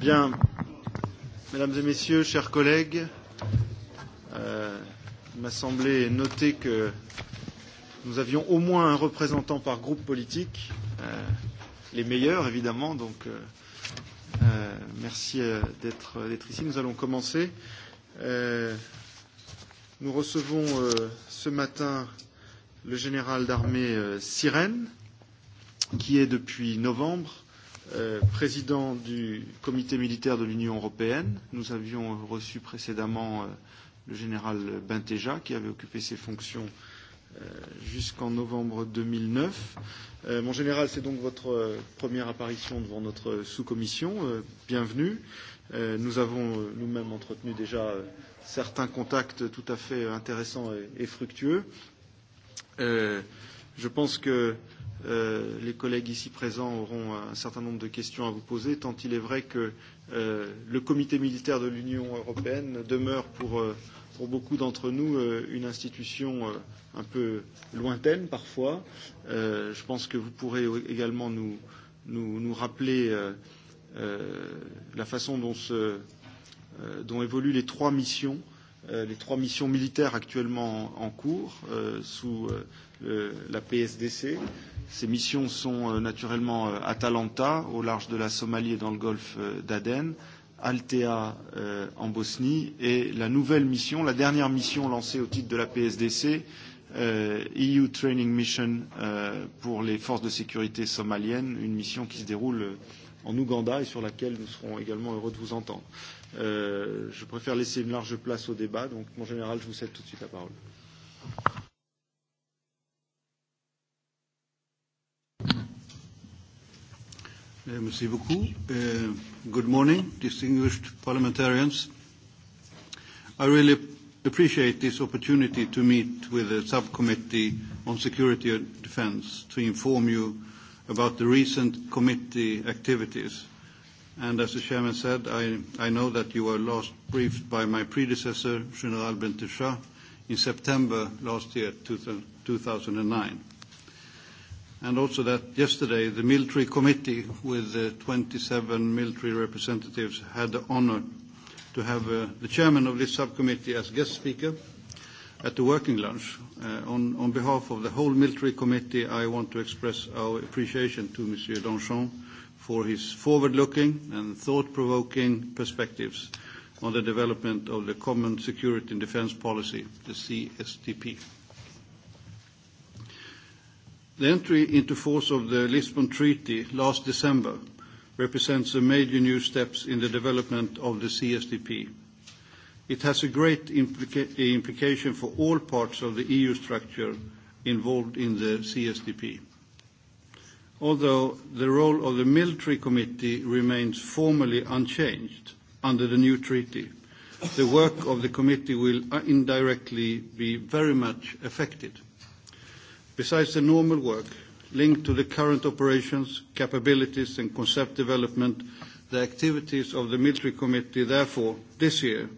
Bien. Mesdames et messieurs, chers collègues, euh, il m'a semblé noter que nous avions au moins un représentant par groupe politique, euh, les meilleurs évidemment, donc euh, euh merci euh, d'être ici. Nous allons commencer. Euh, nous recevons euh, ce matin le général d'armée euh, Sirène, qui est depuis novembre Euh, président du comité militaire de l'Union européenne. Nous avions reçu précédemment euh, le général Benteja, qui avait occupé ses fonctions euh, jusqu'en novembre 2009. Euh, mon général, c'est donc votre première apparition devant notre sous-commission. bienvenue. nous avons nous-mêmes entretenu déjà certains contacts tout à fait intéressants et, fructueux. je pense que euh, Euh, les collègues ici présents auront un certain nombre de questions à vous poser, tant il est vrai que euh, le comité militaire de l'Union européenne demeure pour, euh, pour beaucoup d'entre nous euh, une institution euh, un peu lointaine parfois. Euh, je pense que vous pourrez également nous, nous, nous rappeler euh, euh, la façon dont, se, euh, dont évoluent les trois missions euh, les trois missions militaires actuellement en, en cours euh, sous euh, le, la PSDC, Ces missions sont euh, naturellement euh, Atalanta au large de la Somalie et dans le golfe euh, d'Aden, Altea euh, en Bosnie et la nouvelle mission, la dernière mission lancée au titre de la PSDC, euh, EU Training Mission euh, pour les forces de sécurité somaliennes, une mission qui se déroule en Ouganda et sur laquelle nous serons également heureux de vous entendre. Euh, je préfère laisser une large place au débat, donc mon général, je vous cède tout de suite la parole. Euh, merci beaucoup. Uh, good morning, distinguished parliamentarians. I really appreciate this opportunity to meet with the Subcommittee on Security and Defence to inform you about the recent committee activities. And as the chairman said, I, I know that you were last briefed by my predecessor, General Bentecha, in September last year, two, 2009 and also that yesterday the military committee with the 27 military representatives had the honor to have uh, the chairman of this subcommittee as guest speaker at the working lunch. Uh, on, on behalf of the whole military committee, I want to express our appreciation to Monsieur Danchon for his forward-looking and thought-provoking perspectives on the development of the common security and defense policy, the CSTP. The entry into force of the Lisbon Treaty last December represents a major new step in the development of the CSDP. It has a great implica implication for all parts of the EU structure involved in the CSDP. Although the role of the Military Committee remains formally unchanged under the new treaty, the work of the committee will uh, indirectly be very much affected. Besides the normal work linked to the current operations, capabilities, and concept development, the activities of the Military Committee, therefore, this year,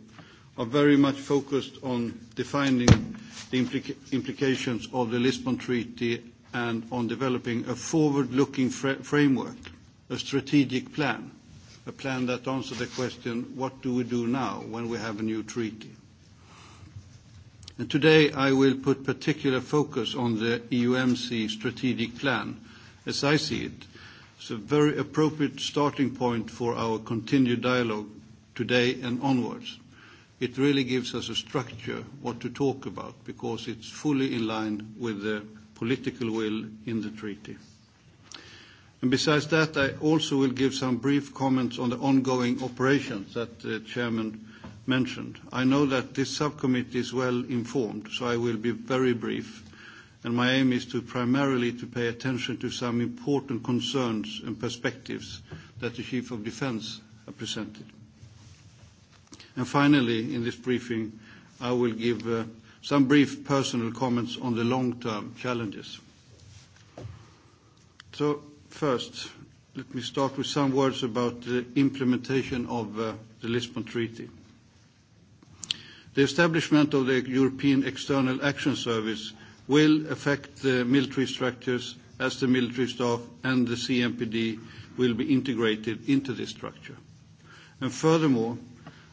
are very much focused on defining the implica implications of the Lisbon Treaty and on developing a forward-looking fr framework, a strategic plan, a plan that answers the question, what do we do now when we have a new treaty? today I will put particular focus on the EUMC strategic plan, as I see it. It's a very appropriate starting point for our continued dialogue today and onwards. It really gives us a structure what to talk about because it's fully in line with the political will in the treaty. And besides that, I also will give some brief comments on the ongoing operations that the Chairman mentioned. I know that this subcommittee is well informed, so I will be very brief, and my aim is to primarily to pay attention to some important concerns and perspectives that the Chief of Defence presented. And finally, in this briefing, I will give uh, some brief personal comments on the long-term challenges. So first, let me start with some words about the implementation of uh, the Lisbon Treaty. The establishment of the European External Action Service will affect the military structures as the military staff and the CMPD will be integrated into this structure. And furthermore,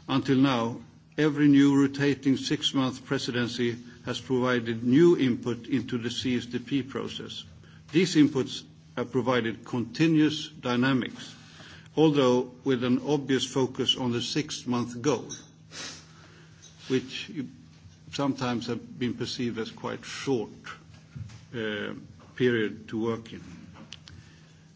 until now, every new rotating six-month presidency has provided new input into the CSDP process. These inputs have provided continuous dynamics, although with an obvious focus on the six-month goal which sometimes have been perceived as quite short uh, period to work in.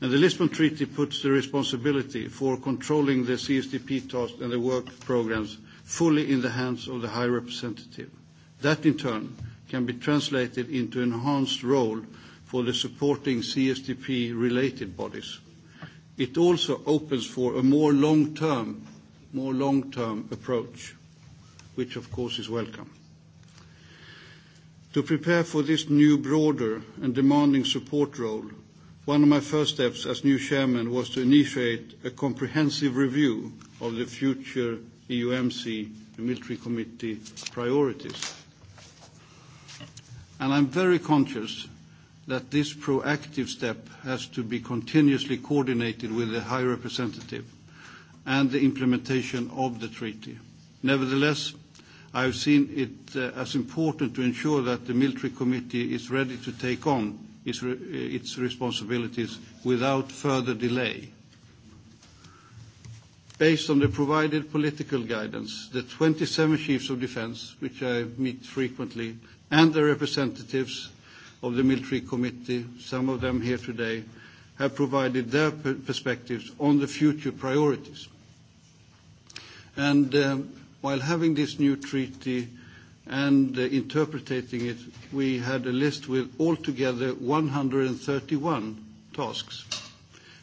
And the Lisbon Treaty puts the responsibility for controlling the CSDP task and the work programs fully in the hands of the High Representative. That, in turn, can be translated into enhanced role for the supporting CSDP-related bodies. It also opens for a more long-term, more long-term approach which of course is welcome. To prepare for this new, broader and demanding support role, one of my first steps as new chairman was to initiate a comprehensive review of the future EUMC the military committee priorities. And I'm very conscious that this proactive step has to be continuously coordinated with the High Representative and the implementation of the treaty. Nevertheless, I have seen it uh, as important to ensure that the military committee is ready to take on its, re uh, its responsibilities without further delay. Based on the provided political guidance, the 27 chiefs of defense, which I meet frequently, and the representatives of the military committee, some of them here today, have provided their perspectives on the future priorities. And um, while having this new treaty and uh, interpreting it, we had a list with altogether 131 tasks.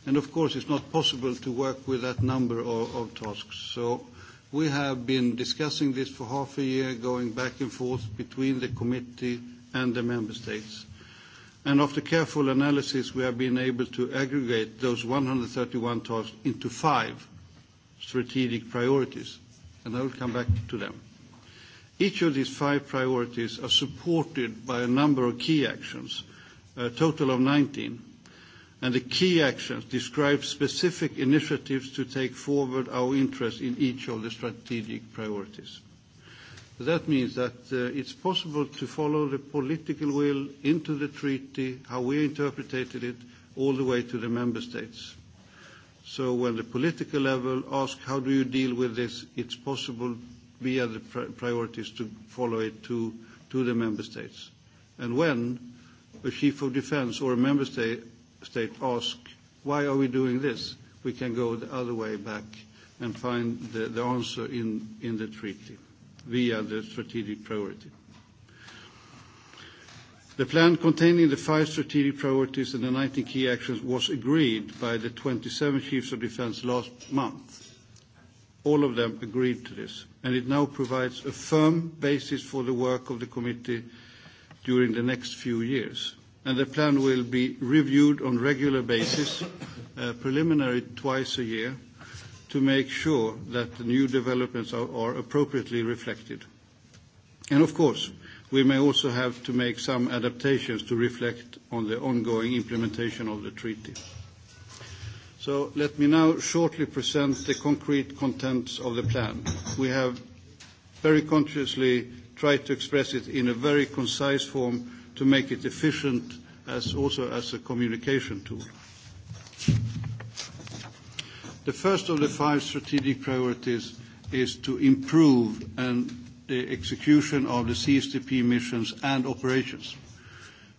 And of course, it's not possible to work with that number of, of tasks. So we have been discussing this for half a year, going back and forth between the committee and the member states. And after careful analysis, we have been able to aggregate those 131 tasks into five strategic priorities and I will come back to them. Each of these five priorities are supported by a number of key actions, a total of 19, and the key actions describe specific initiatives to take forward our interest in each of the strategic priorities. That means that uh, it's possible to follow the political will into the treaty, how we interpreted it, all the way to the member states. So when the political level asks how do you deal with this, it's possible via the pri priorities to follow it to, to the member states. And when a chief of defense or a member state, state asks, why are we doing this? We can go the other way back and find the, the answer in, in the treaty via the strategic priority. The plan containing the five strategic priorities and the 19 key actions was agreed by the 27 chiefs of defense last month. All of them agreed to this, and it now provides a firm basis for the work of the committee during the next few years. And the plan will be reviewed on regular basis, uh, preliminary twice a year, to make sure that the new developments are, are appropriately reflected. And of course, we may also have to make some adaptations to reflect on the ongoing implementation of the treaty. So let me now shortly present the concrete contents of the plan. We have very consciously tried to express it in a very concise form to make it efficient as also as a communication tool. The first of the five strategic priorities is to improve and the execution of the CSDP missions and operations.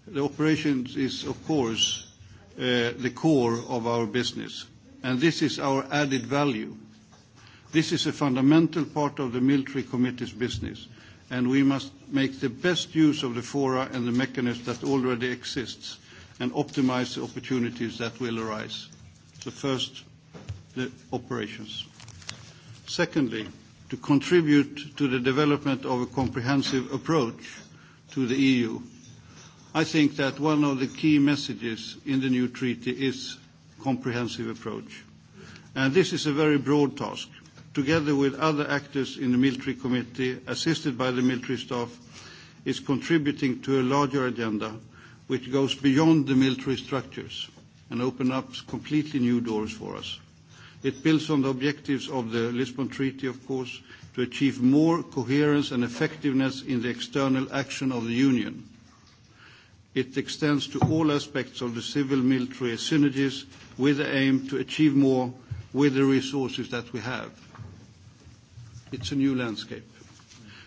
The operations is, of course, uh, the core of our business, and this is our added value. This is a fundamental part of the military committee's business, and we must make the best use of the fora and the mechanism that already exists and optimize the opportunities that will arise. first, the operations. Secondly, to contribute to the development of a comprehensive approach to the EU. I think that one of the key messages in the new treaty is comprehensive approach. And this is a very broad task. Together with other actors in the military committee, assisted by the military staff, is contributing to a larger agenda which goes beyond the military structures and opens up completely new doors for us. It builds on the objectives of the Lisbon Treaty, of course, to achieve more coherence and effectiveness in the external action of the Union. It extends to all aspects of the civil-military synergies with the aim to achieve more with the resources that we have. It's a new landscape,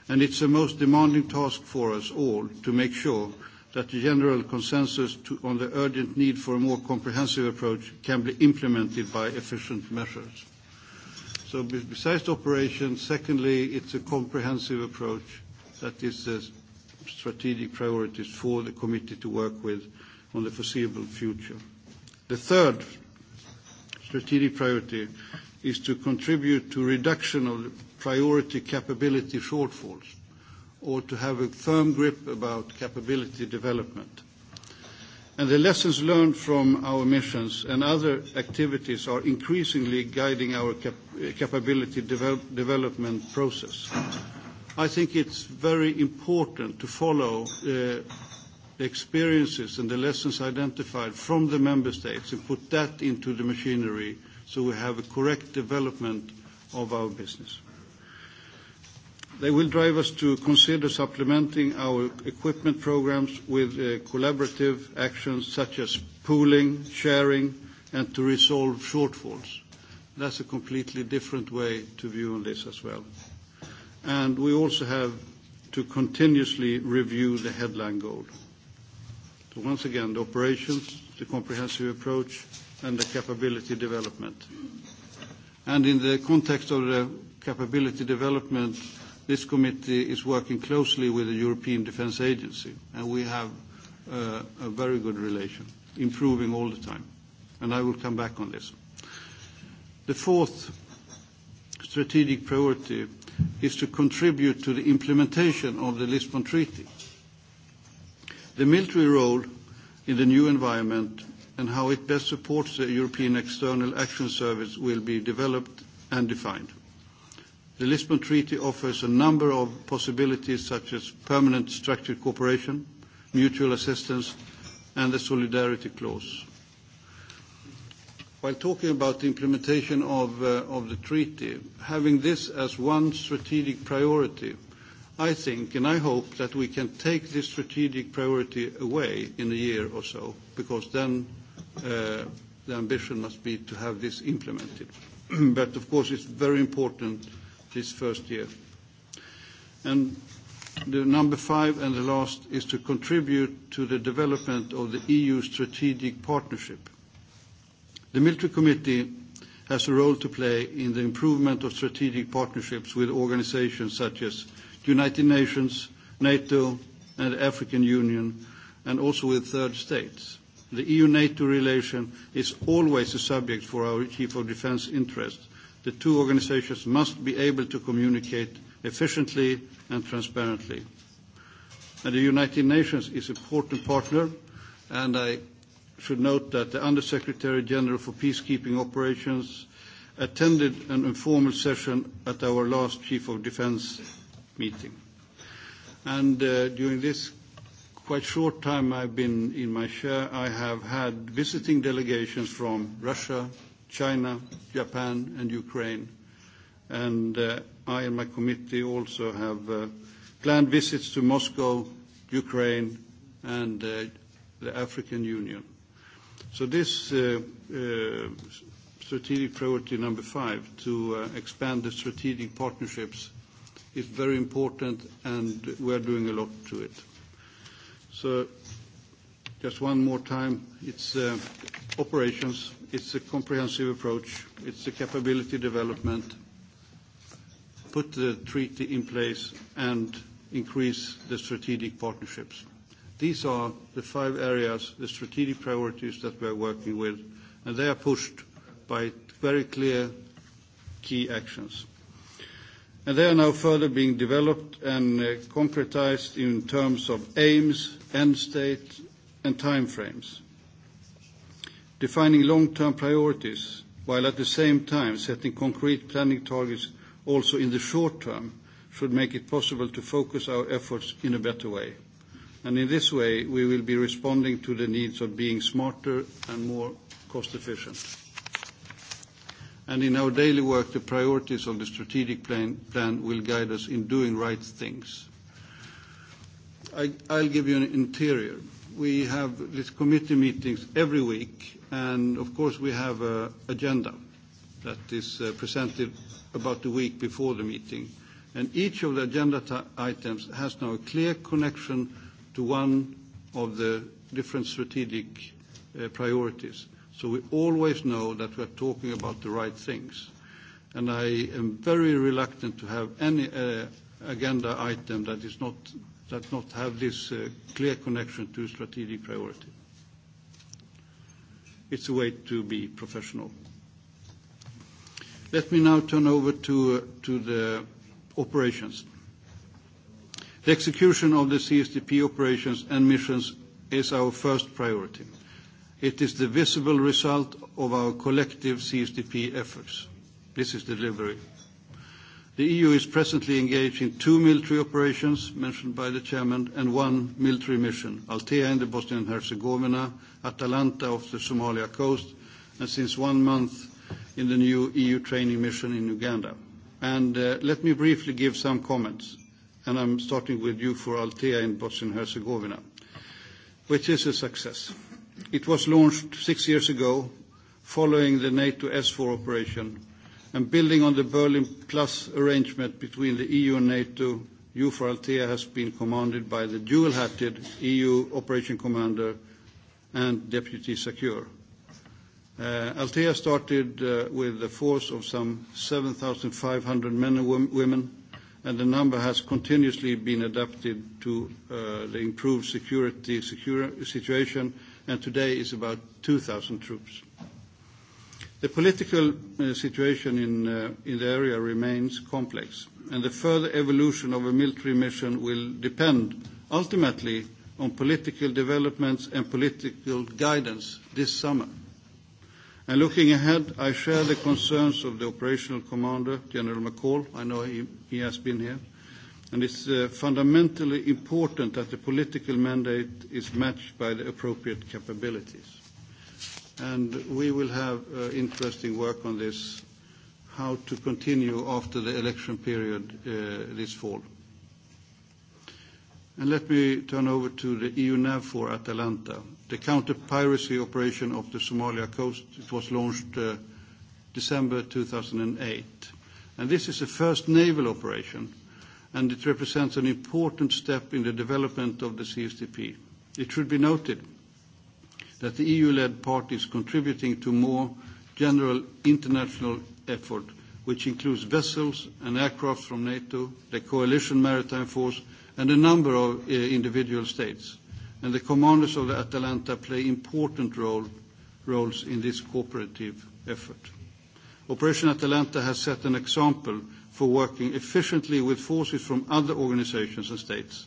and it's the most demanding task for us all to make sure that the general consensus to, on the urgent need for a more comprehensive approach can be implemented by efficient measures. So besides operation, secondly, it's a comprehensive approach that is the strategic priorities for the committee to work with on the foreseeable future. The third strategic priority is to contribute to reduction of the priority capability shortfalls or to have a firm grip about capability development. And the lessons learned from our missions and other activities are increasingly guiding our cap uh, capability development process. I think it's very important to follow uh, the experiences and the lessons identified from the member states and put that into the machinery so we have a correct development of our business. They will drive us to consider supplementing our equipment programs with uh, collaborative actions such as pooling, sharing, and to resolve shortfalls. That's a completely different way to view on this as well. And we also have to continuously review the headline goal. So once again, the operations, the comprehensive approach, and the capability development. And in the context of the capability development this committee is working closely with the European Defence Agency, and we have uh, a very good relation, improving all the time. And I will come back on this. The fourth strategic priority is to contribute to the implementation of the Lisbon Treaty. The military role in the new environment and how it best supports the European External Action Service will be developed and defined. The Lisbon Treaty offers a number of possibilities such as permanent structured cooperation, mutual assistance, and the solidarity clause. While talking about the implementation of, uh, of the treaty, having this as one strategic priority, I think and I hope that we can take this strategic priority away in a year or so, because then uh, the ambition must be to have this implemented. but of course, it's very important this first year. And the number five and the last is to contribute to the development of the EU strategic partnership. The Military Committee has a role to play in the improvement of strategic partnerships with organizations such as the United Nations, NATO, and the African Union, and also with third states. The EU-NATO relation is always a subject for our Chief of Defence interest, the two organizations must be able to communicate efficiently and transparently. And the United Nations is an important partner, and I should note that the Undersecretary General for Peacekeeping Operations attended an informal session at our last Chief of Defence meeting. And uh, during this quite short time I've been in my chair, I have had visiting delegations from Russia, China, Japan, and Ukraine. And uh, I and my committee also have uh, planned visits to Moscow, Ukraine, and uh, the African Union. So this uh, uh, strategic priority number five, to uh, expand the strategic partnerships, is very important, and we are doing a lot to it. So just one more time, it's uh, operations it's a comprehensive approach. It's a capability development, put the treaty in place, and increase the strategic partnerships. These are the five areas, the strategic priorities that we are working with, and they are pushed by very clear key actions. And they are now further being developed and uh, concretized in terms of aims, end state, and timeframes defining long-term priorities, while at the same time setting concrete planning targets also in the short term, should make it possible to focus our efforts in a better way. And In this way, we will be responding to the needs of being smarter and more cost efficient. And In our daily work, the priorities of the strategic plan, plan will guide us in doing right things. I, I'll give you an interior we have these committee meetings every week, and of course we have an agenda that is uh, presented about the week before the meeting. And each of the agenda items has now a clear connection to one of the different strategic uh, priorities. So we always know that we are talking about the right things. And I am very reluctant to have any uh, agenda item that is not that not have this uh, clear connection to strategic priority. It's a way to be professional. Let me now turn over to, uh, to the operations. The execution of the CSDP operations and missions is our first priority. It is the visible result of our collective CSDP efforts. This is delivery. The EU is presently engaged in two military operations mentioned by the chairman and one military mission, Altea in the Bosnia and Herzegovina, Atalanta off the Somalia coast, and since one month in the new EU training mission in Uganda. And uh, let me briefly give some comments, and I'm starting with you for Altea in Bosnia and Herzegovina, which is a success. It was launched six years ago following the NATO S4 operation and building on the Berlin Plus arrangement between the EU and NATO, EUFOR Althea has been commanded by the dual-hatted EU Operation Commander and Deputy Secure. Uh, Althea started uh, with a force of some 7,500 men and women, and the number has continuously been adapted to uh, the improved security secure situation, and today is about 2,000 troops. The political uh, situation in, uh, in the area remains complex, and the further evolution of a military mission will depend ultimately on political developments and political guidance this summer. And Looking ahead, I share the concerns of the operational commander, General McCall. I know he, he has been here. and It's uh, fundamentally important that the political mandate is matched by the appropriate capabilities and we will have uh, interesting work on this, how to continue after the election period uh, this fall. And Let me turn over to the EU NAVFOR Atalanta, the counter-piracy operation of the Somalia coast. It was launched uh, December 2008. and This is the first naval operation, and it represents an important step in the development of the CSDP. It should be noted that the EU-led part is contributing to more general international effort, which includes vessels and aircraft from NATO, the coalition maritime force, and a number of uh, individual states. And the commanders of the Atalanta play important role, roles in this cooperative effort. Operation Atalanta has set an example for working efficiently with forces from other organizations and states.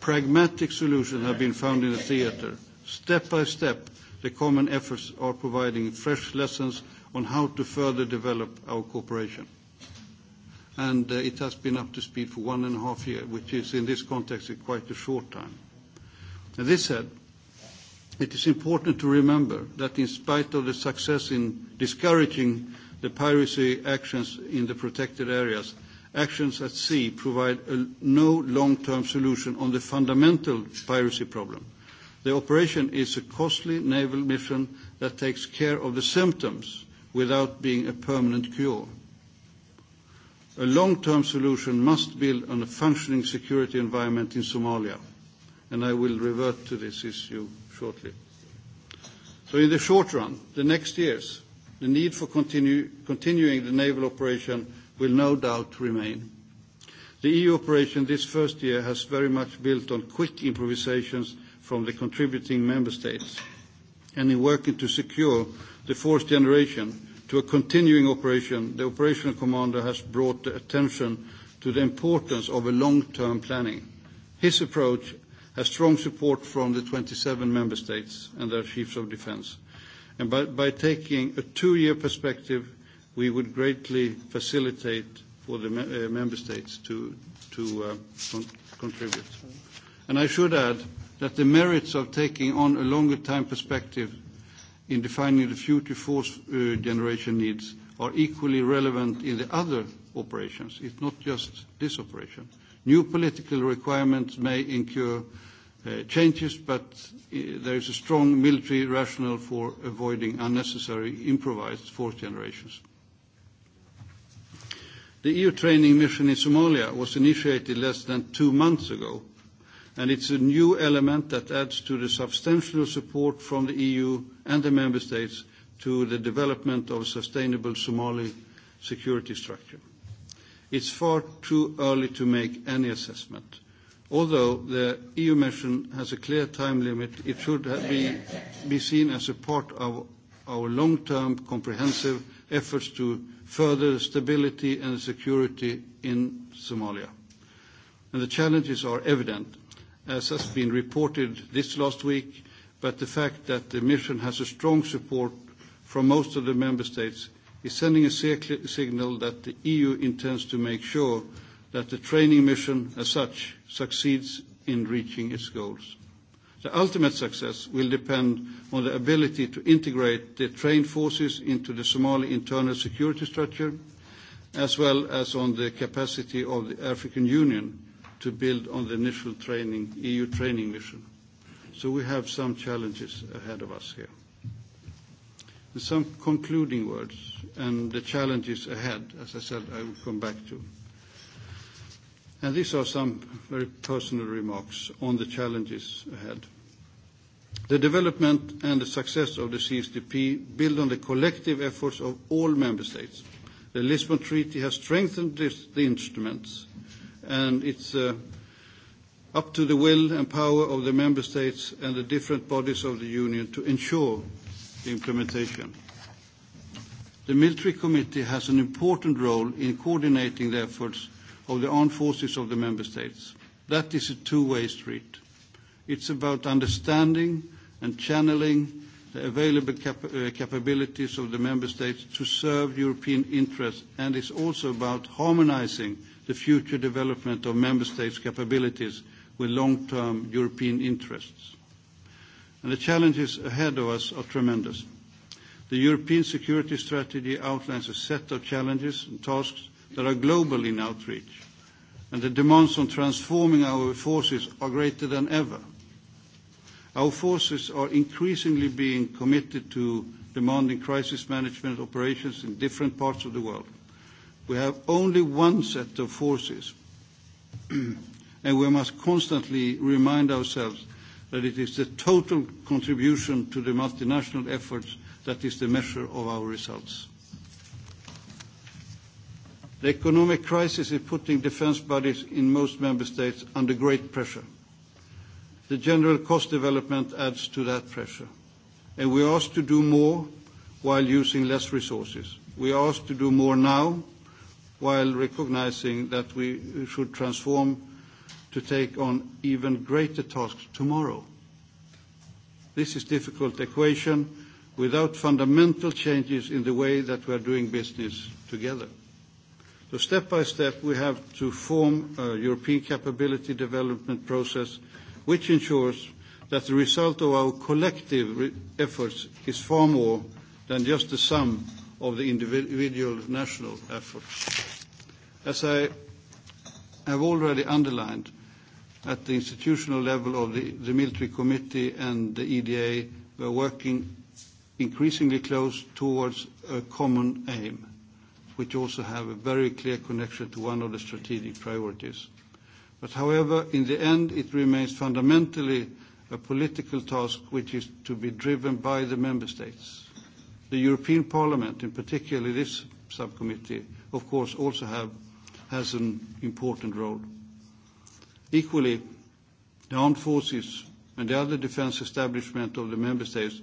Pragmatic solutions have been found in the theater – Step by step, the common efforts are providing fresh lessons on how to further develop our cooperation. And uh, it has been up to speed for one and a half years, which is, in this context, quite a short time. And this said, it is important to remember that in spite of the success in discouraging the piracy actions in the protected areas, actions at sea provide a no long-term solution on the fundamental piracy problem. The operation is a costly naval mission that takes care of the symptoms without being a permanent cure. A long-term solution must build on a functioning security environment in Somalia, and I will revert to this issue shortly. So in the short run, the next years, the need for continue, continuing the naval operation will no doubt remain. The EU operation this first year has very much built on quick improvisations from the contributing member states, and in working to secure the fourth generation to a continuing operation, the operational commander has brought the attention to the importance of a long-term planning. His approach has strong support from the 27 member states and their chiefs of defence. And by, by taking a two-year perspective, we would greatly facilitate for the me uh, member states to, to uh, con contribute. And I should add that the merits of taking on a longer time perspective in defining the future force uh, generation needs are equally relevant in the other operations. It's not just this operation. New political requirements may incur uh, changes, but uh, there is a strong military rationale for avoiding unnecessary improvised force generations. The EU training mission in Somalia was initiated less than two months ago and it's a new element that adds to the substantial support from the EU and the member states to the development of a sustainable Somali security structure. It's far too early to make any assessment. Although the EU mission has a clear time limit, it should be, seen as a part of our long-term comprehensive efforts to further stability and security in Somalia. the challenges are evident, as has been reported this last week, but the fact that the mission has a strong support from most of the member states is sending a signal that the EU intends to make sure that the training mission as such succeeds in reaching its goals. The ultimate success will depend on the ability to integrate the trained forces into the Somali internal security structure, as well as on the capacity of the African Union to build on the initial training, EU training mission. So we have some challenges ahead of us here. And some concluding words and the challenges ahead, as I said, I will come back to. And these are some very personal remarks on the challenges ahead. The development and the success of the CSDP build on the collective efforts of all member states. The Lisbon Treaty has strengthened this, the instruments and it's uh, up to the will and power of the member states and the different bodies of the union to ensure the implementation. The military committee has an important role in coordinating the efforts of the armed forces of the member states. That is a two-way street. It's about understanding and channeling the available cap- uh, capabilities of the member states to serve European interests, and it's also about harmonizing the future development of member states' capabilities with long-term European interests. And the challenges ahead of us are tremendous. The European security strategy outlines a set of challenges and tasks that are global in outreach, and the demands on transforming our forces are greater than ever. Our forces are increasingly being committed to demanding crisis management operations in different parts of the world. We have only one set of forces, and we must constantly remind ourselves that it is the total contribution to the multinational efforts that is the measure of our results. The economic crisis is putting defense bodies in most member states under great pressure. The general cost development adds to that pressure, and we are asked to do more while using less resources. We are asked to do more now while recognizing that we should transform to take on even greater tasks tomorrow. This is difficult equation without fundamental changes in the way that we are doing business together. So Step by step, we have to form a European capability development process, which ensures that the result of our collective efforts is far more than just the sum of the individual national efforts. As I have already underlined, at the institutional level of the, the Military Committee and the EDA, we are working increasingly close towards a common aim, which also have a very clear connection to one of the strategic priorities. But however, in the end, it remains fundamentally a political task which is to be driven by the member states. The European Parliament, in particular this subcommittee, of course, also have has an important role. Equally, the armed forces and the other defence establishment of the member states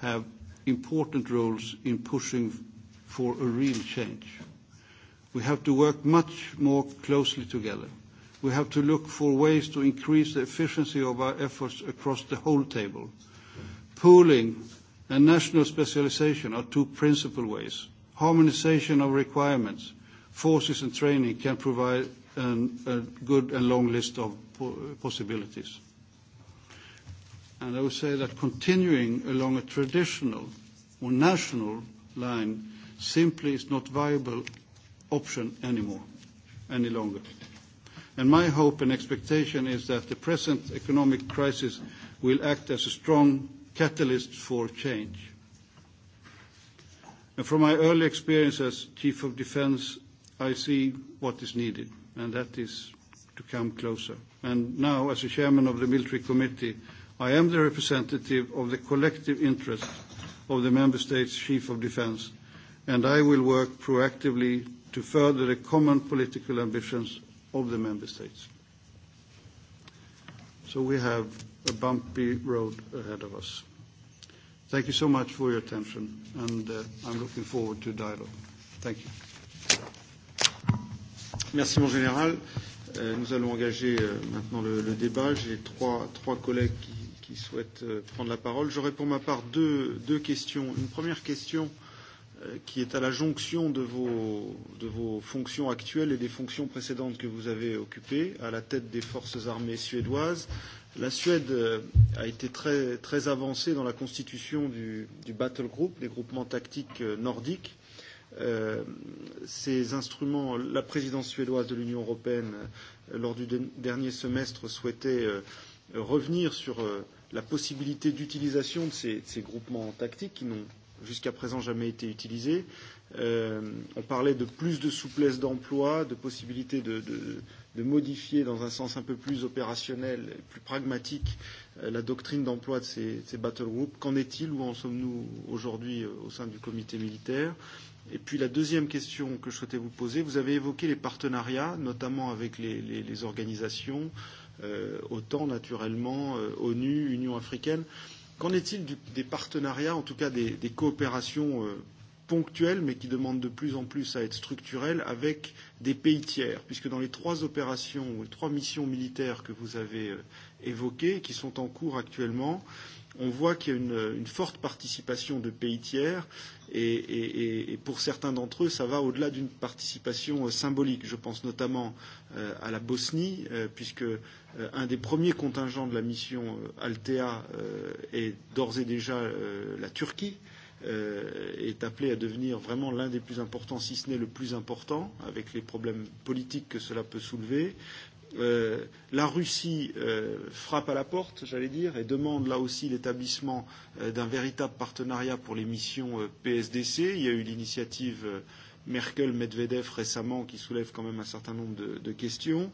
have important roles in pushing for a real change. We have to work much more closely together. We have to look for ways to increase the efficiency of our efforts across the whole table. Pooling and national specialisation are two principal ways. Harmonisation of requirements – forces and training can provide an, a good and long list of possibilities. And I would say that continuing along a traditional or national line simply is not viable option anymore, any longer. And my hope and expectation is that the present economic crisis will act as a strong catalyst for change. And from my early experience as Chief of Defence I see what is needed, and that is to come closer. And now, as a chairman of the military committee, I am the representative of the collective interest of the member states' chief of defence, and I will work proactively to further the common political ambitions of the member states. So we have a bumpy road ahead of us. Thank you so much for your attention, and uh, I'm looking forward to dialogue. Thank you. Merci, mon général. Euh, nous allons engager euh, maintenant le, le débat. J'ai trois, trois collègues qui, qui souhaitent euh, prendre la parole. J'aurai pour ma part deux, deux questions. Une première question euh, qui est à la jonction de vos, de vos fonctions actuelles et des fonctions précédentes que vous avez occupées à la tête des forces armées suédoises. La Suède euh, a été très, très avancée dans la constitution du, du battle group, des groupements tactiques euh, nordiques Euh, ces instruments, la présidence suédoise de l'Union européenne, euh, lors du de dernier semestre, souhaitait euh, revenir sur euh, la possibilité d'utilisation de ces, de ces groupements tactiques qui n'ont jusqu'à présent jamais été utilisés. Euh, on parlait de plus de souplesse d'emploi, de possibilité de, de, de modifier dans un sens un peu plus opérationnel, plus pragmatique, euh, la doctrine d'emploi de ces, ces battle groups. Qu'en est-il Où en sommes-nous aujourd'hui euh, au sein du comité militaire Et puis la deuxième question que je souhaitais vous poser, vous avez évoqué les partenariats, notamment avec les, les, les organisations, euh, OTAN naturellement, euh, ONU, Union africaine. Qu'en est-il des partenariats, en tout cas des, des coopérations euh, ponctuelles, mais qui demandent de plus en plus à être structurelles, avec des pays tiers Puisque dans les trois opérations, ou les trois missions militaires que vous avez euh, évoquées, qui sont en cours actuellement, on voit qu'il y a une, une forte participation de pays tiers et, et, et pour certains d'entre eux, ça va au-delà d'une participation euh, symbolique. Je pense notamment euh, à la Bosnie, euh, puisque euh, un des premiers contingents de la mission euh, Altea euh, est d'ores et déjà euh, la Turquie. Euh, est appelé à devenir vraiment l'un des plus importants, si ce n'est le plus important, avec les problèmes politiques que cela peut soulever. Euh, la Russie euh, frappe à la porte, j'allais dire, et demande là aussi l'établissement euh, d'un véritable partenariat pour les missions euh, PSDC. Il y a eu l'initiative euh, Merkel-Medvedev récemment qui soulève quand même un certain nombre de, de questions.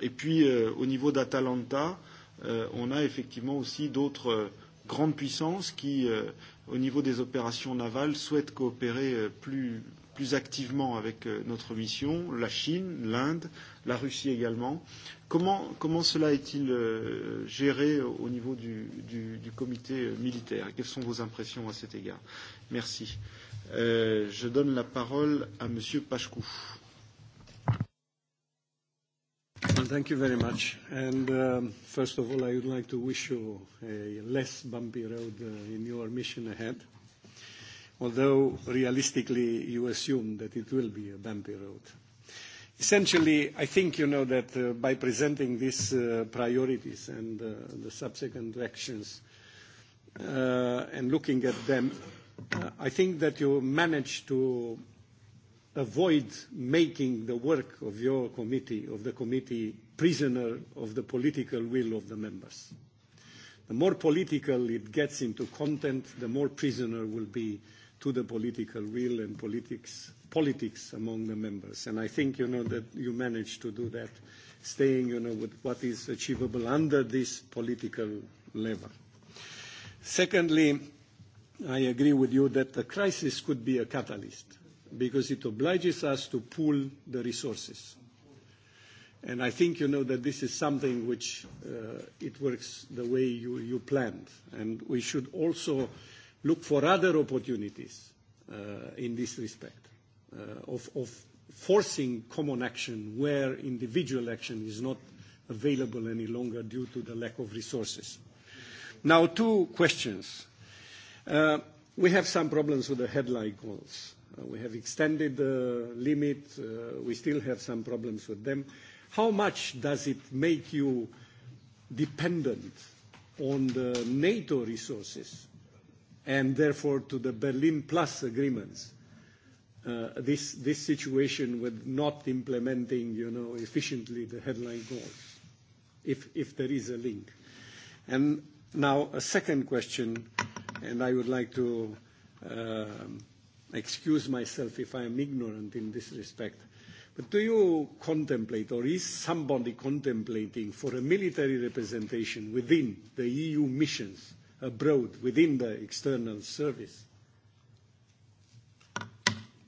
Et puis euh, au niveau d'Atalanta, euh, on a effectivement aussi d'autres euh, grandes puissances qui, euh, au niveau des opérations navales, souhaitent coopérer euh, plus plus activement avec euh, notre mission, la Chine, l'Inde, la Russie également. Comment, comment cela est-il euh, géré au niveau du, du, du comité euh, militaire Quelles sont vos impressions à cet égard Merci. Euh, je donne la parole à Monsieur Pachkou. Thank you very much. And um, first of all, I would like to wish you a less bumpy road uh, in your mission ahead. Uh, although realistically you assume that it will be a bumpy road. Essentially, I think you know that uh, by presenting these uh, priorities and uh, the subsequent actions uh, and looking at them, uh, I think that you manage to avoid making the work of your committee, of the committee, prisoner of the political will of the members. The more political it gets into content, the more prisoner will be to the political will and politics, politics among the members. And I think, you know, that you managed to do that, staying, you know, with what is achievable under this political level. Secondly, I agree with you that the crisis could be a catalyst because it obliges us to pool the resources. And I think you know that this is something which uh, it works the way you, you planned. And we should also look for other opportunities uh, in this respect uh, of, of forcing common action where individual action is not available any longer due to the lack of resources. Now, two questions. Uh, we have some problems with the headline goals. Uh, we have extended the limit. Uh, we still have some problems with them. How much does it make you dependent on the NATO resources and therefore to the Berlin Plus agreements. Uh, this, this situation with not implementing, you know, efficiently the headline goals, if, if there is a link. And now a second question, and I would like to uh, excuse myself if I am ignorant in this respect. But do you contemplate, or is somebody contemplating, for a military representation within the EU missions abroad within the external service.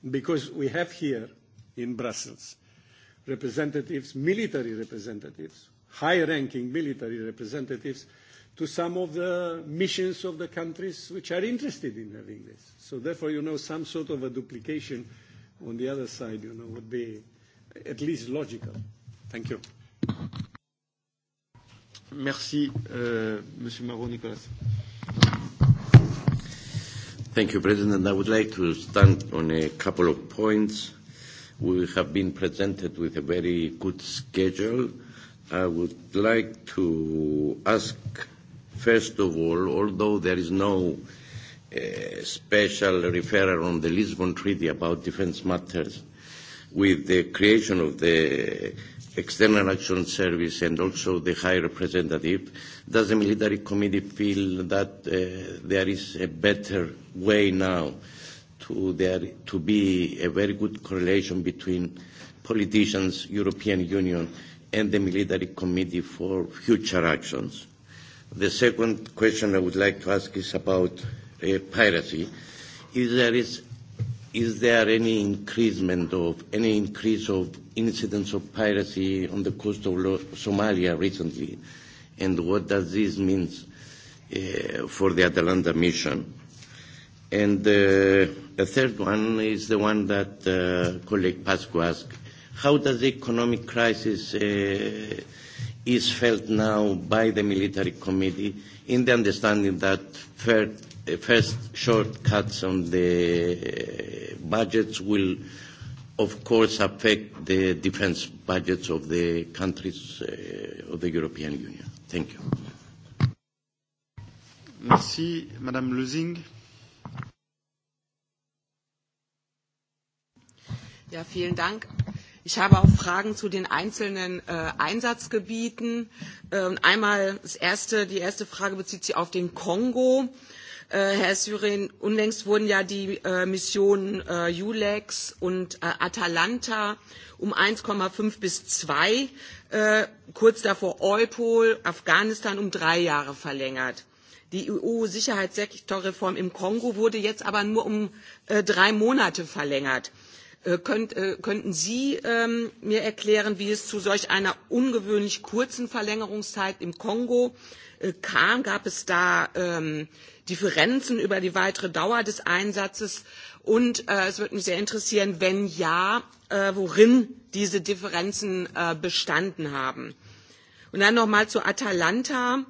Because we have here in Brussels representatives, military representatives, high-ranking military representatives to some of the missions of the countries which are interested in having this. So therefore, you know, some sort of a duplication on the other side, you know, would be at least logical. Thank you. Merci, euh, Monsieur Marot-Nicolas. Thank you, President. I would like to stand on a couple of points. We have been presented with a very good schedule. I would like to ask, first of all, although there is no uh, special referral on the Lisbon Treaty about defense matters, with the creation of the External Action Service and also the High Representative, does the Military Committee feel that uh, there is a better way now to, there, to be a very good correlation between politicians, European Union, and the Military Committee for future actions? The second question I would like to ask is about uh, piracy. Is there, is, is there any increasement of any increase of incidents of piracy on the coast of Lo Somalia recently, and what does this mean uh, for the Atalanta mission? And uh, the third one is the one that uh, colleague Pasco asked. How does the economic crisis uh, is felt now by the military committee in the understanding that first, first shortcuts on the uh, budgets will of course affect the defense budgets of the countries uh, of the European Union. Thank you. Merci. Madame Lusing. Ja, vielen Dank. Ich habe auch Fragen zu den einzelnen äh, Einsatzgebieten. Ähm, einmal das erste, die erste Frage bezieht sich auf den Kongo. Äh, Äh, Herr Syrin, unlängst wurden ja die äh, Missionen EULEX äh, und Atalanta um 1,5 bis 2, kurz davor EUPOL, Afghanistan um drei Jahre verlängert. Die EU-Sicherheitssektorreform im Kongo wurde jetzt aber nur um äh, drei Monate verlängert. Äh, könnt, äh, könnten Sie ähm, mir erklären, wie es zu solch einer ungewöhnlich kurzen Verlängerungszeit im Kongo Äh, kam, gab es da ähm, Differenzen über die weitere Dauer des Einsatzes. Und äh, es würde mich sehr interessieren, wenn ja, äh, worin diese Differenzen äh, bestanden haben. Und dann nochmal zu Atalanta.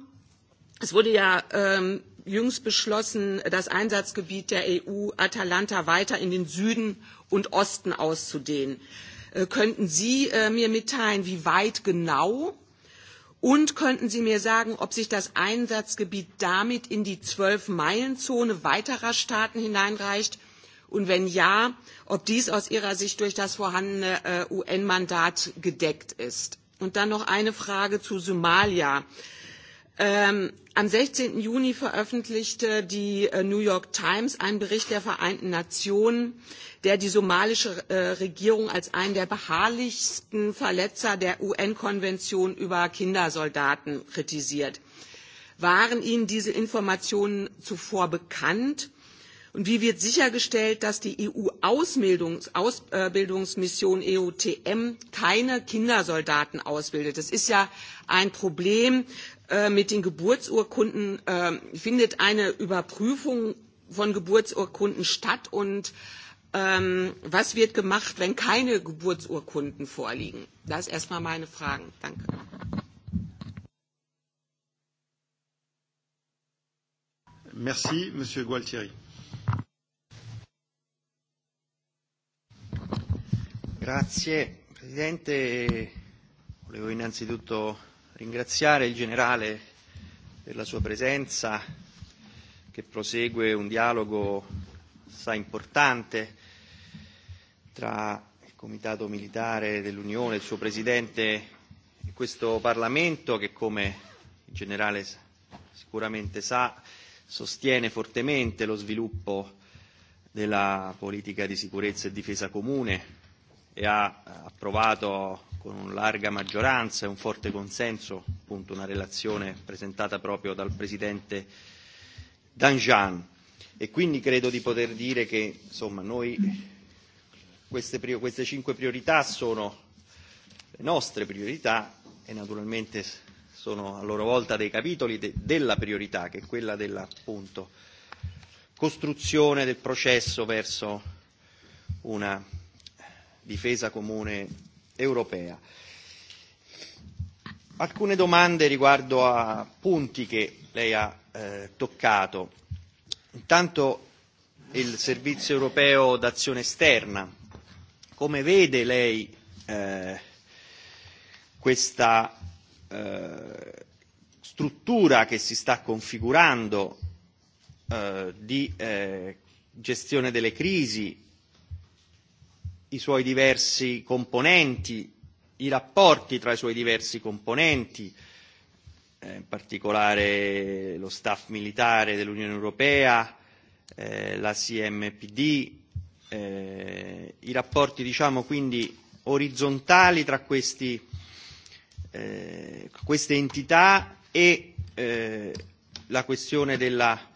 Es wurde ja ähm, jüngst beschlossen, das Einsatzgebiet der EU Atalanta weiter in den Süden und Osten auszudehnen. Äh, könnten Sie äh, mir mitteilen, wie weit genau Und könnten Sie mir sagen, ob sich das Einsatzgebiet damit in die Zwölf-Meilen-Zone weiterer Staaten hineinreicht? Und wenn ja, ob dies aus Ihrer Sicht durch das vorhandene äh, UN-Mandat gedeckt ist? Und dann noch eine Frage zu Somalia. Äh, Ähm, am 16. Juni veröffentlichte die äh, New York Times einen Bericht der Vereinten Nationen, der die somalische äh, Regierung als einen der beharrlichsten Verletzer der UN-Konvention über Kindersoldaten kritisiert. Waren Ihnen diese Informationen zuvor bekannt? Und wie wird sichergestellt, dass die EU-Ausbildungsmission äh, EUTM keine Kindersoldaten ausbildet? Das ist ja ein Problem, Äh, mit den Geburtsurkunden ähm, findet eine Überprüfung von Geburtsurkunden statt und ähm, was wird gemacht, wenn keine Geburtsurkunden vorliegen? Das erstmal meine Fragen. Danke. Merci, Monsieur Gualtieri. Grazie, Presidente. Volevo innanzitutto ringraziare il generale per la sua presenza che prosegue un dialogo assai importante tra il Comitato Militare dell'Unione, il suo Presidente e questo Parlamento che, come il generale sicuramente sa, sostiene fortemente lo sviluppo della politica di sicurezza e difesa comune e ha eh, approvato con una larga maggioranza e un forte consenso, appunto una relazione presentata proprio dal Presidente Danjan. E quindi credo di poter dire che insomma, noi queste, queste cinque priorità sono le nostre priorità e naturalmente sono a loro volta dei capitoli de, della priorità, che è quella della appunto, costruzione del processo verso una difesa comune europea. Alcune domande riguardo a punti che lei ha eh, toccato. Intanto il servizio europeo d'azione esterna. Come vede lei eh, questa eh, struttura che si sta configurando eh, di eh, gestione delle crisi i suoi diversi componenti, i rapporti tra i suoi diversi componenti, eh, in particolare lo staff militare dell'Unione Europea, eh, la CMPD, eh, i rapporti diciamo quindi orizzontali tra questi, eh, queste entità e eh, la questione della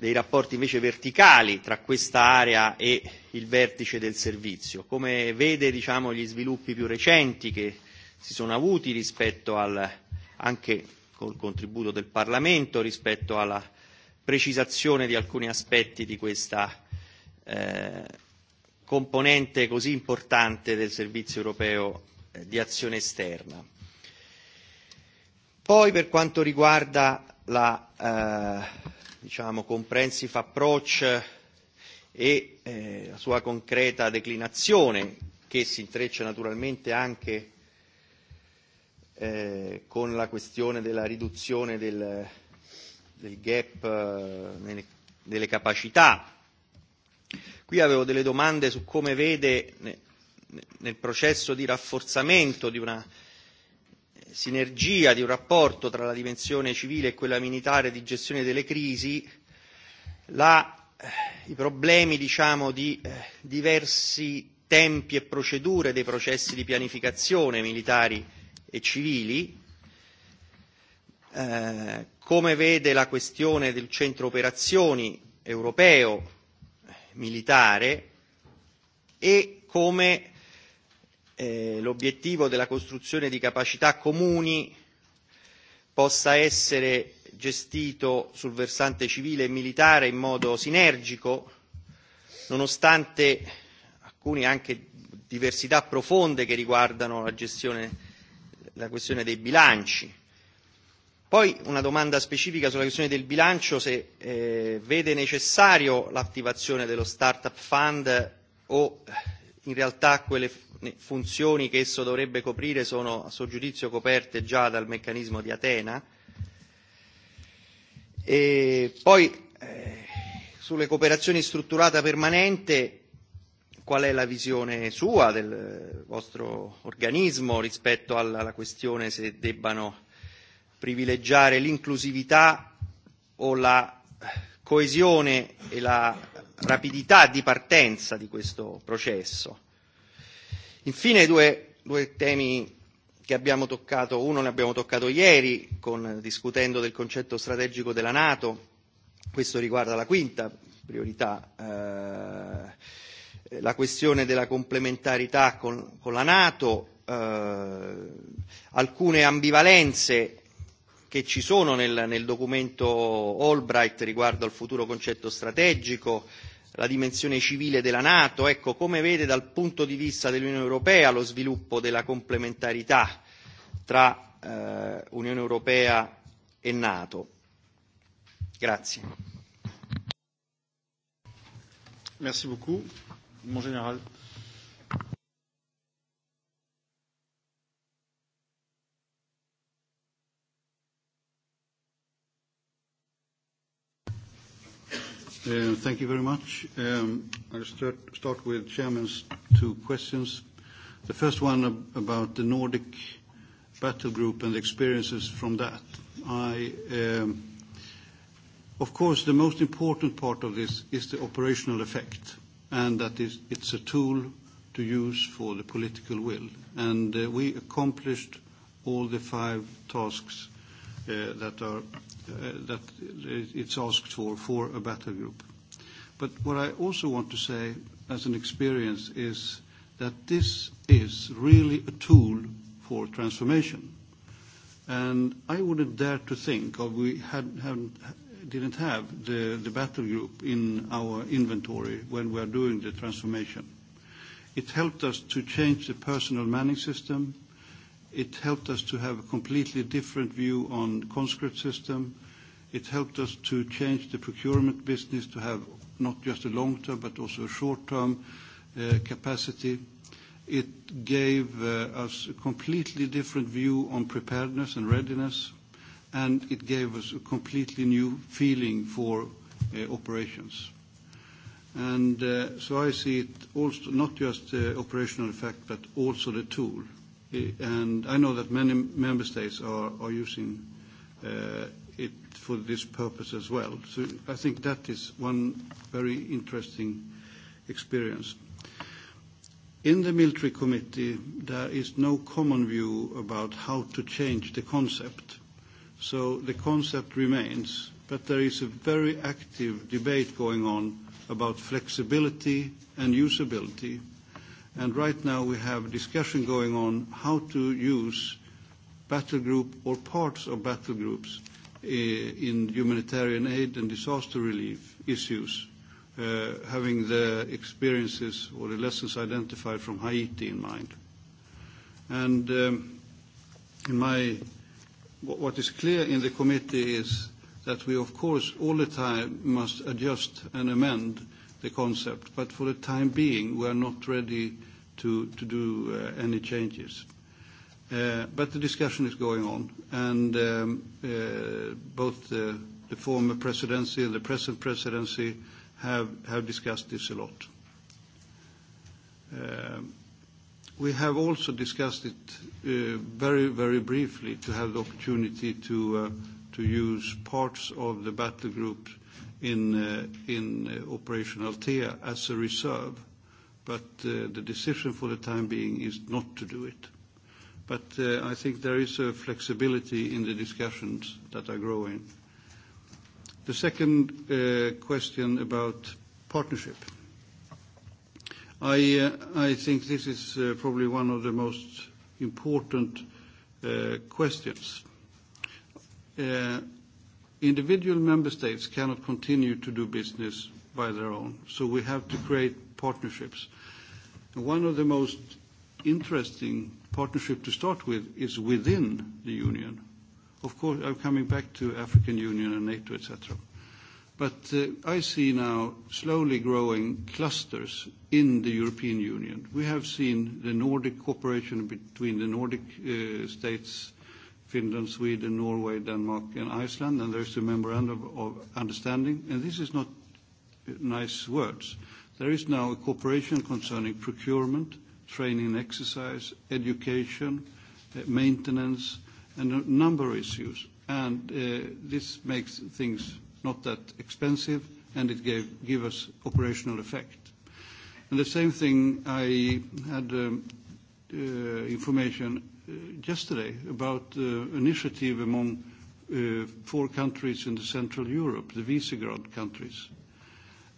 dei rapporti invece verticali tra questa area e il vertice del servizio. Come vede diciamo, gli sviluppi più recenti che si sono avuti rispetto al, anche col contributo del Parlamento rispetto alla precisazione di alcuni aspetti di questa eh, componente così importante del servizio europeo eh, di azione esterna. Poi per quanto riguarda la eh, diciamo, comprehensive approach eh, e eh, la sua concreta declinazione che si intreccia naturalmente anche eh, con la questione della riduzione del, del gap eh, nelle, delle capacità. Qui avevo delle domande su come vede ne, nel processo di rafforzamento di una sinergia, di un rapporto tra la dimensione civile e quella militare di gestione delle crisi, la, eh, i problemi diciamo, di eh, diversi tempi e procedure dei processi di pianificazione militari e civili, eh, come vede la questione del centro operazioni europeo eh, militare e come eh, l'obiettivo della costruzione di capacità comuni possa essere gestito sul versante civile e militare in modo sinergico, nonostante alcune anche diversità profonde che riguardano la gestione la questione dei bilanci. Poi una domanda specifica sulla questione del bilancio, se eh, vede necessario l'attivazione dello Startup Fund o in realtà quelle funzioni che esso dovrebbe coprire sono a suo giudizio coperte già dal meccanismo di Atena. E poi eh, sulle cooperazioni strutturata permanente, qual è la visione sua del vostro organismo rispetto alla, alla questione se debbano privilegiare l'inclusività o la coesione e la rapidità di partenza di questo processo. Infine due, due temi che abbiamo toccato, uno ne abbiamo toccato ieri con, discutendo del concetto strategico della Nato, questo riguarda la quinta priorità, eh, la questione della complementarità con, con la Nato, eh, alcune ambivalenze che ci sono nel, nel documento Albright riguardo al futuro concetto strategico, la dimensione civile della Nato, ecco come vede dal punto di vista dell'Unione Europea lo sviluppo della complementarità tra eh, Unione Europea e Nato. Grazie. Merci beaucoup, mon général. Uh, thank you very much. Um, I'll start, with Chairman's two questions. The first one about the Nordic battle group and the experiences from that. I, um, of course, the most important part of this is the operational effect, and that is it's a tool to use for the political will. And uh, we accomplished all the five tasks uh, that are Uh, that it's asked for for a battle group. But what I also want to say as an experience is that this is really a tool for transformation. And I wouldn't dare to think of we had, hadn't, didn't have the, the battle group in our inventory when we are doing the transformation. It helped us to change the personal manning system. It helped us to have a completely different view on conscript system. It helped us to change the procurement business to have not just a long-term, but also a short-term uh, capacity. It gave uh, us a completely different view on preparedness and readiness, and it gave us a completely new feeling for uh, operations. And so I see it also not just the operational effect, but also the tool and I know that many member states are, are using uh, it for this purpose as well. So I think that is one very interesting experience. In the military committee, there is no common view about how to change the concept. So the concept remains, but there is a very active debate going on about flexibility and usability. And right now we have a discussion going on how to use battle group or parts of battle groups eh, in humanitarian aid and disaster relief issues, uh, having the experiences or the lessons identified from Haiti in mind. And um, in my, what is clear in the committee is that we, of course, all the time must adjust and amend the concept, but for the time being, we are not ready to, to do uh, any changes. Uh, but the discussion is going on, and um, uh, both the, the former presidency and the present presidency have, have discussed this a lot. Um, we have also discussed it uh, very, very briefly to have the opportunity to, uh, to use parts of the battle group in, uh, in uh, Operation Althea as a reserve, but uh, the decision for the time being is not to do it. But I think there is a flexibility in the discussions that are growing. The second question about partnership. I, I think this is probably one of the most important questions individual member states cannot continue to do business by their own, so we have to create partnerships. And one of the most interesting partnerships to start with is within the union. Of course, I'm coming back to African Union and NATO, etc. But uh, I see now slowly growing clusters in the European Union. We have seen the Nordic cooperation between the Nordic uh, states Finland, Sweden, Norway, Denmark, and Iceland, and there is a memorandum of understanding. And this is not nice words. There is now a cooperation concerning procurement, training and exercise, education, uh, maintenance, and a number of issues. And uh, this makes things not that expensive, and it gave, give us operational effect. And the same thing, I had um, uh, information Uh, yesterday about the uh, initiative among uh, four countries in the Central Europe, the Visegrad countries.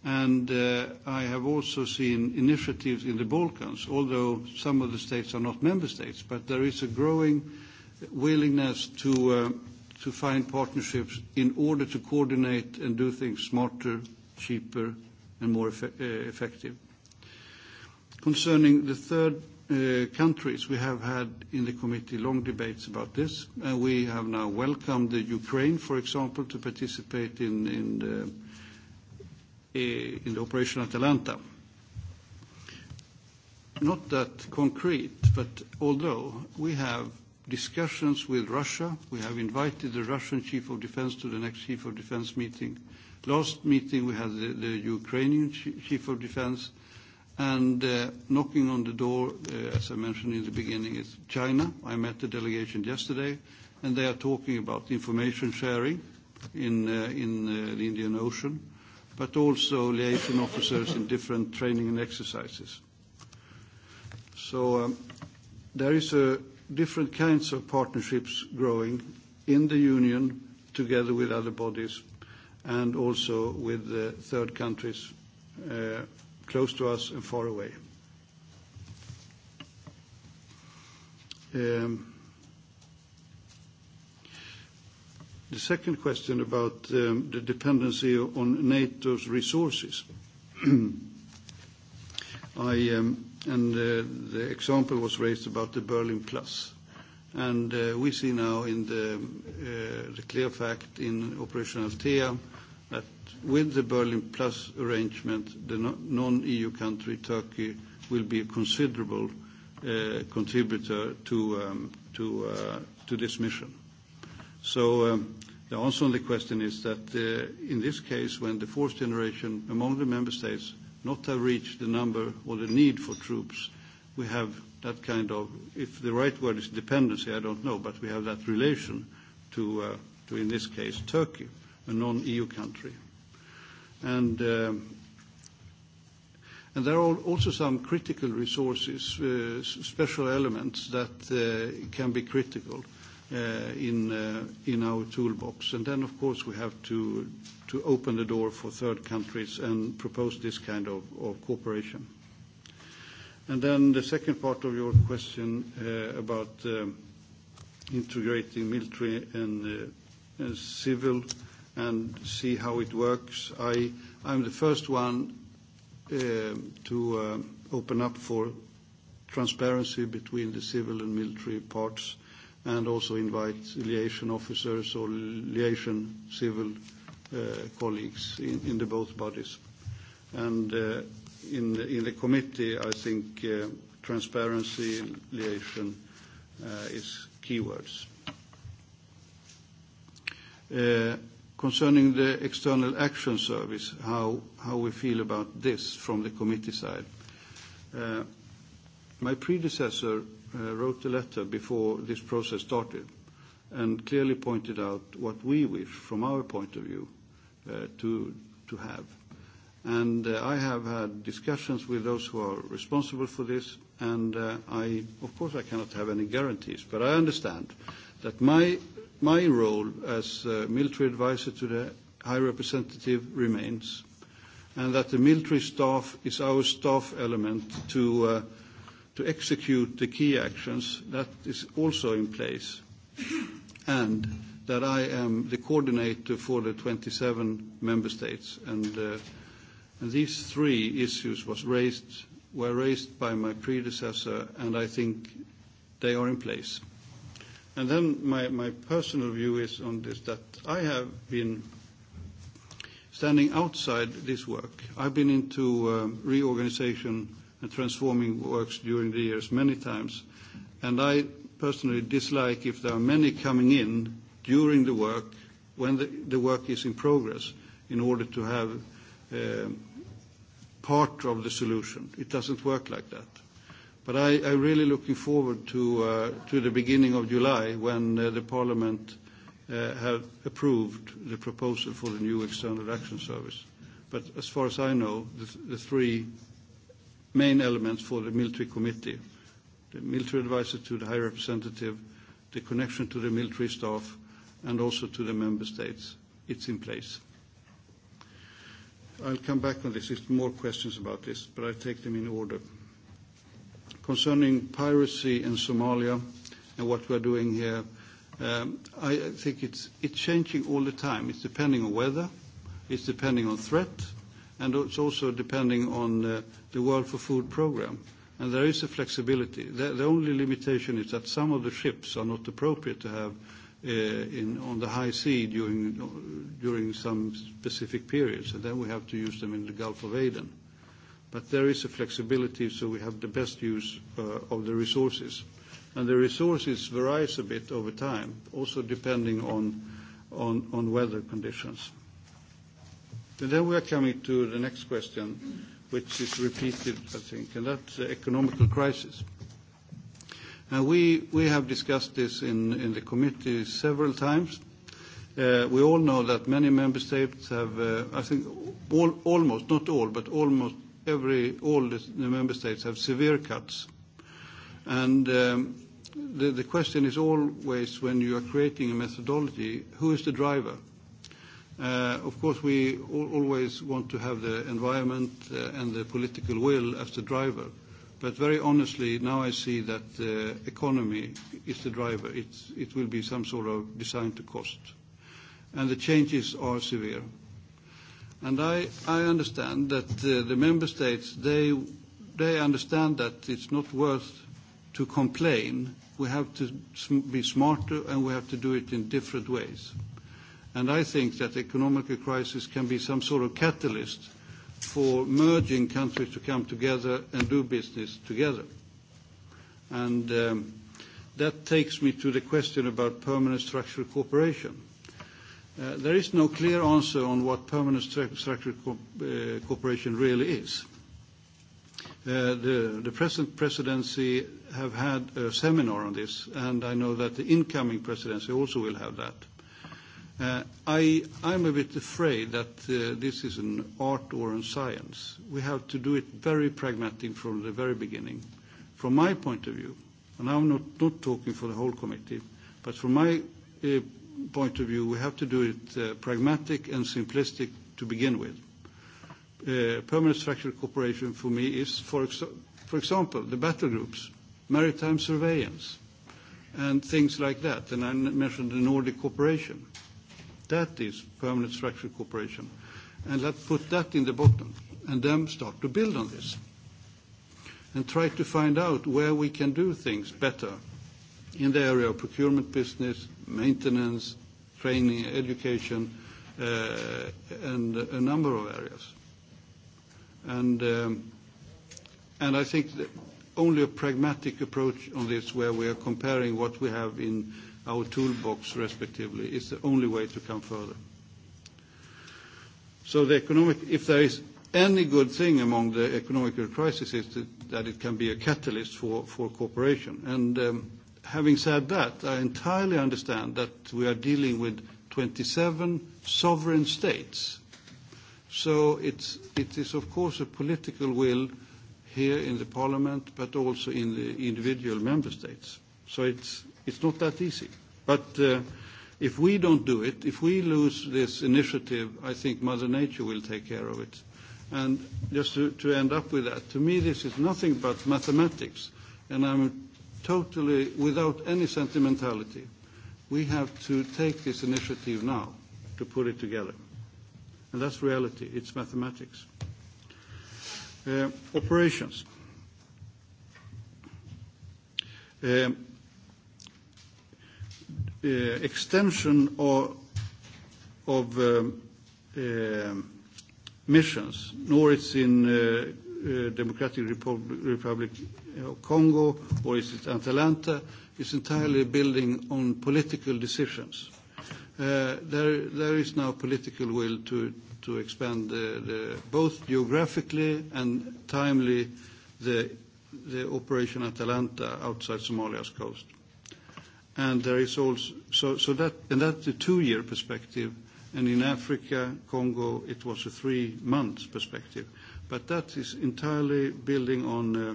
And uh, I have also seen initiatives in the Balkans, although some of the states are not member states, but there is a growing willingness to, uh, to find partnerships in order to coordinate and do things smarter, cheaper, and more eff uh, effective. Concerning the third Uh, countries. We have had in the committee long debates about this, and we have now welcomed the Ukraine, for example, to participate in, in, the, uh, eh, in the Operation Atalanta. Not that concrete, but although we have discussions with Russia, we have invited the Russian Chief of Defense to the next Chief of Defense meeting. Last meeting, we had the, the Ukrainian Chief of Defense, And uh, knocking on the door, uh, as I mentioned in the beginning, is China. I met the delegation yesterday, and they are talking about information sharing in, uh, in the Indian Ocean, but also liaison officers in different training and exercises. So um, there is a different kinds of partnerships growing in the Union together with other bodies and also with third countries close to us and far away. Um, the second question about um, the dependency on NATO's resources. Um, and uh, the example was raised about the Berlin Plus. And uh, we see now in the, uh, the clear fact in Operation Althea with the Berlin Plus arrangement, the non-EU country, Turkey, will be a considerable uh, contributor to, um, to, uh, to this mission. So um, the answer on the question is that uh, in this case, when the fourth generation among the member states not have reached the number or the need for troops, we have that kind of, if the right word is dependency, I don't know, but we have that relation to, uh, to in this case, Turkey, a non-EU country. And, uh, and there are also some critical resources, uh, special elements that uh, can be critical uh, in, uh, in our toolbox. And then, of course, we have to, to open the door for third countries and propose this kind of, of cooperation. And then the second part of your question uh, about um, integrating military and, and civil and see how it works. I, I'm the first one uh, to uh, open up for transparency between the civil and military parts and also invite liaison officers or liaison civil uh, colleagues in, in the both bodies. And uh, in, the, in the committee, I think uh, transparency and liaison uh, is keywords. Uh, Concerning the External Action Service, how, how we feel about this from the committee side. Uh, my predecessor uh, wrote a letter before this process started and clearly pointed out what we wish from our point of view uh, to, to have. And uh, I have had discussions with those who are responsible for this, and uh, I, of course, I cannot have any guarantees, but I understand that my my role as uh, military advisor to the High Representative remains, and that the military staff is our staff element to, uh, to execute the key actions. That is also in place. and that I am the coordinator for the 27 member states. And, uh, and these three issues was raised, were raised by my predecessor, and I think they are in place. And then my, my personal view is on this that I have been standing outside this work. I've been into uh, reorganization and transforming works during the years many times, and I personally dislike if there are many coming in during the work when the, the work is in progress in order to have uh, part of the solution. It doesn't work like that. But I, I'm really looking forward to, uh, to the beginning of July when uh, the Parliament uh, have approved the proposal for the new External Action Service. But as far as I know, the, th the three main elements for the military committee, the military advisor to the High Representative, the connection to the military staff, and also to the member states, it's in place. I'll come back on this. There's more questions about this, but I take them in order. Concerning piracy in Somalia and what we are doing here, um, I, think it's, it's changing all the time. It's depending on weather, it's depending on threat, and it's also depending on uh, the World for Food program. And there is a flexibility. The, the only limitation is that some of the ships are not appropriate to have uh, in, on the high sea during, during some specific periods, and then we have to use them in the Gulf of Aden but there is a flexibility so we have the best use uh, of the resources. And the resources varies a bit over time, also depending on, weather conditions. And then we are coming to the next question, which is repeated, I think, and that's the economic crisis. And we, have discussed this in, the committee several times. Uh, we all know that many member states have, uh, I think almost, not all, but almost every, all the, the member states have severe cuts. And um, the, the question is always when you are creating a methodology, who is the driver? Uh, of course, we al always want to have the environment uh, and the political will as the driver. But very honestly, now I see that the uh, economy is the driver. It's, it will be some sort of design to cost. And the changes are severe. And I, I understand that uh, the member states, they, they understand that it's not worth to complain. We have to sm be smarter and we have to do it in different ways. And I think that the economic crisis can be some sort of catalyst for merging countries to come together and do business together. And um, that takes me to the question about permanent structural cooperation. Uh, there is no clear answer on what permanent structured co uh, cooperation really is. Uh, the, the present presidency have had a seminar on this, and I know that the incoming presidency also will have that. Uh, I, I'm a bit afraid that uh, this is an art or a science. We have to do it very pragmatic from the very beginning. From my point of view, and I'm not, not talking for the whole committee, but from my uh, point of view, we have to do it uh, pragmatic and simplistic to begin with. Uh, permanent structured cooperation for me is, for, ex for example, the battle groups, maritime surveillance, and things like that. And I mentioned the Nordic cooperation. That is permanent structured cooperation. And let's put that in the bottom and then start to build on this and try to find out where we can do things better in the area of procurement business, maintenance, training, education, uh, and a number of areas. And, um, and I think that only a pragmatic approach on this, where we are comparing what we have in our toolbox respectively, is the only way to come further. So the economic, if there is any good thing among the economic crisis, is that it can be a catalyst for, for cooperation. And, um, having said that, I entirely understand that we are dealing with 27 sovereign states. So it's, it is, of course, a political will here in the parliament, but also in the individual member states. So it's, it's not that easy. But uh, if we don't do it, if we lose this initiative, I think Mother Nature will take care of it. And just to, to end up with that, to me this is nothing but mathematics. And I'm totally without any sentimentality. We have to take this initiative now to put it together. And that's reality. It's mathematics. Uh, operations. Um, uh, extension of, of um, uh, missions. nor it's in uh, uh, Democratic Republic, Republic of Congo or is it Atalanta is entirely building on political decisions. Uh, there, there is now political will to, to expand the, the, both geographically and timely the, the Operation Atalanta outside Somalia's coast. And there is also, so, so that, and that's a two-year perspective, and in Africa, Congo, it was a three-month perspective. But that is entirely building on, uh,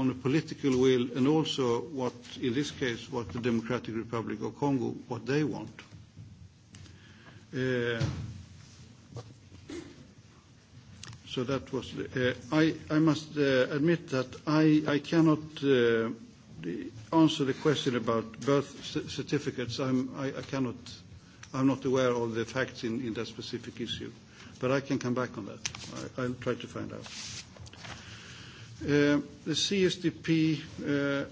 on a political will and also what, in this case, what the Democratic Republic of Congo, what they want. Uh, so that was the, uh, I, I must uh, admit that I, I cannot uh, answer the question about birth certificates. I'm, I, I cannot, I'm not aware of the facts in, in that specific issue. Uh, but I can come back on that. I, I'll try to find out. Uh, the CSDP uh,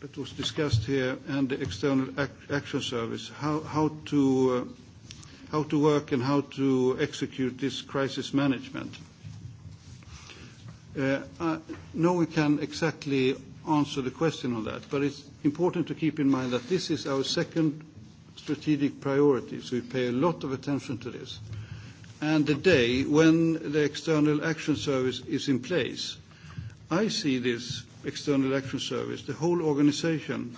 that was discussed here and the External Ac Action Service, how, how, to, uh, how to work and how to execute this crisis management. Uh, uh, no one can exactly answer the question on that, but it's important to keep in mind that this is our second strategic priority, so we pay a lot of attention to this and the day when the External Action Service is in place. I see this External Action Service, the whole organization,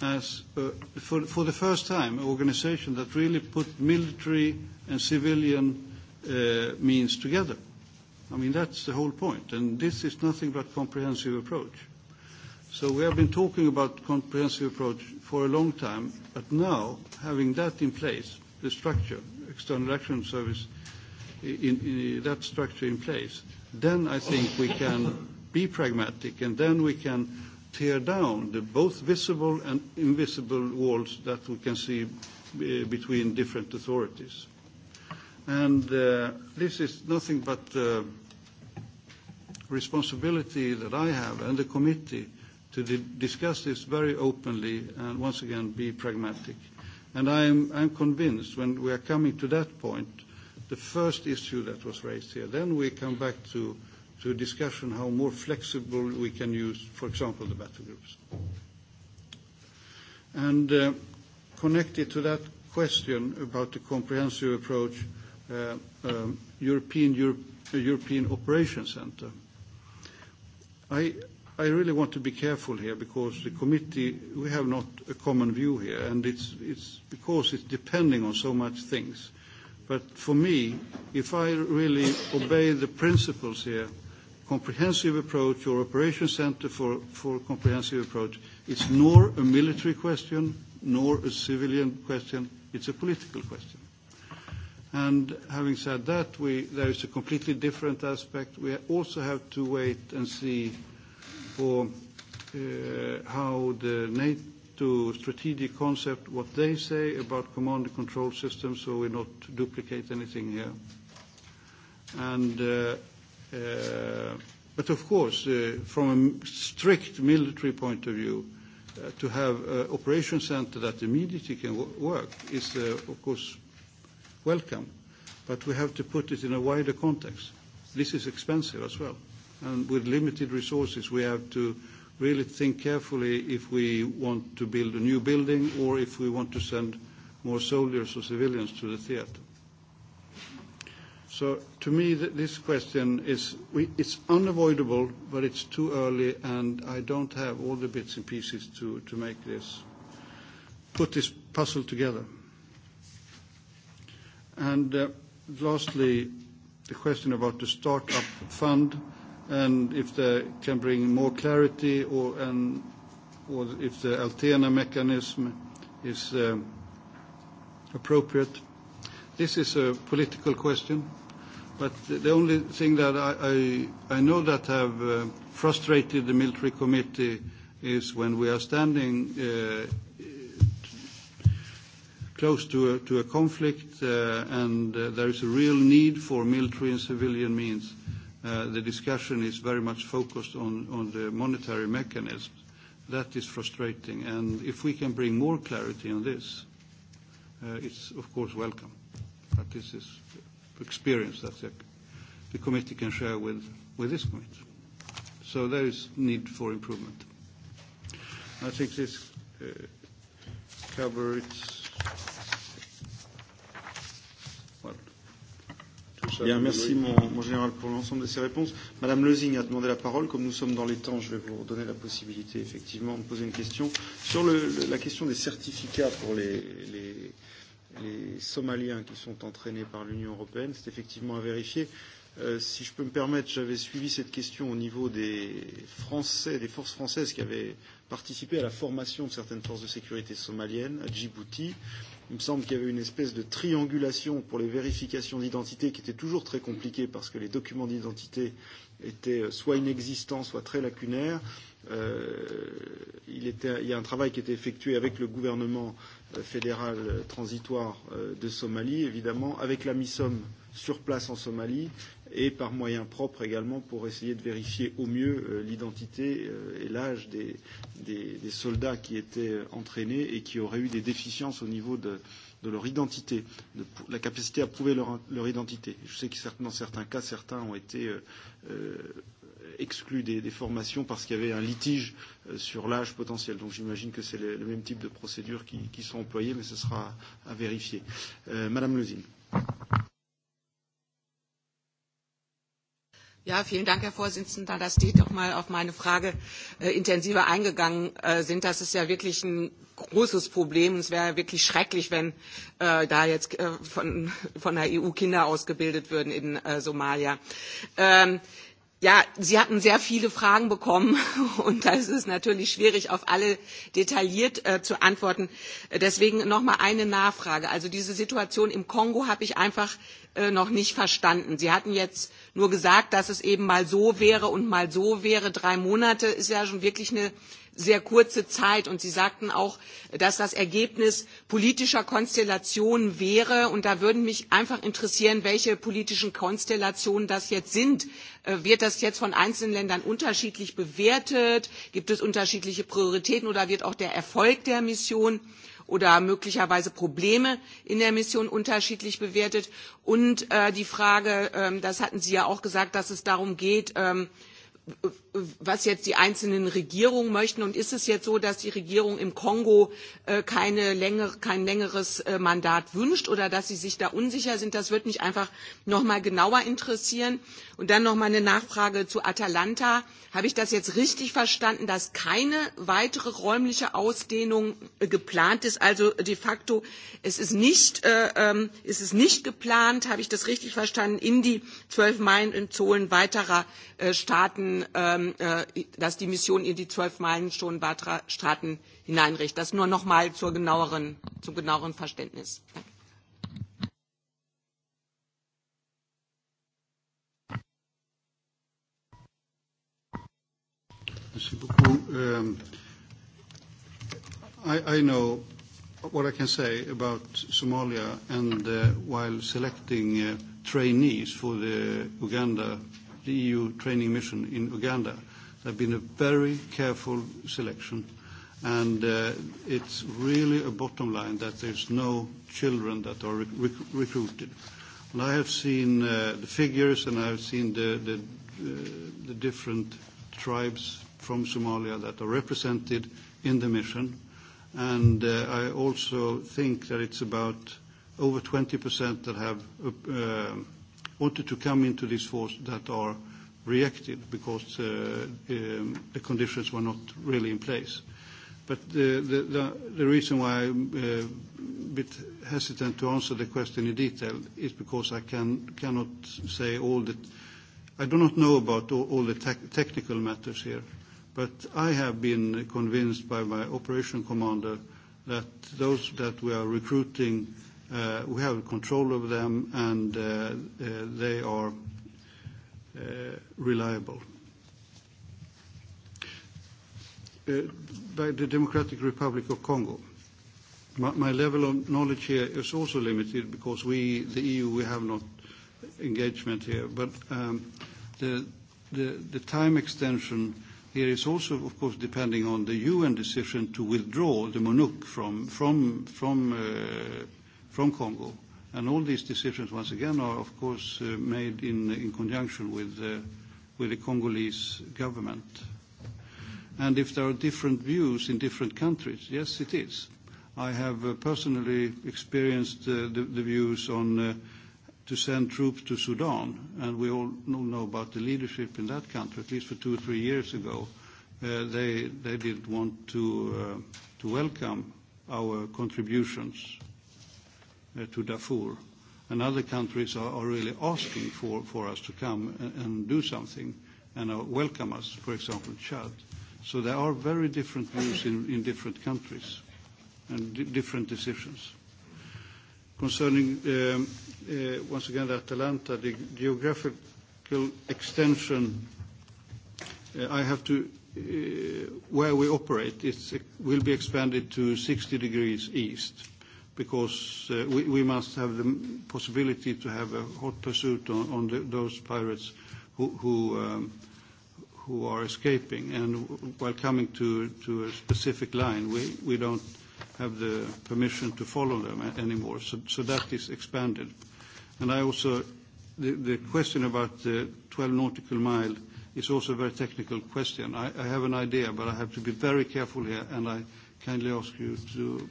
as uh, for, for the first time, an organization that really put military and civilian uh, means together. I mean, that's the whole point, and this is nothing but comprehensive approach. So we have been talking about comprehensive approach for a long time, but now, having that in place, the structure, External Action Service, in, that structure in place, then I think we can be pragmatic, and then we can tear down the both visible and invisible walls that we can see uh, between different authorities. And uh, this is nothing but uh, responsibility that I have and the committee to di discuss this very openly and once again be pragmatic. And I am I'm convinced when we are coming to that point the first issue that was raised here. Then we come back to, to discussion how more flexible we can use, for example, the battle groups. And uh, connected to that question about the comprehensive approach, uh, um, European, uh, European Operation Centre, I, I really want to be careful here because the committee, we have not a common view here, and it's, it's because it's depending on so much things. But for me, if I really obey the principles here, comprehensive approach or operation center for, for comprehensive approach, it's nor a military question, nor a civilian question, it's a political question. And having said that, we, there is a completely different aspect. We also have to wait and see for uh, how the NATO to strategic concept, what they say about command and control systems, so we not duplicate anything here. And, uh, uh, but of course, uh, from a strict military point of view, uh, to have an uh, operation center that immediately can w- work is, uh, of course, welcome. But we have to put it in a wider context. This is expensive as well. And with limited resources, we have to really think carefully if we want to build a new building or if we want to send more soldiers or civilians to the theater. So to me, th this question is, we, it's unavoidable, but it's too early, and I don't have all the bits and pieces to, to make this, put this puzzle together. And uh, lastly, the question about the startup fund and if they can bring more clarity or, if the Altena mechanism is uh, appropriate. This is a political question, but the only thing that I, know that have uh, frustrated the military committee is when we are standing uh, close to a, conflict and there is a real need for military and civilian means Uh, the discussion is very much focused on, the monetary mechanism. That is frustrating. And if we can bring more clarity on this, uh, it's of course welcome. But this is experience that the, committee can share with, with this committee. So there is need for improvement. I think this uh, covers Bien, merci mon, mon général pour l'ensemble de ces réponses. Madame Lezing a demandé la parole. Comme nous sommes dans les temps, je vais vous donner la possibilité effectivement de poser une question. Sur le, le, la question des certificats pour les, les, les Somaliens qui sont entraînés par l'Union européenne, c'est effectivement à vérifier. Euh, Euh, si je peux me permettre, j'avais suivi cette question au niveau des Français, des forces françaises qui avaient participé à la formation de certaines forces de sécurité somaliennes à Djibouti. Il me semble qu'il y avait une espèce de triangulation pour les vérifications d'identité qui était toujours très compliquée parce que les documents d'identité étaient euh, soit inexistants, soit très lacunaires. Euh, il, était, il y a un travail qui était effectué avec le gouvernement euh, fédéral transitoire de Somalie, évidemment, avec la MISOM sur place en Somalie et par moyens propres également pour essayer de vérifier au mieux euh, l'identité euh, et l'âge des, des, des soldats qui étaient euh, entraînés et qui auraient eu des déficiences au niveau de, de leur identité, de de la capacité à prouver leur, leur identité. Je sais que certains, dans certains cas, certains ont été euh, euh, exclus des, des formations parce qu'il y avait un litige euh, sur l'âge potentiel. Donc j'imagine que c'est le, le même type de procédures qui, qui sont employées, mais ce sera à à vérifier. Euh, Madame Lezine. Merci. vielen Dank, Herr Vorsitzender, dass Sie doch mal auf meine Frage äh, intensiver eingegangen äh, sind. Das ist ja wirklich ein großes Problem. Es wäre wirklich schrecklich, wenn äh, da jetzt äh, von, von der EU Kinder ausgebildet würden in äh, Somalia. Ähm, Ja, Sie hatten sehr viele Fragen bekommen und das ist natürlich schwierig, auf alle detailliert äh, zu antworten. Äh, deswegen nochmal eine Nachfrage. Also diese Situation im Kongo habe ich einfach äh, noch nicht verstanden. Sie hatten jetzt nur gesagt, dass es eben mal so wäre und mal so wäre. Drei Monate ist ja schon wirklich eine sehr kurze Zeit. Und Sie sagten auch, dass das Ergebnis politischer Konstellationen wäre. Und da würden mich einfach interessieren, welche politischen Konstellationen das jetzt sind. Äh, wird das jetzt von einzelnen Ländern unterschiedlich bewertet? Gibt es unterschiedliche Prioritäten oder wird auch der Erfolg der Mission oder möglicherweise Probleme in der Mission unterschiedlich bewertet? Und äh, die Frage, ähm, das hatten Sie ja auch gesagt, dass es darum geht, ähm, was jetzt die einzelnen Regierungen möchten. Und ist es jetzt so, dass die Regierung im Kongo äh, keine längere, kein längeres äh, Mandat wünscht oder dass sie sich da unsicher sind? Das würde mich einfach noch mal genauer interessieren. Und dann noch mal eine Nachfrage zu Atalanta. Habe ich das jetzt richtig verstanden, dass keine weitere räumliche Ausdehnung äh, geplant ist? Also de facto, es ist nicht, äh, ähm, es nicht geplant, habe ich das richtig verstanden, in die zwölf Meilen Zonen weiterer äh, Staaten äh, Ähm, äh, dass die Mission in die zwölf Meilenstunden Staaten hineinrichtet. Das nur noch mal zur genaueren, zum genaueren Verständnis. Danke. Merci beaucoup. Um, I, I know what I can say about Somalia, and uh, while selecting uh, trainees for the Uganda the EU training mission in Uganda. There been a very careful selection, and uh, it's really a bottom line that there's no children that are rec rec recruited. And I have seen uh, the figures, and I have seen the, the, uh, the different tribes from Somalia that are represented in the mission. And uh, I also think that it's about over 20% that have uh, wanted to come into this force that are reactive because uh, um, the conditions were not really in place. But the, the, the, the reason why I'm uh, a bit hesitant to answer the question in detail is because I can, cannot say all that I do not know about all, all the te technical matters here, but I have been convinced by my operation commander that those that we are recruiting Uh, we have control over them, and uh, uh, they are reliable. By the Democratic Republic of Congo, my, level of knowledge here is also limited because we, the EU, we have not engagement here. But um, the, the time extension here is also, of course, depending on the UN decision to withdraw the MONUC from, from, from from Congo. And all these decisions, once again, are of course uh, made in, in conjunction with, uh, with the Congolese government. And if there are different views in different countries, yes, it is. I have uh, personally experienced uh, the, the views on uh, to send troops to Sudan, and we all know about the leadership in that country. At least for two or three years ago, uh, they they didn't want to uh, to welcome our contributions Uh, to Darfur. And other countries are, are really asking for, for us to come and, and do something and uh, welcome us, for example, Chad. So there are very different views in, in different countries and di- different decisions. Concerning, um, uh, once again, the Atalanta, the geographical extension, uh, I have to Uh, where we operate, it will be expanded to 60 degrees east because uh, we, we must have the possibility to have a hot pursuit on, on the, those pirates who, who, um, who are escaping. And while coming to, to a specific line, we, we don't have the permission to follow them anymore. So, so that is expanded. And I also, the, the question about the 12 nautical mile is also a very technical question. I, I have an idea, but I have to be very careful here, and I kindly ask you to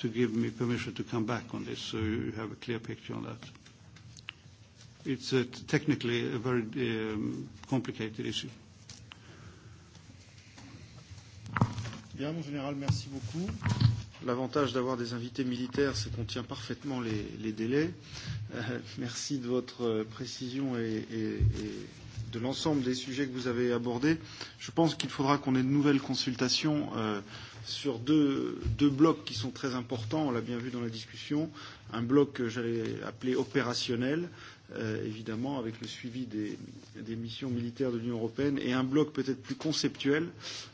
to give me permission to come back on this, so you have a clear picture on that. It's a technically a very um, complicated issue. Bien, mon général, merci beaucoup. L'avantage d'avoir des invités militaires, c'est qu'on tient parfaitement les, les délais. Euh, merci de votre euh, précision et, et, et de l'ensemble des sujets que vous avez abordés. Je pense qu'il faudra qu'on ait de nouvelles consultations. Euh, sur deux, deux blocs qui sont très importants, on l'a bien vu dans la discussion, un bloc que j'allais appeler opérationnel, euh, évidemment, avec le suivi des, des missions militaires de l'Union européenne, et un bloc peut-être plus conceptuel,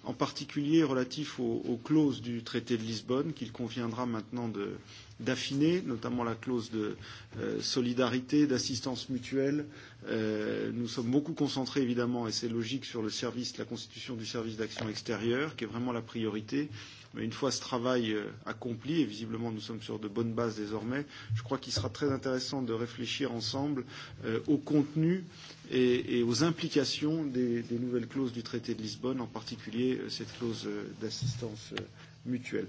en particulier relatif aux, aux clauses du traité de Lisbonne, qu'il conviendra maintenant de, euh, d'affiner, notamment la clause de euh, solidarité, d'assistance mutuelle. Euh, nous sommes beaucoup concentrés, évidemment, et c'est logique, sur le service, la constitution du service d'action extérieure, qui est vraiment la priorité. Mais une fois ce travail euh, accompli, et visiblement nous sommes sur de bonnes bases désormais, je crois qu'il sera très intéressant de réfléchir ensemble euh, au contenu et, et aux implications des, des nouvelles clauses du traité de Lisbonne, en particulier euh, cette clause euh, d'assistance euh, mutuelle.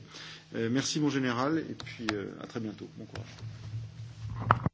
Euh, merci mon général et puis euh, à très bientôt. Bon courage.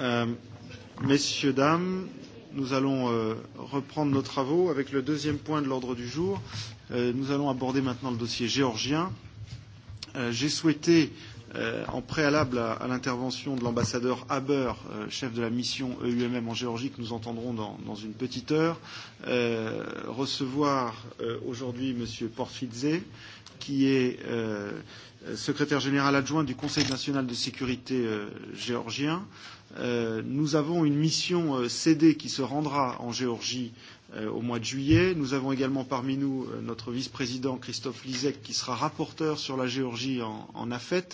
Euh, messieurs, dames, nous allons euh, reprendre nos travaux avec le deuxième point de l'ordre du jour. Euh, nous allons aborder maintenant le dossier géorgien. Euh, J'ai souhaité euh, en préalable à, à l'intervention de l'ambassadeur Haber, euh, chef de la mission EUMM en Géorgie, que nous entendrons dans, dans une petite heure, euh, recevoir euh, aujourd'hui M. Porfidze, qui est euh, secrétaire général adjoint du Conseil national de sécurité euh, géorgien. Euh, nous avons une mission euh, CD qui se rendra en Géorgie Euh, au mois de juillet. Nous avons également parmi nous euh, notre vice-président Christophe Lisek qui sera rapporteur sur la Géorgie en, en AFET.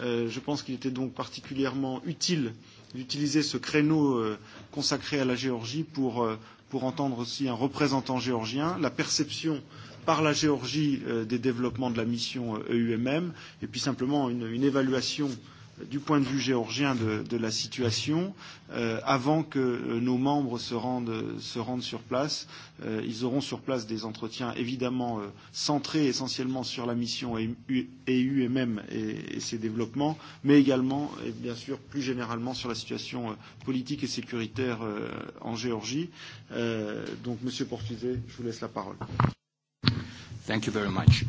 Euh, je pense qu'il était donc particulièrement utile d'utiliser ce créneau euh, consacré à la Géorgie pour, euh, pour entendre aussi un représentant géorgien, la perception par la Géorgie euh, des développements de la mission EUMM et puis simplement une, une évaluation euh, du point de vue géorgien de, de la situation, euh, avant que euh, nos membres se rendent, se rendent sur place. Euh, ils auront sur place des entretiens évidemment euh, centrés essentiellement sur la mission EUMM et, et ses développements, mais également et bien sûr plus généralement sur la situation euh, politique et sécuritaire euh, en Géorgie. Euh, donc Monsieur Portuzet, je vous laisse la parole. Thank you very much.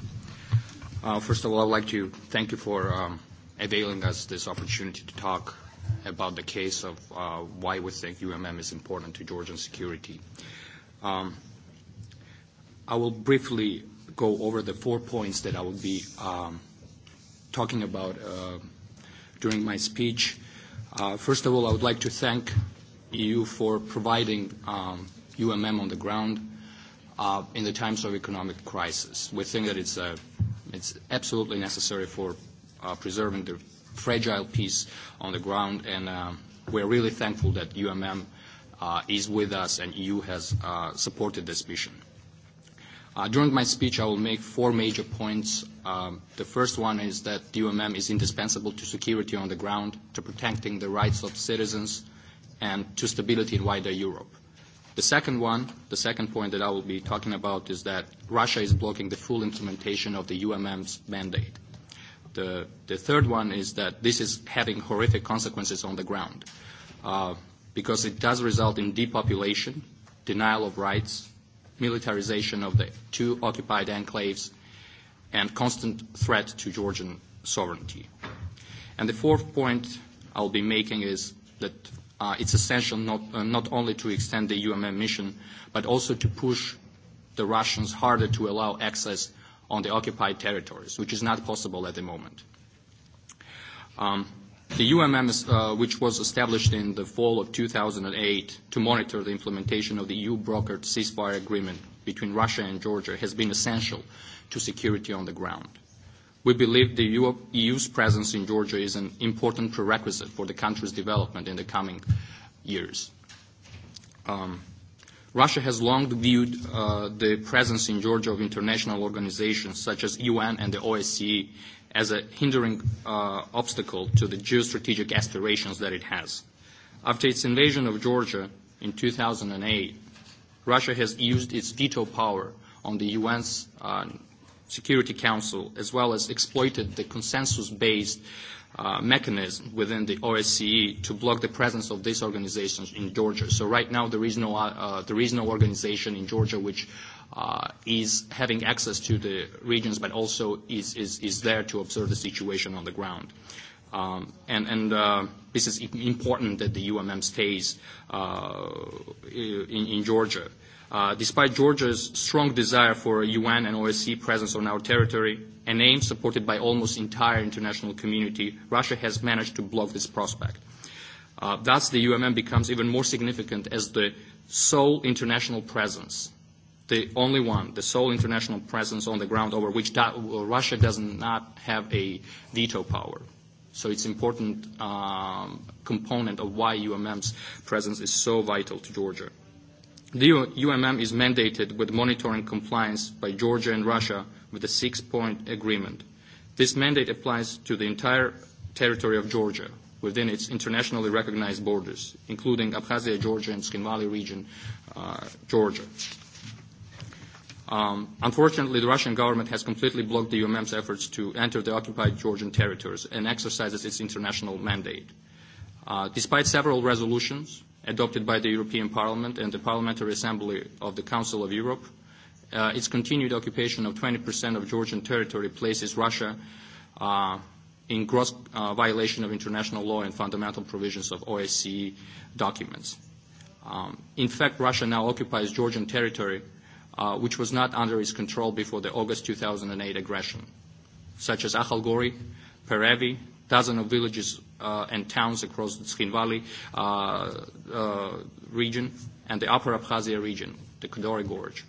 Uh, first of all, I'd like to thank you for um, availing us this opportunity to talk about the case of uh, why we think UMM is important to Georgian security. Um, I will briefly go over the four points that I will be um, talking about uh, during my speech. Uh, first of all, I would like to thank EU for providing um, UMM on the ground uh, in the times of economic crisis. We think that it's, a, uh, it's absolutely necessary for uh, preserving the fragile peace on the ground. And um, we're really thankful that UMM uh, is with us and EU has uh, supported this mission. Uh, during my speech, I will make four major points. Um, the first one is that the UMM is indispensable to security on the ground, to protecting the rights of citizens, and to stability in wider Europe. The second one, the second point that I will be talking about is that Russia is blocking the full implementation of the UMM's mandate. The, third one is that this is having horrific consequences on the ground uh, because it does result in depopulation, denial of rights, militarization of the two occupied enclaves, and constant threat to Georgian sovereignty. And the fourth point I'll be making is that uh, it's essential not, uh, not only to extend the UMM mission, but also to push the Russians harder to allow access on the occupied territories, which is not possible at the moment. Um, the UMM, uh, which was established in the fall of 2008 to monitor the implementation of the EU-brokered ceasefire agreement between Russia and Georgia, has been essential to security on the ground. We believe the EU's presence in Georgia is an important prerequisite for the country's development in the coming years. Um, Russia has long viewed uh, the presence in Georgia of international organizations such as UN and the OSCE as a hindering uh, obstacle to the geostrategic aspirations that it has. After its invasion of Georgia in 2008, Russia has used its veto power on the UN's uh, Security Council, as well as exploited the consensus-based uh, mechanism within the OSCE to block the presence of these organizations in Georgia. So right now there is no, uh, there is no organization in Georgia which uh, is having access to the regions but also is, is, is there to observe the situation on the ground. Um, and and uh, this is important that the UMM stays uh, in, in Georgia. Uh, despite Georgia's strong desire for a UN and OSCE presence on our territory, an aim supported by almost entire international community, Russia has managed to block this prospect. Uh, thus, the UMM becomes even more significant as the sole international presence, the only one, the sole international presence on the ground over which that, da-, well, Russia does not have a veto power. So it's important um, component of why UMM's presence is so vital to Georgia. The UMM is mandated with monitoring compliance by Georgia and Russia with the six-point agreement. This mandate applies to the entire territory of Georgia within its internationally recognized borders, including Abkhazia, Georgia, and Skinvali region, uh, Georgia. Um, unfortunately, the Russian government has completely blocked the UMM's efforts to enter the occupied Georgian territories and exercises its international mandate. Uh, despite several resolutions, adopted by the European Parliament and the Parliamentary Assembly of the Council of Europe, uh, its continued occupation of 20% of Georgian territory places Russia uh, in gross uh, violation of international law and fundamental provisions of OSCE documents. Um, in fact, Russia now occupies Georgian territory, uh, which was not under its control before the August 2008 aggression, such as Akhalgori, Perevi, dozen of villages uh, and towns across the Tsin Valley uh, uh, region and the Upper Abkhazia region, the Kodori Gorge.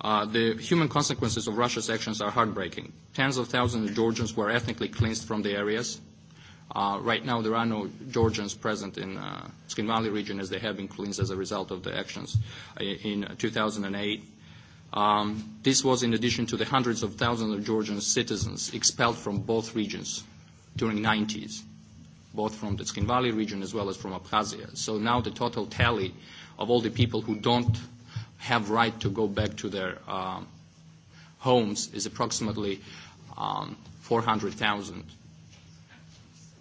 Uh, the human consequences of Russia's actions are heartbreaking. Tens of thousands of Georgians were ethnically cleansed from the areas. Uh, right now, there are no Georgians present in uh, Skin Valley region as they have been cleansed as a result of the actions uh, in 2008 Um, this was in addition to the hundreds of thousands of Georgian citizens expelled from both regions during 90s, both from the Skin Valley region as well as from Abkhazia. So now the total tally of all the people who don't have right to go back to their uh, homes is approximately um, 400,000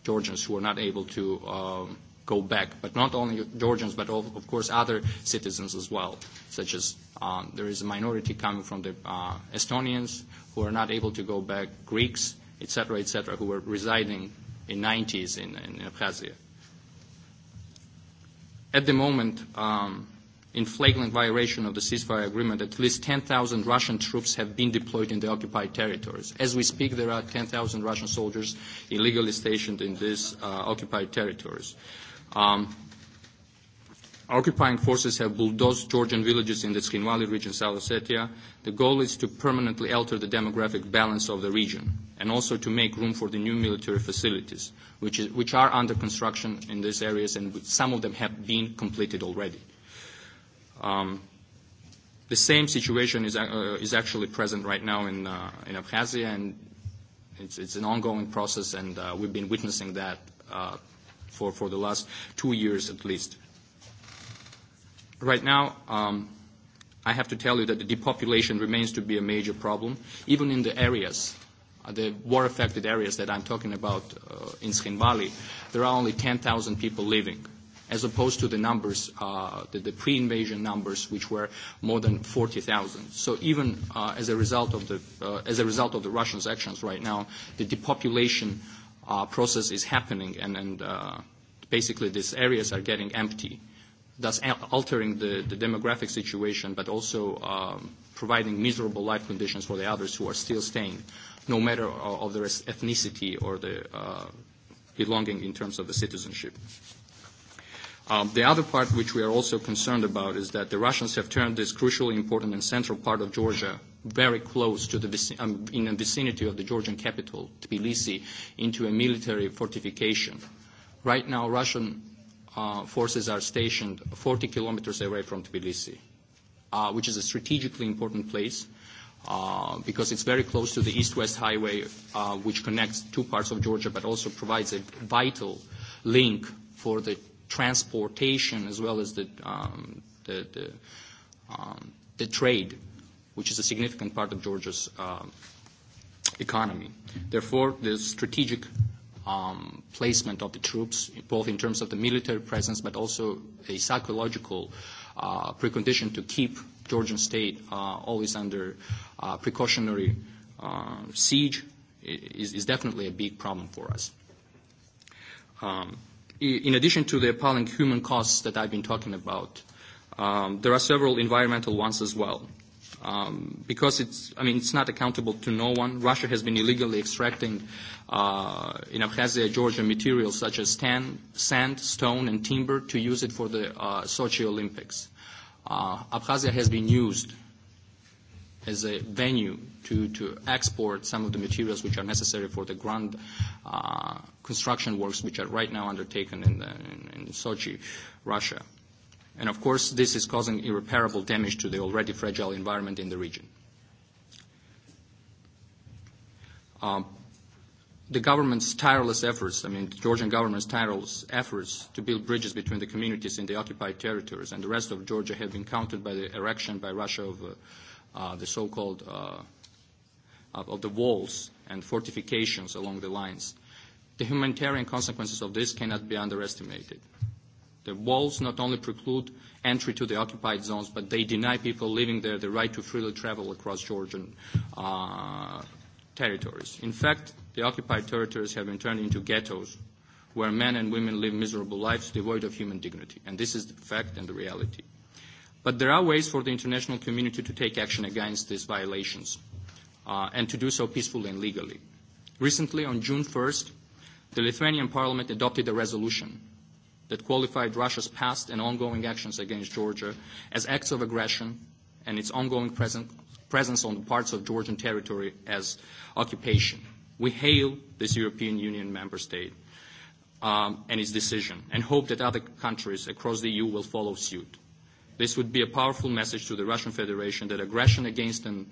Georgians who are not able to uh, go back, but not only Georgians, but of, of course other citizens as well, such as um, there is a minority coming from the uh, Estonians who are not able to go back, Greeks, etc., etc., who were residing in 90s in, in Abkhazia. At the moment, um, in flagrant violation of the ceasefire agreement, at least 10,000 Russian troops have been deployed in the occupied territories. As we speak, there are 10,000 Russian soldiers illegally stationed in these uh, occupied territories. Um, occupying forces have bulldozed Georgian villages in the Skhinvali region, South Ossetia. The goal is to permanently alter the demographic balance of the region and also to make room for the new military facilities, which, is, which are under construction in these areas and some of them have been completed already. Um, the same situation is, uh, uh, is actually present right now in, uh, in Abkhazia, and it's, it's an ongoing process, and uh, we've been witnessing that uh, for, for the last two years at least. Right now, um, I have to tell you that the depopulation remains to be a major problem, even in the areas, uh, the war-affected areas that I'm talking about uh, in Valley, there are only 10,000 people living, as opposed to the numbers, uh, the, the pre-invasion numbers, which were more than 40,000. So even uh, as a result of the uh, as a result of the Russians' actions right now, the depopulation uh, process is happening and, and uh, basically these areas are getting empty, thus altering the, the demographic situation but also um, providing miserable life conditions for the others who are still staying, no matter of their ethnicity or the uh, belonging in terms of the citizenship. Uh, the other part which we are also concerned about is that the Russians have turned this crucially important and central part of Georgia very close to the um, in the vicinity of the Georgian capital, Tbilisi, into a military fortification. Right now, Russian uh, forces are stationed 40 kilometers away from Tbilisi, uh, which is a strategically important place uh, because it's very close to the east-west highway, uh, which connects two parts of Georgia, but also provides a vital link for the transportation as well as the, um, the, the, um, the trade, which is a significant part of Georgia's uh, economy. Therefore, the strategic um, placement of the troops, both in terms of the military presence, but also a psychological uh, precondition to keep Georgian state uh, always under uh, precautionary uh, siege is, is definitely a big problem for us. Um, in addition to the appalling human costs that I've been talking about, um, there are several environmental ones as well. Um, because it's, I mean, it's not accountable to no one. Russia has been illegally extracting uh, in Abkhazia, Georgia, materials such as tan, sand, stone, and timber to use it for the uh, Sochi Olympics. Uh, Abkhazia has been used as a venue to, to export some of the materials which are necessary for the grand uh, construction works which are right now undertaken in, the, in, in Sochi, Russia. And of course, this is causing irreparable damage to the already fragile environment in the region. Um, the government's tireless efforts, I mean, the Georgian government's tireless efforts to build bridges between the communities in the occupied territories and the rest of Georgia have been countered by the erection by Russia of uh, uh, the so-called uh, of the walls and fortifications along the lines. The humanitarian consequences of this cannot be underestimated. The walls not only preclude entry to the occupied zones, but they deny people living there the right to freely travel across Georgian uh, territories. In fact, the occupied territories have been turned into ghettos where men and women live miserable lives devoid of human dignity. And this is the fact and the reality. But there are ways for the international community to take action against these violations uh, and to do so peacefully and legally. Recently, on June 1st, the Lithuanian parliament adopted a resolution that qualified Russia's past and ongoing actions against Georgia as acts of aggression and its ongoing presence on the parts of Georgian territory as occupation. We hail this European Union member state um, and its decision and hope that other countries across the EU will follow suit. This would be a powerful message to the Russian Federation that aggression against an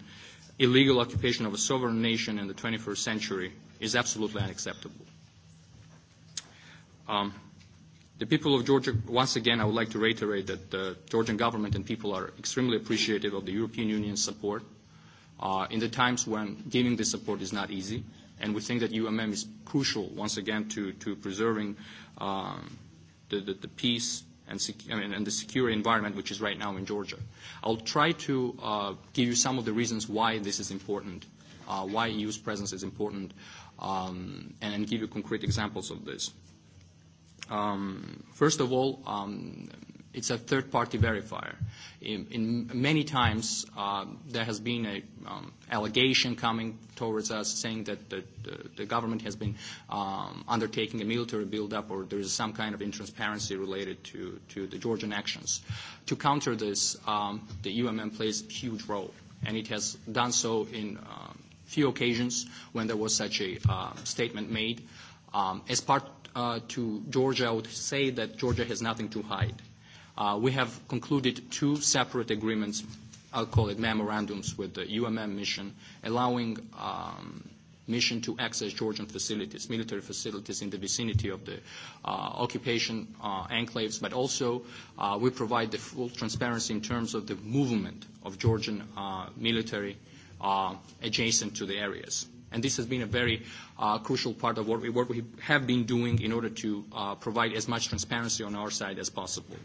illegal occupation of a sovereign nation in the 21st century is absolutely unacceptable. Um, the people of Georgia, once again, I would like to reiterate that the Georgian government and people are extremely appreciative of the European Union's support uh, in the times when giving this support is not easy. And we think that UMM is crucial, once again, to, to preserving um, the, the, the peace and, sec- I mean, and the secure environment which is right now in Georgia. I'll try to uh, give you some of the reasons why this is important, uh, why EU's presence is important, um, and, and give you concrete examples of this. Um, first of all, um, It's a third-party verifier. In, in many times, uh, there has been an um, allegation coming towards us saying that the, the, the government has been um, undertaking a military buildup or there is some kind of intransparency related to, to the Georgian actions. To counter this, um, the UMM plays a huge role, and it has done so in uh, few occasions when there was such a uh, statement made. Um, as part uh, to Georgia, I would say that Georgia has nothing to hide. Uh, we have concluded two separate agreements, I'll call it memorandums, with the UMM mission, allowing um, mission to access Georgian facilities, military facilities in the vicinity of the uh, occupation uh, enclaves, but also uh, we provide the full transparency in terms of the movement of Georgian uh, military uh, adjacent to the areas. And this has been a very uh, crucial part of what we, what we have been doing in order to uh, provide as much transparency on our side as possible.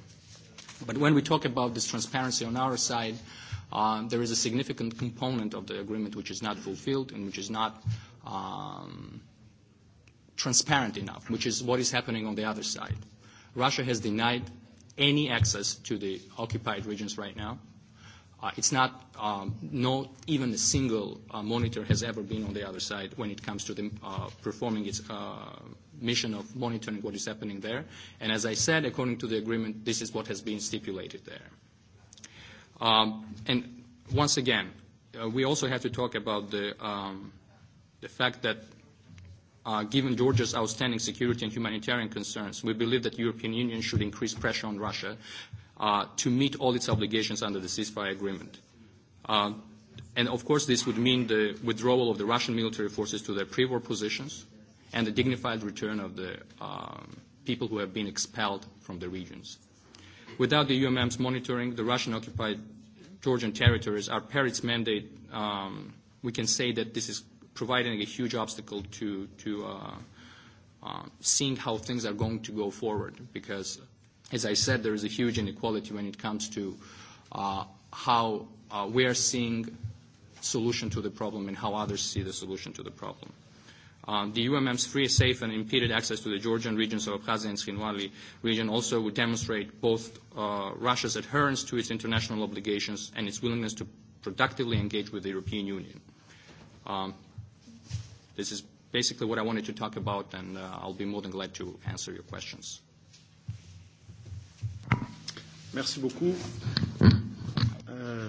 But when we talk about this transparency on our side, um, there is a significant component of the agreement which is not fulfilled and which is not um, transparent enough, which is what is happening on the other side. Russia has denied any access to the occupied regions right now. Uh, it's not, um, not even a single uh, monitor has ever been on the other side when it comes to the, uh, performing its uh, mission of monitoring what is happening there. And as I said, according to the agreement, this is what has been stipulated there. Um, and once again, uh, we also have to talk about the, um, the fact that uh, given Georgia's outstanding security and humanitarian concerns, we believe that the European Union should increase pressure on Russia Uh, to meet all its obligations under the ceasefire agreement. Uh, and of course, this would mean the withdrawal of the Russian military forces to their pre-war positions and the dignified return of the um, people who have been expelled from the regions. Without the UMM's monitoring, the Russian-occupied Georgian territories are per its mandate. Um, we can say that this is providing a huge obstacle to, to uh, uh, seeing how things are going to go forward because As I said, there is a huge inequality when it comes to uh, how uh, we are seeing solution to the problem and how others see the solution to the problem. Um, the UMM's free, safe, and impeded access to the Georgian regions of Abkhazia and Shinwali region also would demonstrate both uh, Russia's adherence to its international obligations and its willingness to productively engage with the European Union. Um, this is basically what I wanted to talk about, and uh, I'll be more than glad to answer your questions. Merci beaucoup. Euh,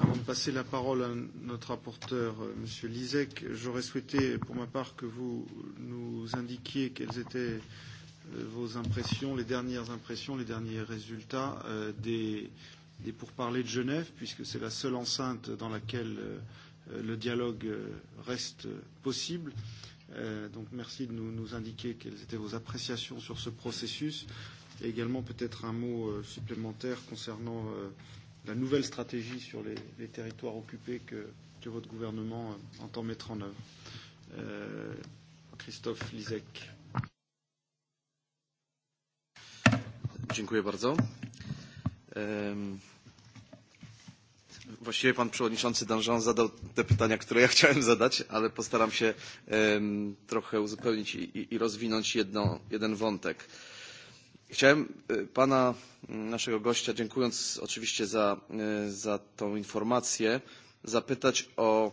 avant de passer la parole à notre rapporteur, euh, M. Lisek, j'aurais souhaité, pour ma part, que vous nous indiquiez quelles étaient euh, vos impressions, les dernières impressions, les derniers résultats euh, des, des pourparlers de Genève, puisque c'est la seule enceinte dans laquelle euh, le dialogue euh, reste possible. Euh, donc merci de nous, nous indiquer quelles étaient vos appréciations sur ce processus. Euh, Et également peut-être un mot euh, supplémentaire concernant euh, la nouvelle stratégie sur les, les territoires occupés que, que votre gouvernement euh, entend mettre en œuvre. Euh, Christophe Lisek. Dziękuję bardzo. Um... Właściwie pan przewodniczący Danjean zadał te pytania, które ja chciałem zadać, ale postaram się um, trochę uzupełnić i, i rozwinąć jedno, jeden wątek. Chciałem pana mm, naszego gościa, dziękując oczywiście za, za tą informację, zapytać o,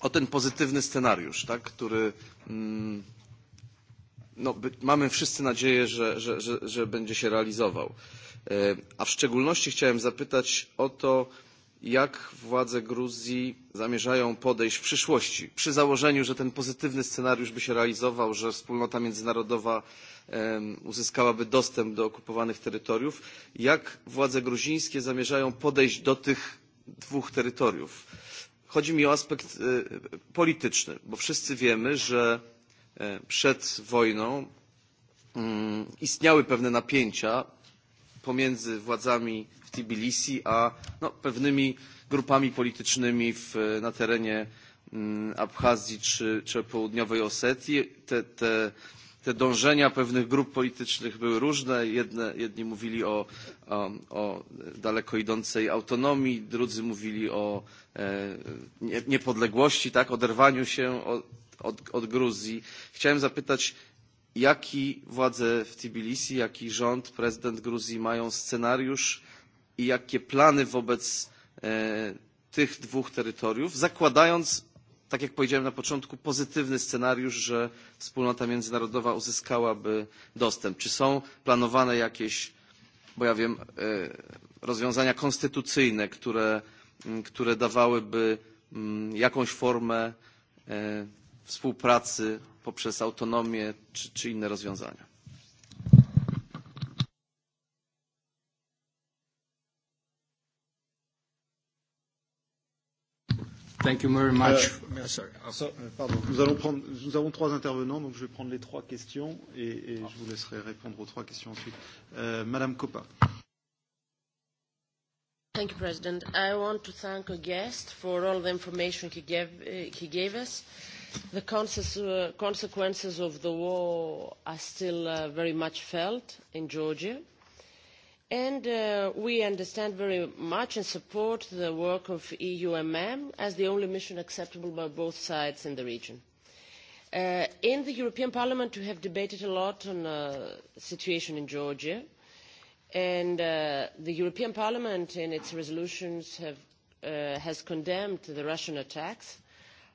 o ten pozytywny scenariusz, tak, który mm, no, by, mamy wszyscy nadzieję, że, że, że, że będzie się realizował. A w szczególności chciałem zapytać o to, jak władze Gruzji zamierzają podejść w przyszłości, przy założeniu, że ten pozytywny scenariusz by się realizował, że wspólnota międzynarodowa uzyskałaby dostęp do okupowanych terytoriów, jak władze gruzińskie zamierzają podejść do tych dwóch terytoriów. Chodzi mi o aspekt polityczny, bo wszyscy wiemy, że przed wojną mm, istniały pewne napięcia pomiędzy władzami w Tbilisi a no, pewnymi grupami politycznymi w, na terenie mm, Abchazji czy, czy południowej Osetii. Te, te, te dążenia pewnych grup politycznych były różne. Jedne, jedni mówili o, o, o daleko idącej autonomii, drudzy mówili o e, nie, niepodległości, tak, oderwaniu się od, od, od Gruzji. Chciałem zapytać, jaki władze w Tbilisi, jaki rząd, prezydent Gruzji mają scenariusz i jakie plany wobec tych dwóch terytoriów, zakładając, tak jak powiedziałem na początku, pozytywny scenariusz, że wspólnota międzynarodowa uzyskałaby dostęp. Czy są planowane jakieś, bo ja wiem, rozwiązania konstytucyjne, które, które dawałyby jakąś formę współpracy poprzez autonomię czy, czy inne rozwiązania. Thank you very much. Euh, sorry. Oh. Euh, pardon. Nous allons prendre, nous avons trois intervenants, donc je vais prendre les trois questions et, et je vous laisserai répondre aux trois questions ensuite. Euh, Madame Coppa. Thank you, President. I want to thank our guest for all the information he gave, uh, he gave us. The uh, consequences of the war are still uh, very much felt in Georgia. And uh, we understand very much and support the work of EUMM as the only mission acceptable by both sides in the region. Uh, in the European Parliament, we have debated a lot on uh, the uh, situation in Georgia. And the European Parliament, in its resolutions, have, has condemned the Russian attacks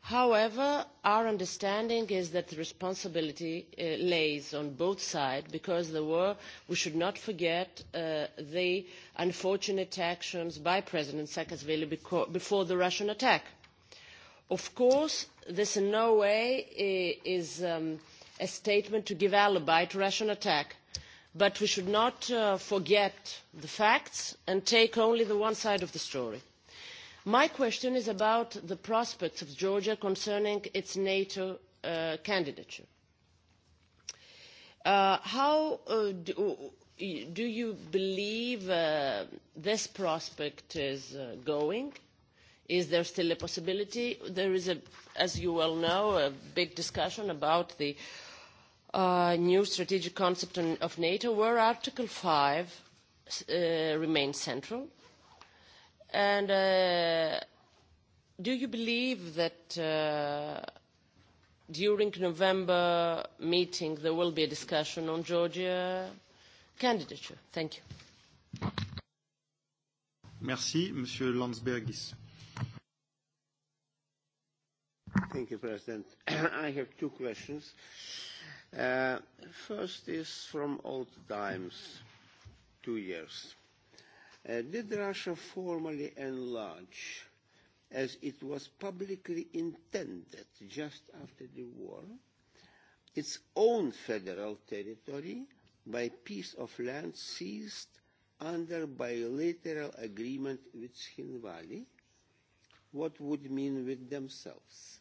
however our understanding is that the responsibility uh, lies on both sides because there were we should not forget uh, the unfortunate actions by president saakashvili before the russian attack. of course this in no way uh, is um, a statement to give alibi to russian attack but we should not uh, forget the facts and take only the one side of the story my question is about the prospects of georgia concerning its nato uh, candidature. Uh, how uh, do, you believe this prospect is going? Is there still a possibility? There is, a, as you well know, a big discussion about the new strategic concept on, of NATO, where Article 5 remains central And uh, do you believe that uh, during November meeting there will be a discussion on Georgia candidature? Thank you. Merci, Monsieur Landsbergis. Thank you, President. I have two questions. Uh, first is from old times, two years Uh, did Russia formally enlarge as it was publicly intended just after the war, its own federal territory by piece of land seized under bilateral agreement with Shinwali, what would mean with themselves,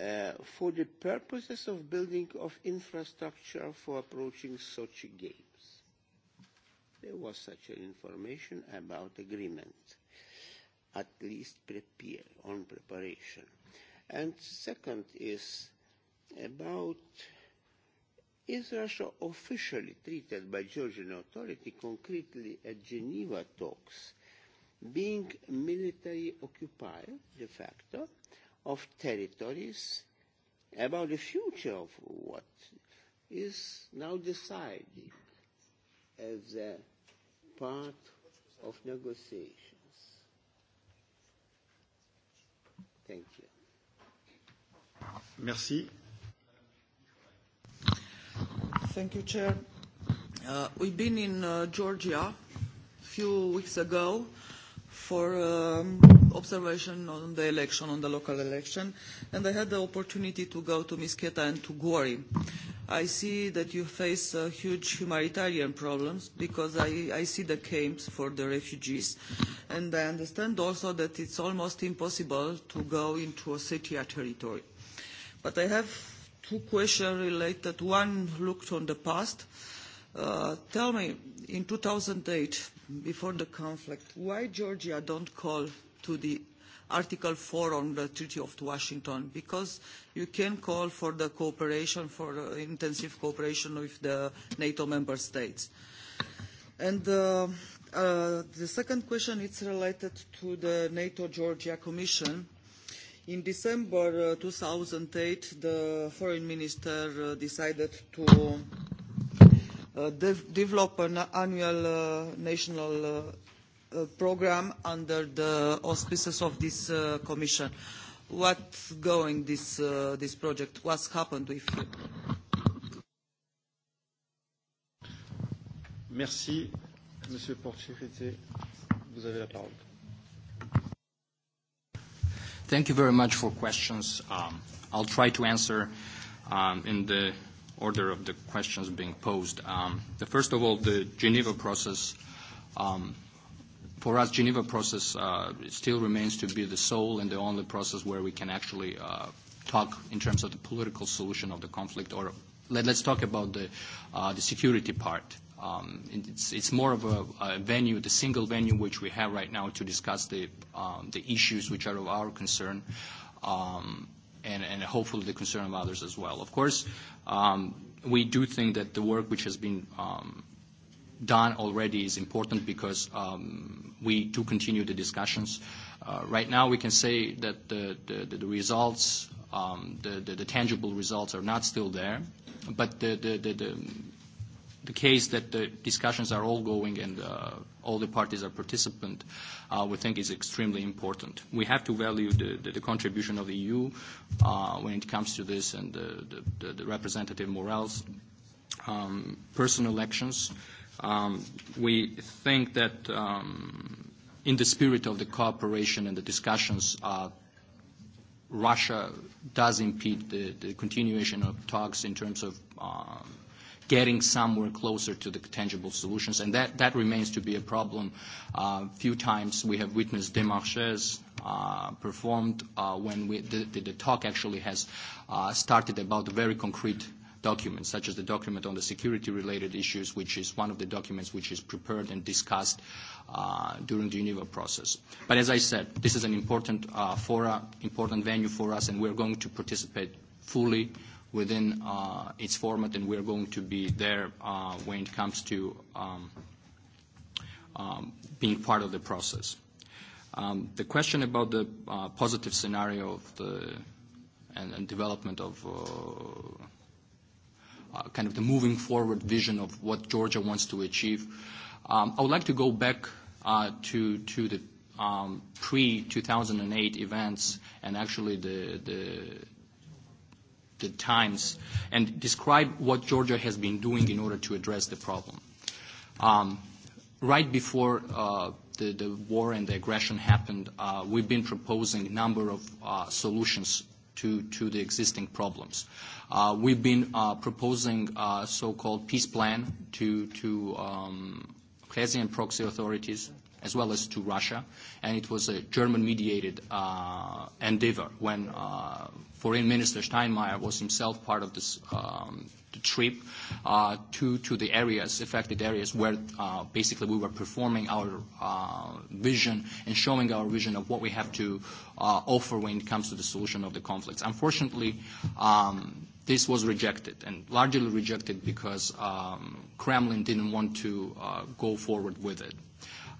uh, for the purposes of building of infrastructure for approaching Sochi Gate there was such an information about agreement, at least prepare, on preparation. And second is about is Russia officially treated by Georgian authority concretely at Geneva talks, being military occupier de facto of territories about the future of what is now decided as the part of negotiations. Thank you. Merci. Thank you, Chair. Uh, we've been in uh, Georgia a few weeks ago for um, observation on the election, on the local election, and I had the opportunity to go to Misketa and to Gori. I see that you face uh, huge humanitarian problems because I, I see the camps for the refugees. And I understand also that it's almost impossible to go into a or territory. But I have two questions related. One looked on the past. Uh, tell me, in 2008, before the conflict, why Georgia don't call to the Article 4 on the Treaty of Washington, because you can call for the cooperation, for uh, intensive cooperation with the NATO member states. And uh, uh, the second question is related to the NATO-Georgia Commission. In December uh, 2008, the foreign minister uh, decided to uh, de develop an annual uh, national uh, Uh, program under the auspices of this uh, commission. What going this, uh, this project? What's happened with it? Merci. Monsieur Porchirité, vous avez la parole. Thank you very much for questions. Um, I'll try to answer um, in the order of the questions being posed. Um, the first of all, the Geneva process. Um, for us, Geneva process uh, still remains to be the sole and the only process where we can actually uh, talk in terms of the political solution of the conflict, or let, let's talk about the, uh, the security part. Um, it's, it's more of a, a venue, the single venue which we have right now to discuss the, um, the issues which are of our concern, um, and, and hopefully the concern of others as well. Of course, um, we do think that the work which has been um, done already is important because um, we do continue the discussions. Uh, right now, we can say that the, the, the results, um, the, the tangible results are not still there, but the the the case that the discussions are all going and uh, all the parties are participant, uh, we think is extremely important. We have to value the the contribution of the EU uh, when it comes to this and the representative morals, um, personal elections. Um, we think that um, in the spirit of the cooperation and the discussions, uh, Russia does impede the, the continuation of talks in terms of um, getting somewhere closer to the tangible solutions, and that, that remains to be a problem. A uh, few times we have witnessed démarches uh, performed uh, when we, the, the, the talk actually has uh, started about very concrete documents, such as the document on the security-related issues, which is one of the documents which is prepared and discussed uh, during the Geneva process. But as I said, this is an important uh, fora, important venue for us, and we're going to participate fully within uh, its format, and we're going to be there uh, when it comes to um, um, being part of the process. Um, the question about the uh, positive scenario of the and, and development of uh, Uh, kind of the moving forward vision of what Georgia wants to achieve. Um, I would like to go back uh, to, to the um, pre-2008 events and actually the, the, the times and describe what Georgia has been doing in order to address the problem. Um, right before uh, the, the war and the aggression happened, uh, we've been proposing a number of uh, solutions to, to the existing problems. Uh, Uh, we've been uh, proposing a uh, so-called peace plan to, Abkhazian um, proxy authorities as well as to Russia, and it was a German-mediated endeavor when Foreign Minister Steinmeier was himself part of this um, trip to, the areas, affected areas, where basically we were performing our vision and showing our vision of what we have to offer when it comes to the solution of the conflicts. Unfortunately, um, This was rejected, and largely rejected because um, Kremlin didn't want to uh, go forward with it.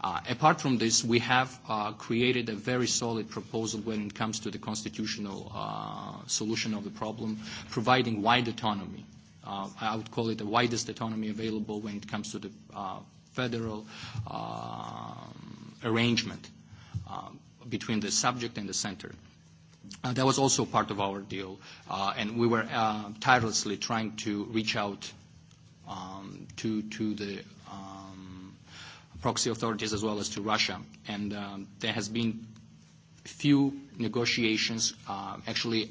Uh, apart from this, we have uh, created a very solid proposal when it comes to the constitutional uh, solution of the problem, providing wide autonomy. Uh, I would call it the widest autonomy available when it comes to the uh, federal uh, arrangement uh, between the subject and the center. Uh, Uh, that was also part of our deal, uh, and we were uh, tirelessly trying to reach out um, to, to the um, proxy authorities as well as to Russia. And there has been few negotiations, actually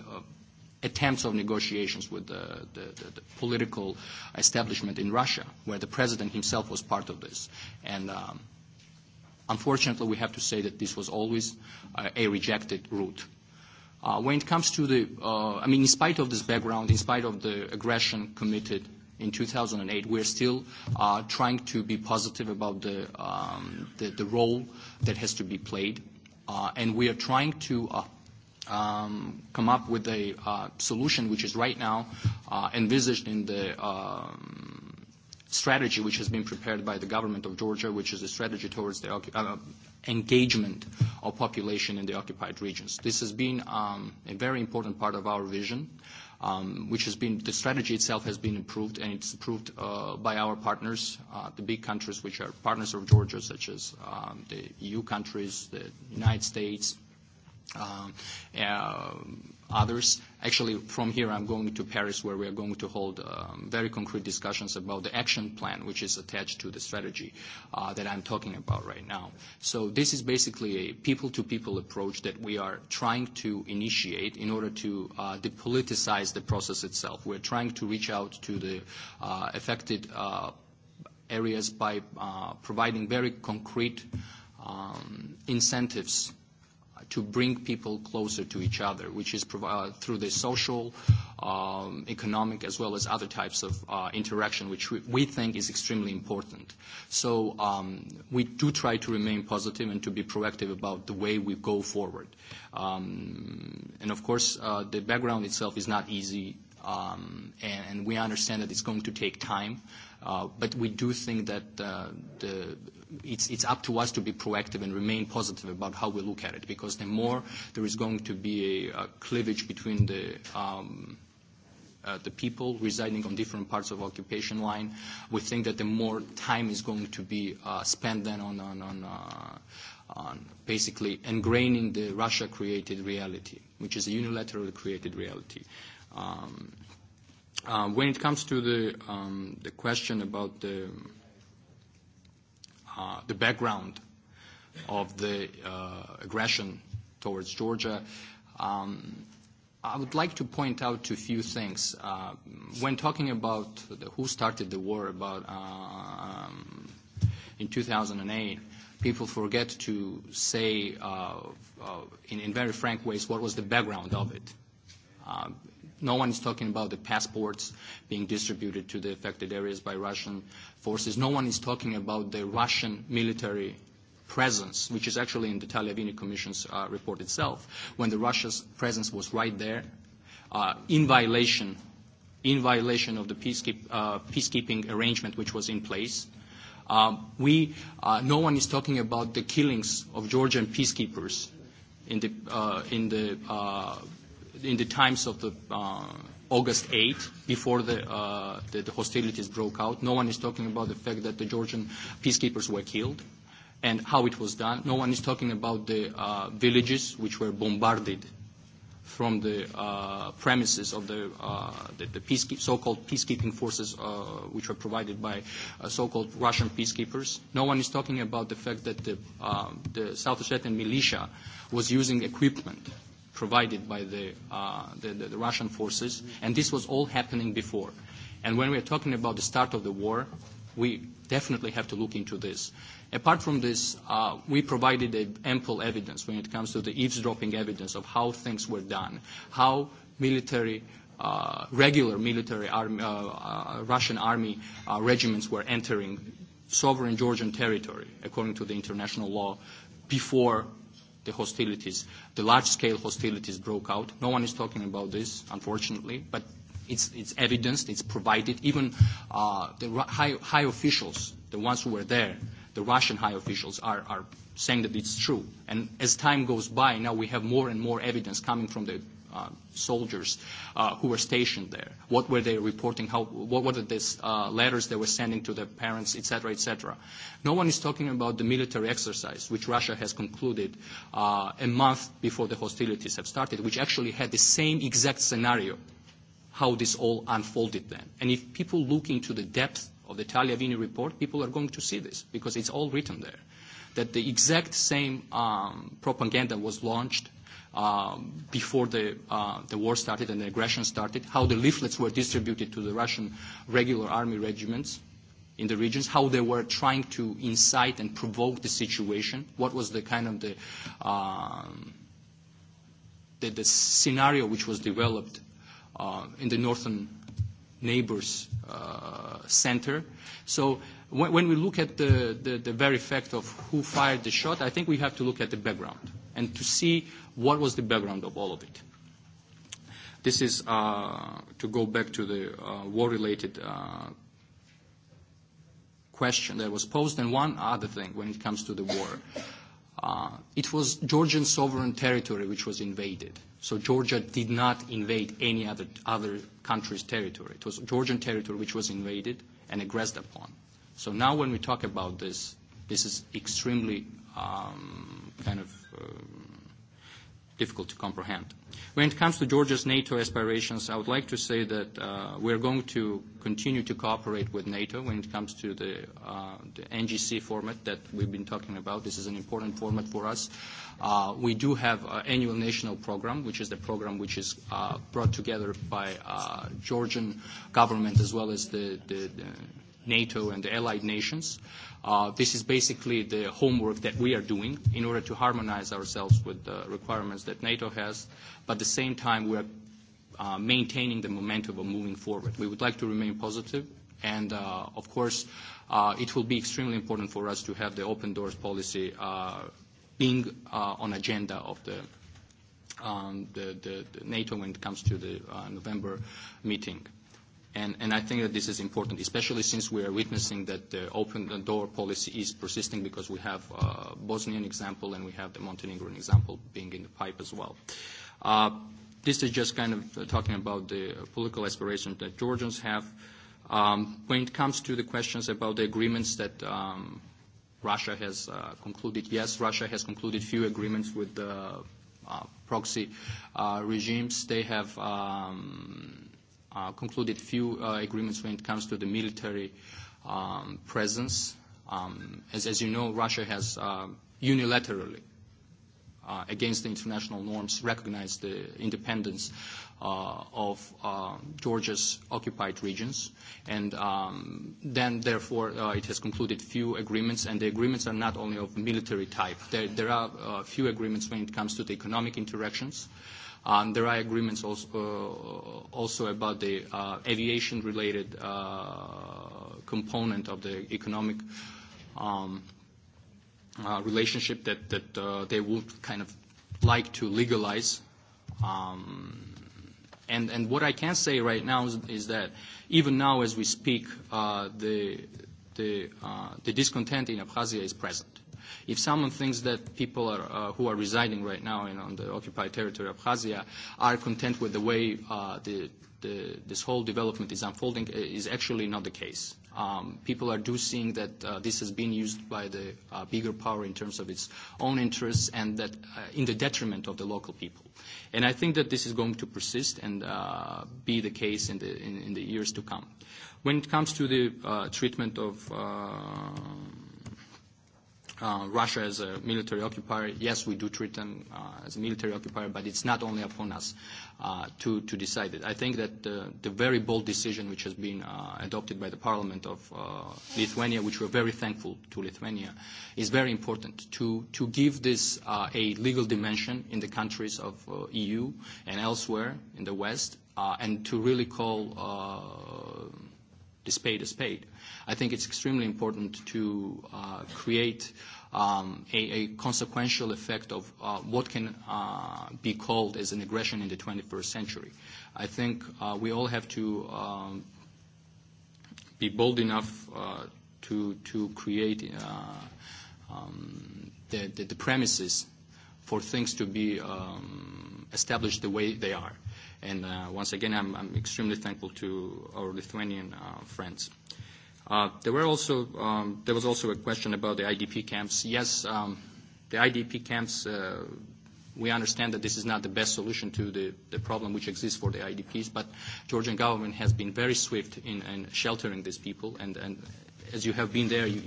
attempts of negotiations with the, political establishment in Russia, where the president himself was part of this. And um, unfortunately, we have to say that this was always a rejected route Uh, when it comes to the, uh, I mean, in spite of this background, in spite of the aggression committed in 2008, we're still uh, trying to be positive about the, um, the, the role that has to be played. Uh, and we are trying to uh, um, come up with a uh, solution which is right now uh, envisaged in the um, strategy which has been prepared by the government of Georgia, which is a strategy towards the uh, engagement of population in the occupied regions. This has been um, a very important part of our vision, um, which has been the strategy itself has been improved, and it's approved uh, by our partners, uh, the big countries which are partners of Georgia, such as um, the EU countries, the United States, um, uh, others. Actually, from here, I'm going to Paris, where we are going to hold um, very concrete discussions about the action plan, which is attached to the strategy uh, that I'm talking about right now. So this is basically a people-to-people -people approach that we are trying to initiate in order to uh, depoliticize the process itself. We're trying to reach out to the uh, affected uh, areas by uh, providing very concrete um, incentives to bring people closer to each other, which is uh, through the social, um, economic, as well as other types of uh, interaction, which we, we think is extremely important. So um, we do try to remain positive and to be proactive about the way we go forward. Um, and of course, uh, the background itself is not easy, um, and, and we understand that it's going to take time. Uh, but we do think that uh, the it's, it's up to us to be proactive and remain positive about how we look at it, because the more there is going to be a, a cleavage between the um, Uh, the people residing on different parts of occupation line. We think that the more time is going to be uh, spent then on, on, on, uh, on basically ingraining the Russia-created reality, which is a unilaterally created reality. Um, uh, when it comes to the, um, the question about the Uh, the background of the uh, aggression towards Georgia, um, I would like to point out to a few things. Uh, when talking about the, who started the war about uh, um, in 2008, people forget to say uh, uh, in, in very frank ways what was the background of it. Uh, No one is talking about the passports being distributed to the affected areas by Russian forces. No one is talking about the Russian military presence, which is actually in the Talyavini Commission's uh, report itself, when the Russia's presence was right there, uh, in violation, in violation of the peacekeep, uh, peacekeeping arrangement which was in place. Um, we, uh, no one is talking about the killings of Georgian peacekeepers in the, uh, in the uh, in the times of the uh, August 8, before the, uh, the, the hostilities broke out, no one is talking about the fact that the Georgian peacekeepers were killed and how it was done. No one is talking about the uh, villages which were bombarded from the uh, premises of the, uh, the, the peacekeep, so-called peacekeeping forces, uh, which were provided by uh, so-called Russian peacekeepers. No one is talking about the fact that the, uh, the South Ossetian militia was using equipment provided by the, uh, the, the, the Russian forces, and this was all happening before. And when we are talking about the start of the war, we definitely have to look into this. Apart from this, uh, we provided a, ample evidence when it comes to the eavesdropping evidence of how things were done, how military uh, regular military army, uh, uh, Russian army uh, regiments were entering sovereign Georgian territory, according to the international law, before the hostilities, the large-scale hostilities broke out. No one is talking about this, unfortunately, but it's, it's evidenced, it's provided. Even uh, the high, high officials, the ones who were there, the Russian high officials are, are saying that it's true. And as time goes by, now we have more and more evidence coming from the Uh, soldiers uh, who were stationed there. What were they reporting? How, what were the uh, letters they were sending to their parents, etc., etc. No one is talking about the military exercise, which Russia has concluded uh, a month before the hostilities have started, which actually had the same exact scenario, how this all unfolded then. And if people look into the depth of the Tagliavini report, people are going to see this because it's all written there. That the exact same um, propaganda was launched Um, before the, uh, the war started and the aggression started, how the leaflets were distributed to the Russian regular army regiments in the regions, how they were trying to incite and provoke the situation, what was the kind of the, uh, the, the scenario which was developed uh, in the northern neighbors uh, center. So when, when we look at the, the, the very fact of who fired the shot, I think we have to look at the background and to see what was the background of all of it. This is uh, to go back to the uh, war-related uh, question that was posed. And one other thing when it comes to the war. Uh, it was Georgian sovereign territory which was invaded. So Georgia did not invade any other, other country's territory. It was Georgian territory which was invaded and aggressed upon. So now when we talk about this, this is extremely um, kind of uh, difficult to comprehend. When it comes to Georgia's NATO aspirations, I would like to say that uh, we are going to continue to cooperate with NATO when it comes to the, uh, the NGC format that we've been talking about. This is an important format for us. Uh, we do have an annual national program, which is the program which is uh, brought together by uh, Georgian government as well as the, the, the NATO and the allied nations. Uh, this is basically the homework that we are doing in order to harmonize ourselves with the requirements that NATO has, but at the same time we are uh, maintaining the momentum of moving forward. We would like to remain positive, and uh, of course uh, it will be extremely important for us to have the open doors policy uh, being uh, on agenda of the um, the, the, the NATO when it comes to the uh, November meeting. And, and I think that this is important, especially since we are witnessing that the open the door policy is persisting because we have uh, Bosnian example and we have the Montenegrin example being in the pipe as well. Uh, this is just kind of uh, talking about the political aspirations that Georgians have. Um, when it comes to the questions about the agreements that um, Russia has uh, concluded, yes, Russia has concluded few agreements with the uh, proxy uh, regimes. They have um, Uh, concluded few uh, agreements when it comes to the military um, presence. Um, as, as you know, Russia has uh, unilaterally, uh, against the international norms, recognized the independence uh, of uh, Georgia's occupied regions, and um, then therefore uh, it has concluded few agreements, and the agreements are not only of military type. There, there are uh, few agreements when it comes to the economic interactions. Uh, Um, there are agreements also, uh, uh, also about the uh, aviation-related uh, component of the economic um, uh, relationship that, that uh, they would kind of like to legalize. Um, and, and what I can say right now is, is that even now as we speak, uh, the, the, uh, the discontent in Abkhazia is present. If someone thinks that people are, uh, who are residing right now in, on the occupied territory of Abkhazia are content with the way uh, the, the, this whole development is unfolding, is actually not the case. Um, people are do seeing that uh, this has been used by the uh, bigger power in terms of its own interests and that uh, in the detriment of the local people. And I think that this is going to persist and uh, be the case in the, in, in the years to come. When it comes to the uh, treatment of uh, Uh, Russia as a military occupier, yes, we do treat them uh, as a military occupier, but it's not only upon us uh, to, to decide it. I think that the, the very bold decision which has been uh, adopted by the Parliament of uh, Lithuania, which we're very thankful to Lithuania, is very important to, to give this uh, a legal dimension in the countries of uh, EU and elsewhere in the West, uh, and to really call uh, the spade a spade I think it's extremely important to uh, create um, a, a consequential effect of uh, what can uh, be called as an aggression in the 21st century. I think uh, we all have to um, be bold enough uh, to, to create uh, um, the, the, the premises for things to be um, established the way they are. And uh, once again, I'm, I'm extremely thankful to our Lithuanian uh, friends. Uh, there, were also, um, there was also a question about the IDP camps. Yes, um, the IDP camps, uh, we understand that this is not the best solution to the, the problem which exists for the IDPs, but Georgian government has been very swift in, sheltering these people, and, and as you have been there, you,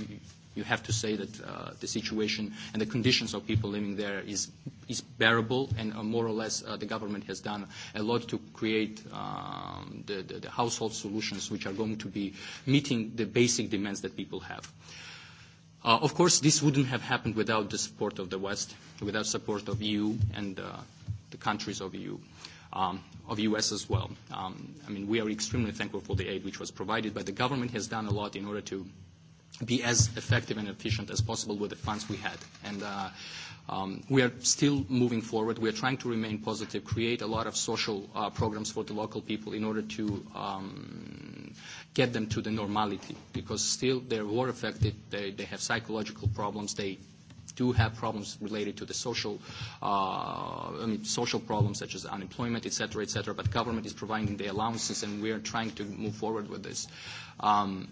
you have to say that uh, the situation and the conditions of people living there is, is bearable, and uh, more or less uh, the government has done a lot to create um, the, the, the household solutions which are going to be meeting the basic demands that people have. Uh, of course, this wouldn't have happened without the support of the West, without support of EU and uh, the countries of EU. Um, of U.S. as well. Um, I mean, we are extremely thankful for the aid which was provided, but the government has done a lot in order to be as effective and efficient as possible with the funds we had. And uh, um, we are still moving forward. We are trying to remain positive, create a lot of social uh, programs for the local people in order to um, get them to the normality, because still they're war affected, they, they have psychological problems, they do have problems related to the social, uh, I mean, social problems such as unemployment, et cetera, et cetera, but government is providing the allowances, and we are trying to move forward with this. Um,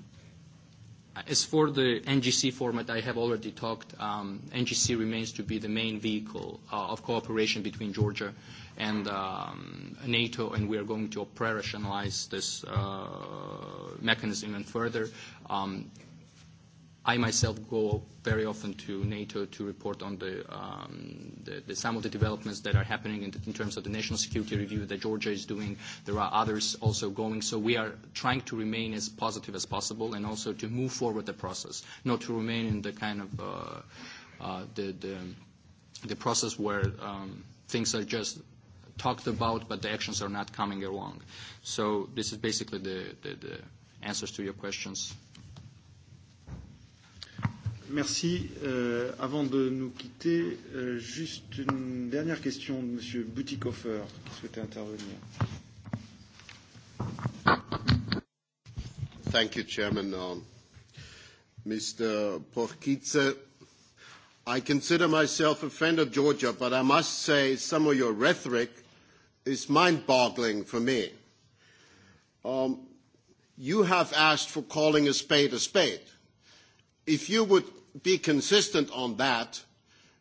As for the NGC format, I have already talked. Um, NGC remains to be the main vehicle uh, of cooperation between Georgia and um, NATO, and we are going to operationalize this uh, mechanism even further. Um, I myself go very often to NATO to report on the, um, the, the, some of the developments that are happening in, in terms of the national security review that Georgia is doing. There are others also going. So we are trying to remain as positive as possible and also to move forward the process, not to remain in the kind of uh, uh, the, the, the process where um, things are just talked about, but the actions are not coming along. So this is basically the, the, the answers to your questions. Merci. Euh, avant de nous quitter, euh, juste une dernière question de M. Boutikoffer qui souhaitait intervenir. Thank you, Chairman. Uh, um, Mr. Porkitze, I consider myself a friend of Georgia, but I must say some of your rhetoric is mind-boggling for me. Um, you have asked for calling a spade a spade. If you would be consistent on that,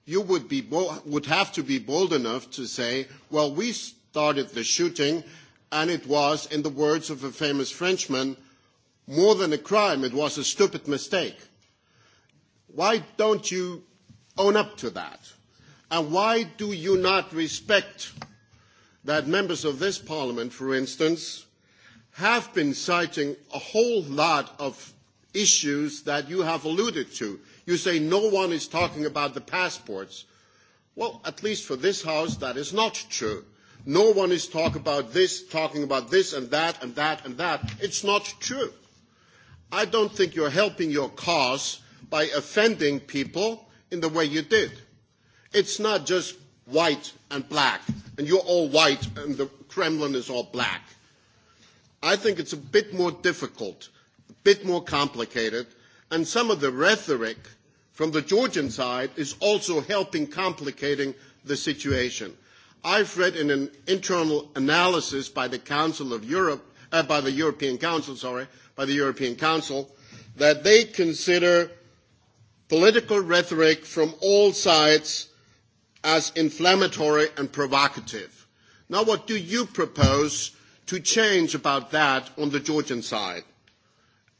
you would, be would have to be bold enough to say, well, we started the shooting, and it was, in the words of a famous Frenchman, more than a crime, it was a stupid mistake. Why don't you own up to that? And why do you not respect that members of this parliament, for instance, have been citing a whole lot of issues that you have alluded to? You say no one is talking about the passports. Well, at least for this House, that is not true. No one is talking about this, talking about this and that and that and that. It's not true. I don't think you're helping your cause by offending people in the way you did. It's not just white and black, and you're all white and the Kremlin is all black. I think it's a bit more difficult, a bit more complicated, and some of the rhetoric from the Georgian side is also helping complicating the situation. I've read in an internal analysis by the Council of Europe, uh, by the European Council, sorry, by the European Council, that they consider political rhetoric from all sides as inflammatory and provocative. Now, what do you propose to change about that on the Georgian side?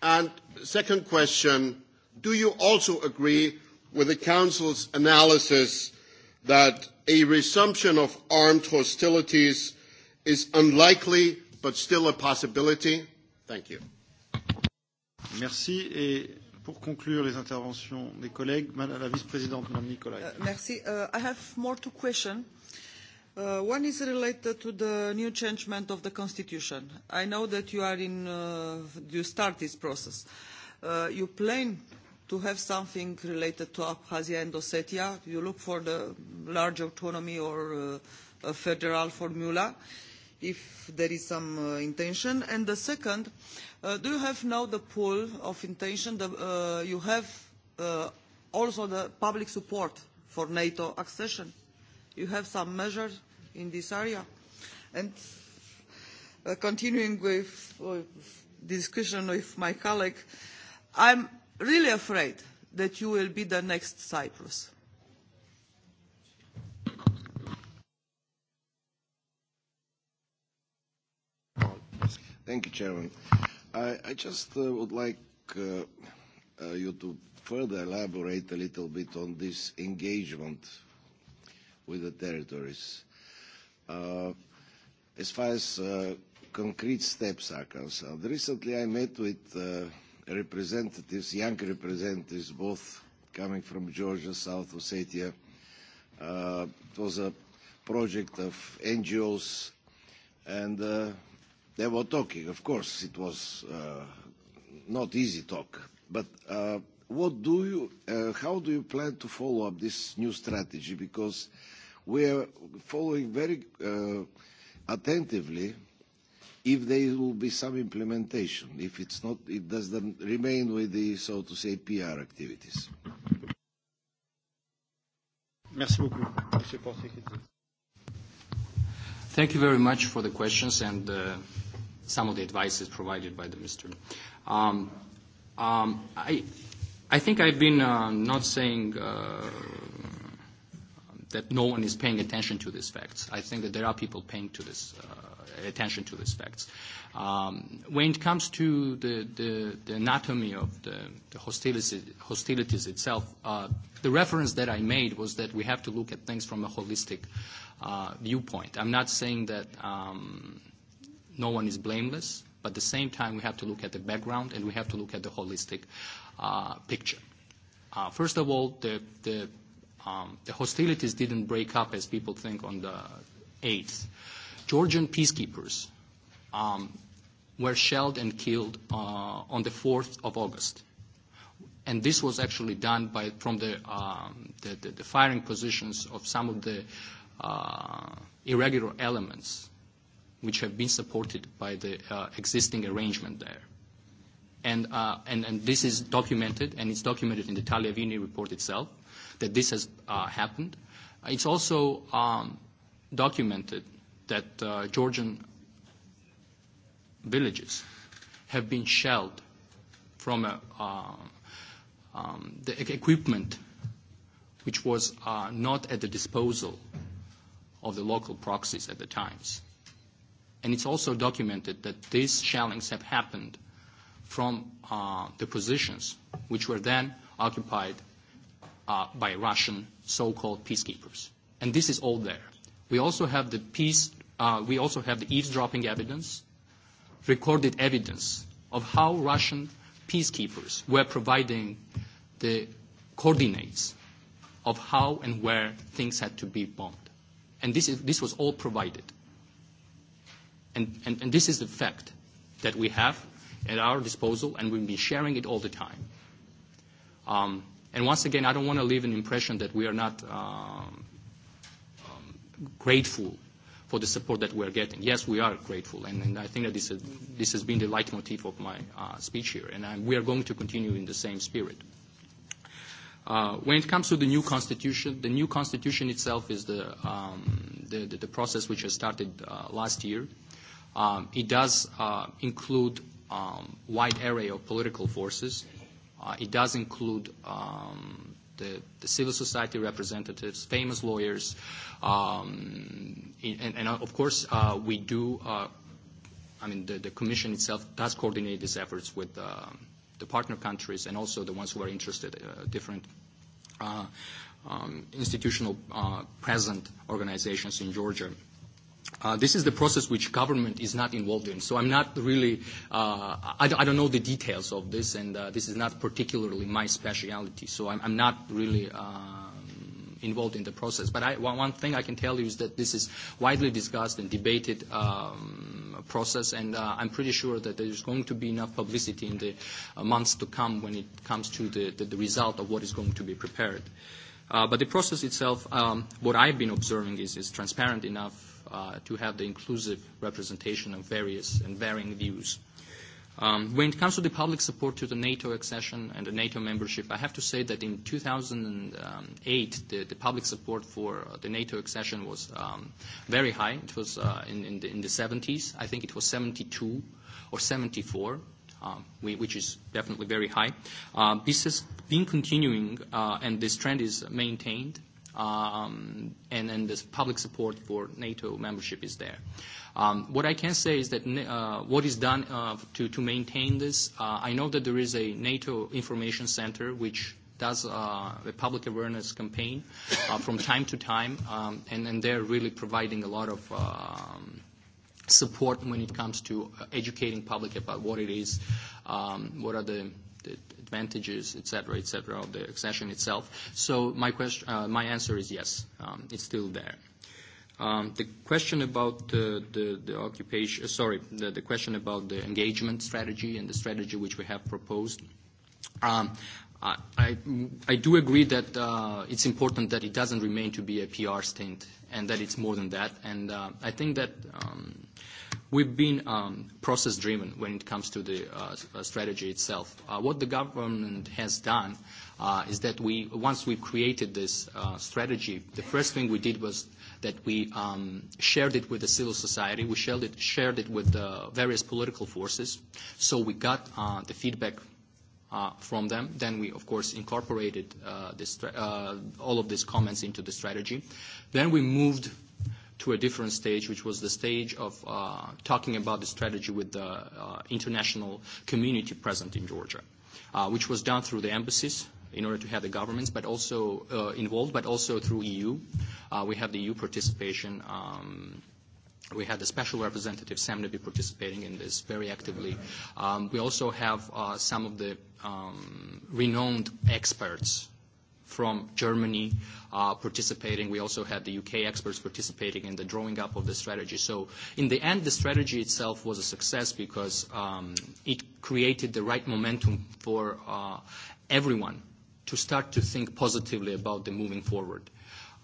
And second question, do you also agree with the Council's analysis that a resumption of armed hostilities is unlikely but still a possibility? Thank you. Merci. Et pour conclure les interventions des collègues, Madame la Vice-présidente, Madame Nicolai. Uh, merci. Uh, I have more two questions. Uh, one is related to the new changement of the constitution. I know that you are in, uh, you start this process. Uh, you plan to have something related to Abkhazia and Ossetia. You look for the large autonomy or uh, a federal formula if there is some uh, intention. And the second, uh, do you have now the pool of intention? The, uh, you have uh, also the public support for NATO accession. You have some measures in this area. And uh, continuing with with discussion with my colleague, I'm really afraid that you will be the next Cyprus. Thank you, Chairman. I, just uh, would like uh, uh, you to further elaborate a little bit on this engagement with the territories. as far as concrete steps are concerned, recently I met with representatives, young representatives, both coming from Georgia, South Ossetia. Uh, it was a project of NGOs, and uh, they were talking. Of course, it was uh, not easy talk, but uh, what do you, uh, how do you plan to follow up this new strategy? Because we are following very uh, attentively if there will be some implementation. If it's not, it does not remain with the, so to say, PR activities. Merci beaucoup, Thank you very much for the questions and uh, some of the advices provided by the minister. Um, um, I, I think I've been uh, not saying uh, that no one is paying attention to these facts. I think that there are people paying to this uh, Uh, attention to these facts. Um, when it comes to the, the, the anatomy of the, the hostilities, hostilities itself, uh, the reference that I made was that we have to look at things from a holistic uh, viewpoint. I'm not saying that um, no one is blameless, but at the same time we have to look at the background and we have to look at the holistic uh, picture. Uh, first of all, the, the, um, the hostilities didn't break up as people think on the 8th. Georgian peacekeepers um, were shelled and killed uh, on the 4th of August. And this was actually done by, from the, um, the, the, the firing positions of some of the uh, irregular elements which have been supported by the uh, existing arrangement there. And, uh, and, and this is documented, and it's documented in the Taliavini report itself, that this has uh, happened. It's also um, documented that uh, Georgian villages have been shelled from a, uh, uh, um, the equipment which was uh, not at the disposal of the local proxies at the times. And it's also documented that these shellings have happened from uh, the positions which were then occupied uh, by Russian so-called peacekeepers. And this is all there. We also have the piece, uh, we also have the eavesdropping evidence, recorded evidence of how Russian peacekeepers were providing the coordinates of how and where things had to be bombed. And this, is, this was all provided. And, and, and this is the fact that we have at our disposal, and we've been sharing it all the time. Um, and once again, I don't want to leave an impression that we are not um, grateful for the support that we are getting. Yes, we are grateful, and, and I think that this, this has been the leitmotif of my uh, speech here, and we are going to continue in the same spirit. Uh, when it comes to the new constitution, the new constitution itself is the, um, the, the, the process which has started uh, last year. Um, it does uh, include um, wide array of political forces. Uh, it does include um, the, the civil society representatives, famous lawyers, um, and, and of course uh, we do. Uh, I mean, the, the commission itself does coordinate these efforts with uh, the partner countries and also the ones who are interested, uh, different. Uh, um, institutional uh, present organizations in Georgia. Uh, this is the process which government is not involved in. So I'm not really, uh, I, I don't know the details of this, and uh, this is not particularly my specialty. So I'm, I'm not really uh, involved in the process. But I, one, one thing I can tell you is that this is widely discussed and debated um, process, and uh, I'm pretty sure that there's going to be enough publicity in the uh, months to come when it comes to the, the, the result of what is going to be prepared. Uh, but the process itself, um, what I've been observing is, is transparent enough Uh, to have the inclusive representation of various and varying views. Um, when it comes to the public support to the NATO accession and the NATO membership, I have to say that in 2008, the, the public support for uh, the NATO accession was um, very high. It was uh, in, in, the, in the 70s. I think it was 72 or 74. Um, we, which is definitely very high. Uh, this has been continuing, uh, and this trend is maintained um, and, and this public support for NATO membership is there. Um, what I can say is that uh, what is done uh, to, to maintain this, uh, I know that there is a NATO information center which does uh, a public awareness campaign uh, from time to time, um, and, and they're really providing a lot of um, support when it comes to uh, educating public about what it is, um, what are the, the advantages et cetera, et cetera, of the accession itself. So my, question, uh, my answer is yes, um, it's still there. Um, the question about the, the, the occupation, uh, sorry, the, the question about the engagement strategy and the strategy which we have proposed. Um, I, I do agree that uh, it's important that it doesn't remain to be a PR stint and that it's more than that. And uh, I think that um, we've been um, process-driven when it comes to the uh, uh, strategy itself. Uh, what the government has done uh, is that we, once we created this uh, strategy, the first thing we did was that we um, shared it with the civil society, we shared it, shared it with the various political forces, so we got uh, the feedback Uh, from them. Then we, of course, incorporated uh, this, uh, all of these comments into the strategy. Then we moved to a different stage, which was the stage of uh, talking about the strategy with the uh, international community present in Georgia, uh, which was done through the embassies in order to have the governments but also uh, involved, but also through EU. Uh, we have the EU participation. Um, we had the special representative, Sam Nabi, participating in this very actively. Um, we also have uh, some of the um, renowned experts from Germany uh, participating. We also had the UK experts participating in the drawing up of the strategy. So in the end, the strategy itself was a success because um, it created the right momentum for uh, everyone to start to think positively about the moving forward.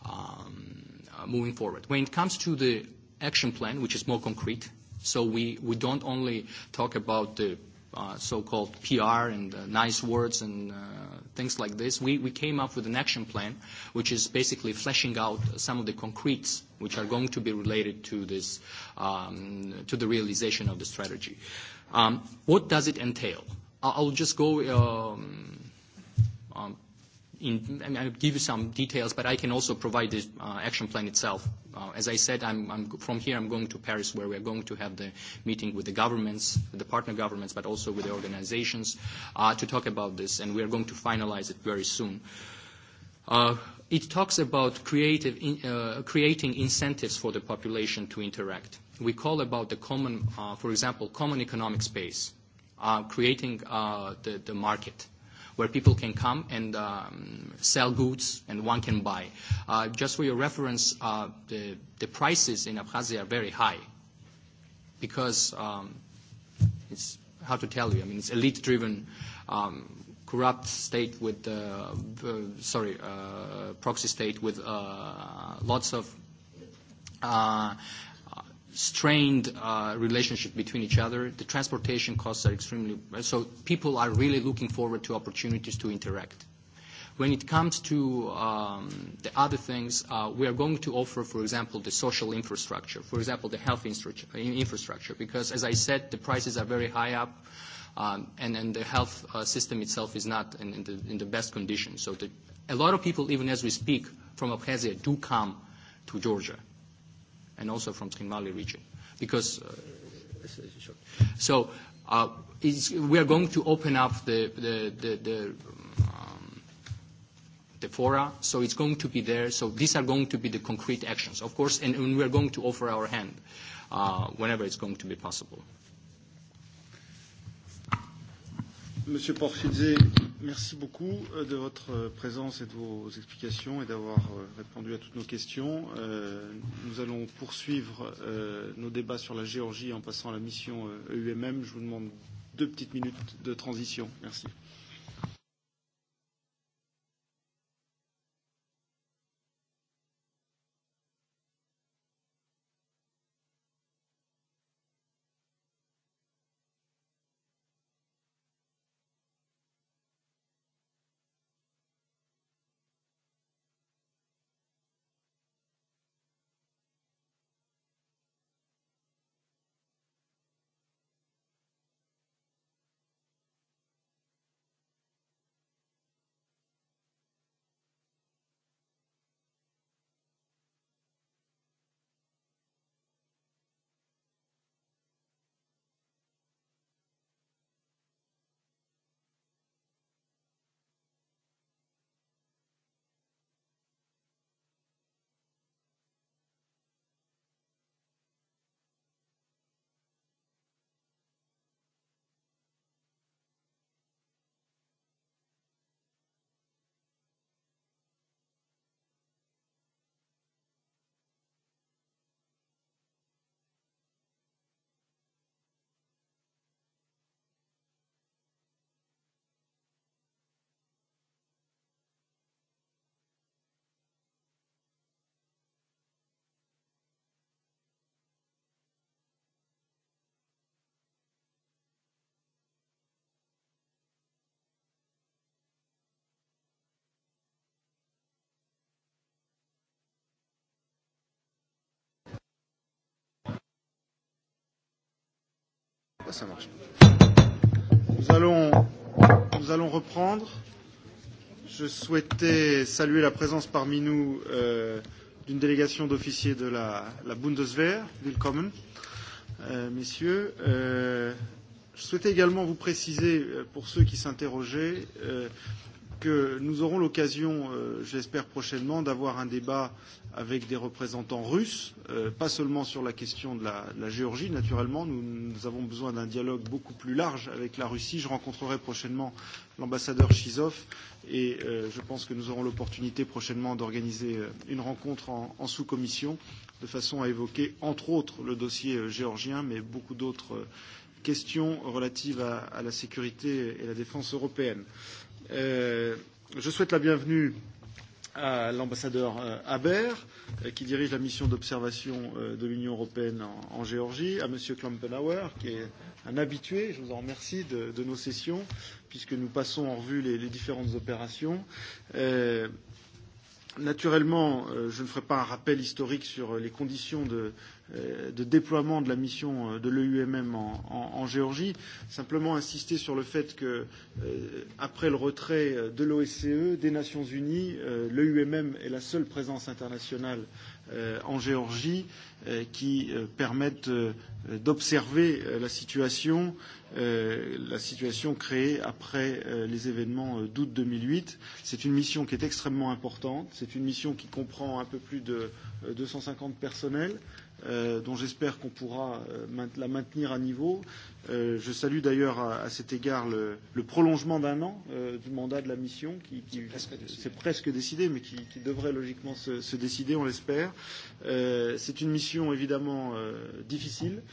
Um, uh, moving forward. When it comes to the action plan, which is more concrete, so we, we don't only talk about the Uh, so-called PR and uh, nice words and uh, things like this, we, we came up with an action plan, which is basically fleshing out some of the concretes which are going to be related to this, um, to the realization of the strategy. Um, what does it entail? I'll just go um, um, in, I mean, I'll give you some details, but I can also provide the uh, action plan itself. Uh, as I said, I'm, I'm, from here I'm going to Paris where we're going to have the meeting with the governments, the partner governments, but also with the organizations uh, to talk about this, and we're going to finalize it very soon. Uh, it talks about creative in, uh, creating incentives for the population to interact. We call about the common, uh, for example, common economic space, uh, creating uh, the, the market, where people can come and um, sell goods and one can buy. Uh, just for your reference, uh, the, the prices in Abkhazia are very high because um, it's how to tell you. I mean, it's elite-driven, um, corrupt state with uh, sorry uh, proxy state with uh, lots of uh, strained uh, relationship between each other. The transportation costs are extremely so people are really looking forward to opportunities to interact. When it comes to um, the other things, uh, we are going to offer, for example, the social infrastructure, for example, the health infrastructure, because as I said, the prices are very high up. Um, and, and the health uh, system itself is not in, in, the, in the best condition. So the, a lot of people, even as we speak, from Abkhazia do come to Georgia and also from Trinmali region. Because uh, so uh, it's, we are going to open up the the the, the, um, the fora, so it's going to be there. So these are going to be the concrete actions, of course, and, and we are going to offer our hand uh, whenever it's going to be possible. Monsieur Porfidze, Merci beaucoup euh, de votre euh, présence et de vos explications et d'avoir euh, répondu à toutes nos questions. Nous allons poursuivre nos débats sur la Géorgie en passant à la mission EUMM. Je vous demande deux petites minutes de transition. Merci. Ah, ça marche. Nous allons, nous allons reprendre. Je souhaitais saluer la présence parmi nous euh, d'une délégation d'officiers de la, la Bundeswehr. Willkommen, euh, messieurs. Euh, je souhaitais également vous préciser, euh, pour ceux qui s'interrogeaient, euh, que nous aurons l'occasion, euh, j'espère prochainement, d'avoir un débat avec des représentants russes, euh, pas seulement sur la question de la, de la Géorgie, naturellement, nous, nous avons besoin d'un dialogue beaucoup plus large avec la Russie. Je rencontrerai prochainement l'ambassadeur Chizov et euh, je pense que nous aurons l'opportunité prochainement d'organiser euh, une rencontre en, en sous-commission de façon à évoquer, entre autres, le dossier euh, géorgien, mais beaucoup d'autres euh, questions relatives à, à la sécurité et la défense européenne. Euh, je souhaite la bienvenue à l'ambassadeur euh, Haber, euh, qui dirige la mission d'observation euh, de l'Union européenne en, en Géorgie, à M. Klampenauer, qui est un habitué, je vous en remercie, de, de nos sessions, puisque nous passons en revue les, les différentes opérations. Euh, Naturellement, euh, je ne ferai pas un rappel historique sur euh, les conditions de, euh, de déploiement de la mission de l'EUMM en, en, en Géorgie, simplement insister sur le fait que, après le retrait de l'OSCE, des Nations Unies, l'EUMM est la seule présence internationale euh, Euh, en Géorgie euh, qui euh, permettent d'observer la situation, la situation créée après les événements d'août 2008. C'est une mission qui est extrêmement importante. C'est une mission qui comprend un peu plus de 250 personnels. dont j'espère qu'on pourra la maintenir à niveau. Euh, je salue d'ailleurs à, à cet égard le, le prolongement d'un an euh, du mandat de la mission, qui, qui c'est presque décidé, mais qui, qui devrait logiquement se, se décider, on l'espère. Euh, c'est une mission évidemment euh, difficile.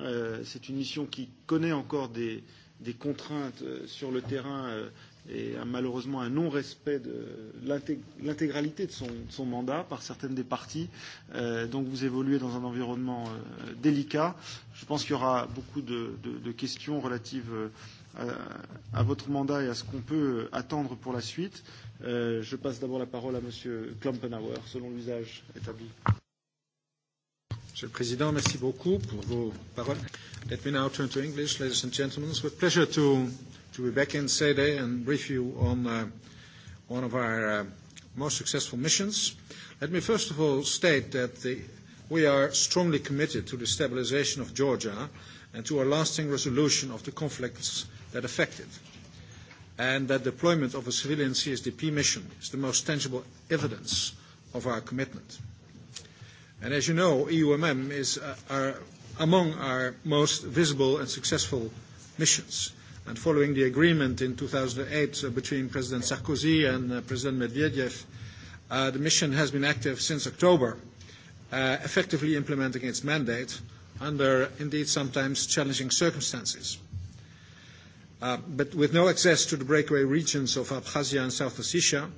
Euh, c'est une mission qui connaît encore des, des contraintes euh, sur le terrain. Euh, et a malheureusement un non-respect de l'intégralité de son, de son mandat par certaines des parties. Euh, donc vous évoluez dans un environnement euh, délicat. Je pense qu'il y aura beaucoup de, de, de questions relatives euh, à, à votre mandat et à ce qu'on peut attendre pour la suite. Euh, je passe d'abord la parole à M. Klumpenauer, selon l'usage établi. Monsieur le Président, merci beaucoup pour vos paroles. Let me now turn to English, ladies and gentlemen. It's with pleasure to to be back in CD and brief you on uh, one of our uh, most successful missions. Let me first of all state that the, we are strongly committed to the stabilization of Georgia and to a lasting resolution of the conflicts that affect it, and that deployment of a civilian CSDP mission is the most tangible evidence of our commitment. And as you know, EUMM is uh, our, among our most visible and successful missions. And following the agreement in 2008 uh, between President Sarkozy and uh, President Medvedev, uh, the mission has been active since October, uh, effectively implementing its mandate under indeed sometimes challenging circumstances. Uh, but with no access to the breakaway regions of Abkhazia and South Ossetia,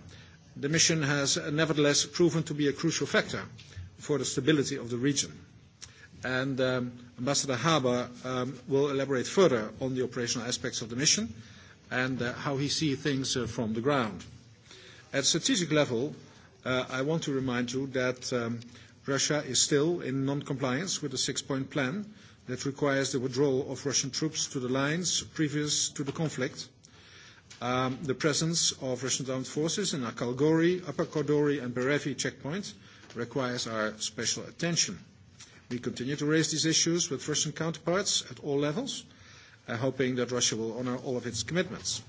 the mission has uh, nevertheless proven to be a crucial factor for the stability of the region and um, Ambassador Haber um, will elaborate further on the operational aspects of the mission and uh, how he sees things uh, from the ground. At strategic level, uh, I want to remind you that um, Russia is still in non-compliance with the six-point plan that requires the withdrawal of Russian troops to the lines previous to the conflict. Um, the presence of Russian armed forces in Akalgori, Upper Kodori, and Berevi checkpoints requires our special attention. We continue to raise these issues with Russian counterparts at all levels, uh, hoping that Russia will honor all of its commitments.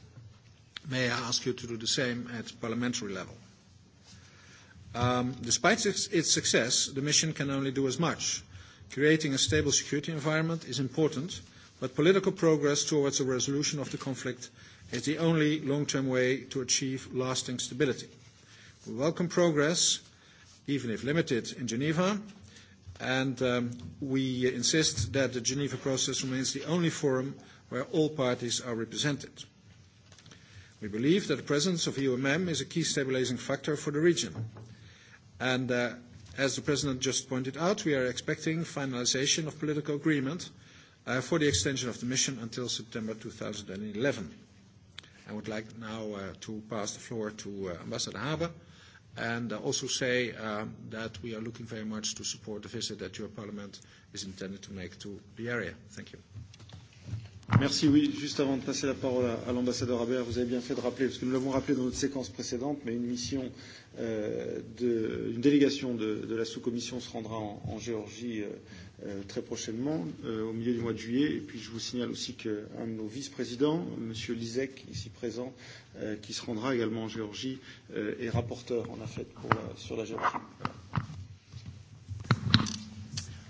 May I ask you to do the same at parliamentary level? Um, despite its success, the mission can only do as much. Creating a stable security environment is important, but political progress towards a resolution of the conflict is the only long-term way to achieve lasting stability. We welcome progress, even if limited, in Geneva, and um, we insist that the Geneva process remains the only forum where all parties are represented. We believe that the presence of EUMM is a key stabilizing factor for the region. And uh, as the President just pointed out, we are expecting finalization of political agreement uh, for the extension of the mission until September 2011. I would like now uh, to pass the floor to uh, Ambassador Haber and also say um, that we are looking very much to support the visit that your parliament is intended to make to the area. Thank you. Merci. Oui, juste avant de passer la parole à, à l'ambassadeur Haber, vous avez bien fait de rappeler, parce que nous l'avons rappelé dans notre séquence précédente, mais une mission, euh, de, une délégation de, de la sous-commission se rendra en, en Géorgie euh, euh très prochainement, euh, au milieu du mois de juillet. Et puis je vous signale aussi qu'un de nos vice-présidents, M. Lisek, ici présent, Euh, qui se rendra également en Géorgie, euh, et rapporteur en affaire pour la, sur la Géorgie.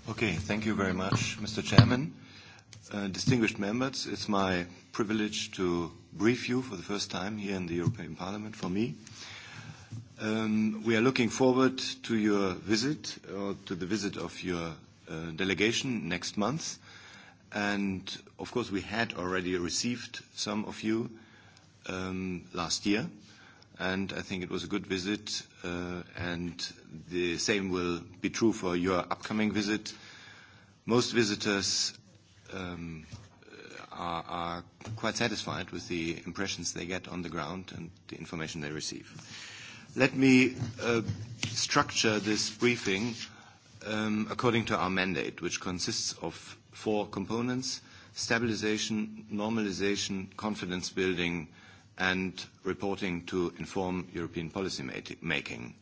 Okay, thank you very much, Mr. Chairman. Uh, distinguished members, it's my privilege to brief you for the first time here in the European Parliament for me. Um, we are looking forward to your visit, or to the visit of your uh, delegation next month. And of course, we had already received some of you Um, last year, and I think it was a good visit, uh, and the same will be true for your upcoming visit. Most visitors um, are, quite satisfied with the impressions they get on the ground and the information they receive. Let me uh, structure this briefing um, according to our mandate, which consists of four components: stabilization, normalization, confidence building, and reporting to inform European policy making.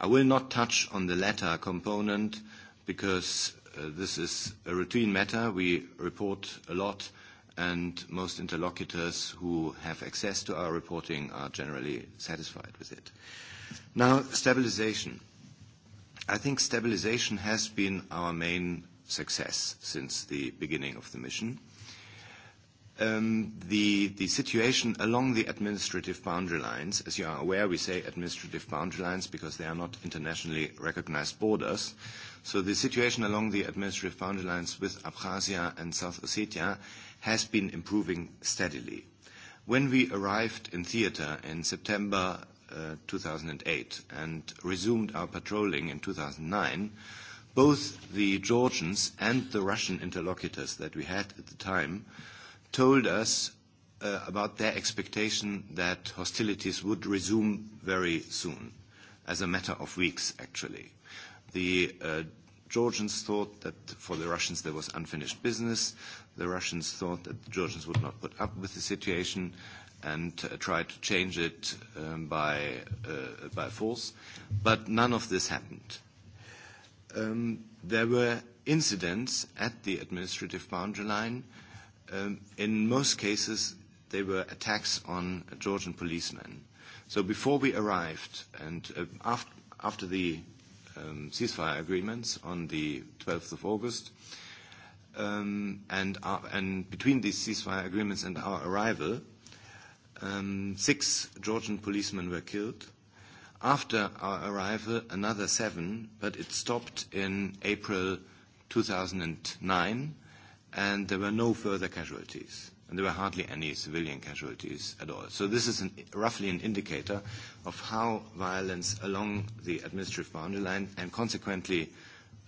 I will not touch on the latter component because uh, this is a routine matter. We report a lot, and most interlocutors who have access to our reporting are generally satisfied with it. Now, stabilization. I think stabilization has been our main success since the beginning of the mission um, the, the situation along the administrative boundary lines. As you are aware, we say administrative boundary lines because they are not internationally recognized borders. So the situation along the administrative boundary lines with Abkhazia and South Ossetia has been improving steadily. When we arrived in theater in September uh, 2008 and resumed our patrolling in 2009, both the Georgians and the Russian interlocutors that we had at the time told us uh, about their expectation that hostilities would resume very soon, as a matter of weeks, actually. The uh, Georgians thought that for the Russians there was unfinished business. The Russians thought that the Georgians would not put up with the situation and uh, try to change it um, by, uh, by force. But none of this happened. Um, there were incidents at the administrative boundary line uh, um, in most cases, they were attacks on Georgian policemen. So before we arrived, and uh, after, after the um, ceasefire agreements on the 12th of August, um, and, our, uh, and between these ceasefire agreements and our arrival, um, six Georgian policemen were killed. After our arrival, another seven, but it stopped in April 2009 and there were no further casualties. And there were hardly any civilian casualties at all. So this is an, roughly an indicator of how violence along the administrative boundary line and consequently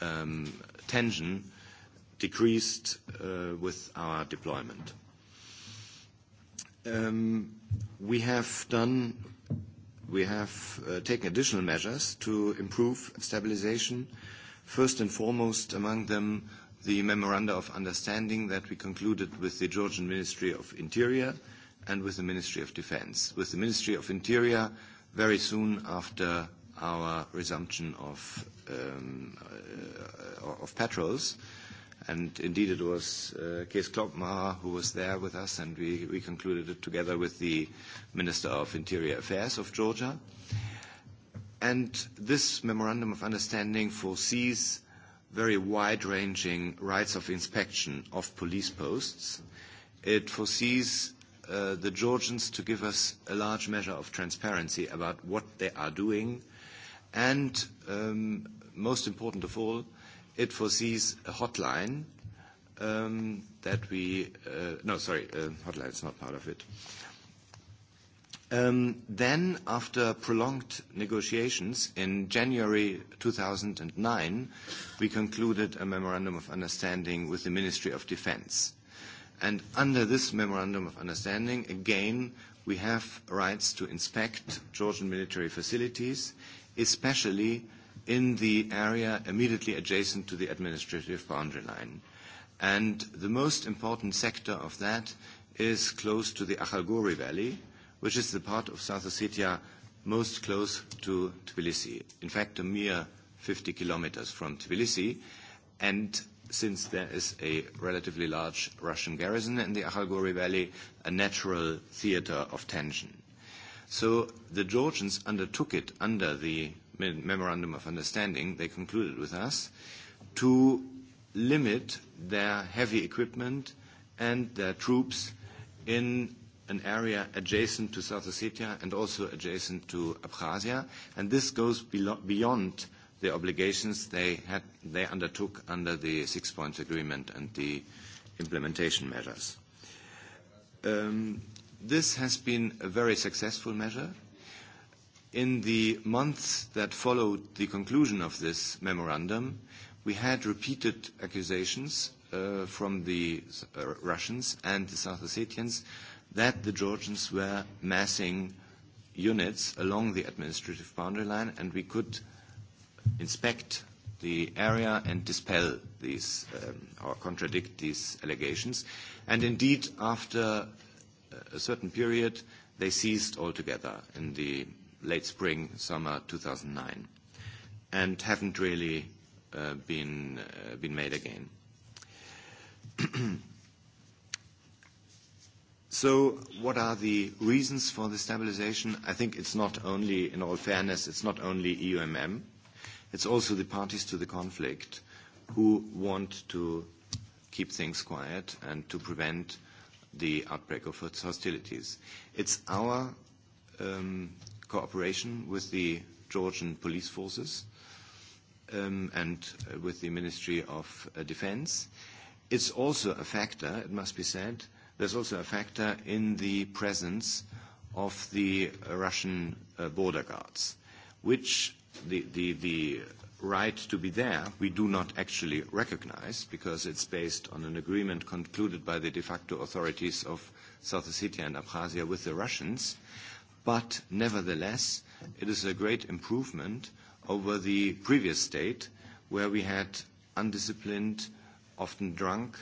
um, tension decreased uh, with our deployment. Um, we have done, we have uh, taken additional measures to improve stabilization. First and foremost, among them, the memoranda of understanding that we concluded with the Georgian Ministry of Interior and with the Ministry of Defense. With the Ministry of Interior, very soon after our resumption of, um, uh, of patrols, and indeed it was uh, Kees Klopmacher who was there with us, and we, we concluded it together with the Minister of Interior Affairs of Georgia. And this memorandum of understanding foresees very wide-ranging rights of inspection of police posts. It foresees uh, the Georgians to give us a large measure of transparency about what they are doing, and um, most important of all, it foresees a hotline um, that we, uh, no, sorry, uh, hotline is not part of it. Um, then, after prolonged negotiations in January 2009, we concluded a memorandum of understanding with the Ministry of Defense. And under this memorandum of understanding, again, we have rights to inspect Georgian military facilities, especially in the area immediately adjacent to the administrative boundary line. And the most important sector of that is close to the Akhalgori Valley, which is the part of South Ossetia most close to Tbilisi, in fact a mere 50 kilometers from Tbilisi, and since there is a relatively large Russian garrison in the Akhalgori Valley, a natural theater of tension. So the Georgians undertook it under the Memorandum of Understanding, they concluded with us, to limit their heavy equipment and their troops in an area adjacent to South Ossetia and also adjacent to Abkhazia, and this goes beyond the obligations they, had, they undertook under the Six Points Agreement and the implementation measures. Um, this has been a very successful measure. In the months that followed the conclusion of this memorandum, we had repeated accusations uh, from the uh, Russians and the South Ossetians that the Georgians were massing units along the administrative boundary line, and we could inspect the area and dispel these um, or contradict these allegations. And indeed, after uh, a certain period, they ceased altogether in the late spring, summer 2009, and haven't really uh, been, uh, been made again. So what are the reasons for the stabilisation? I think it's not only, in all fairness, it's not only EUMM. It's also the parties to the conflict who want to keep things quiet and to prevent the outbreak of hostilities. It's our um, cooperation with the Georgian police forces um, and uh, with the Ministry of uh, Defence. It's also a factor, it must be said, There's also a factor in the presence of the Russian uh, border guards, which the, the, the right to be there we do not actually recognize because it's based on an agreement concluded by the de facto authorities of South Ossetia and Abkhazia with the Russians. But nevertheless, it is a great improvement over the previous state where we had undisciplined, often drunk,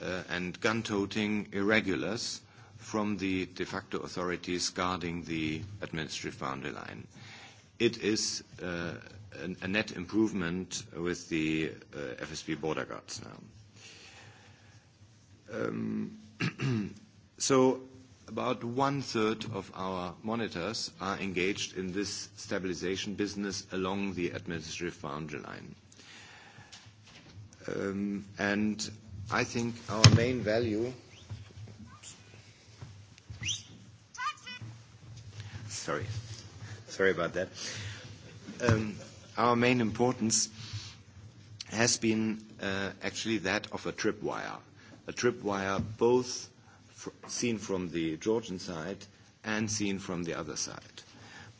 Uh, and gun-toting irregulars from the de facto authorities guarding the administrative boundary line. It is uh, an, a net improvement with the uh, FSB border guards now. Um, so about one-third of our monitors are engaged in this stabilization business along the administrative boundary line. Um, and I think our main value sorry sorry about that um, our main importance has been uh, actually that of a tripwire a tripwire both fr seen from the Georgian side and seen from the other side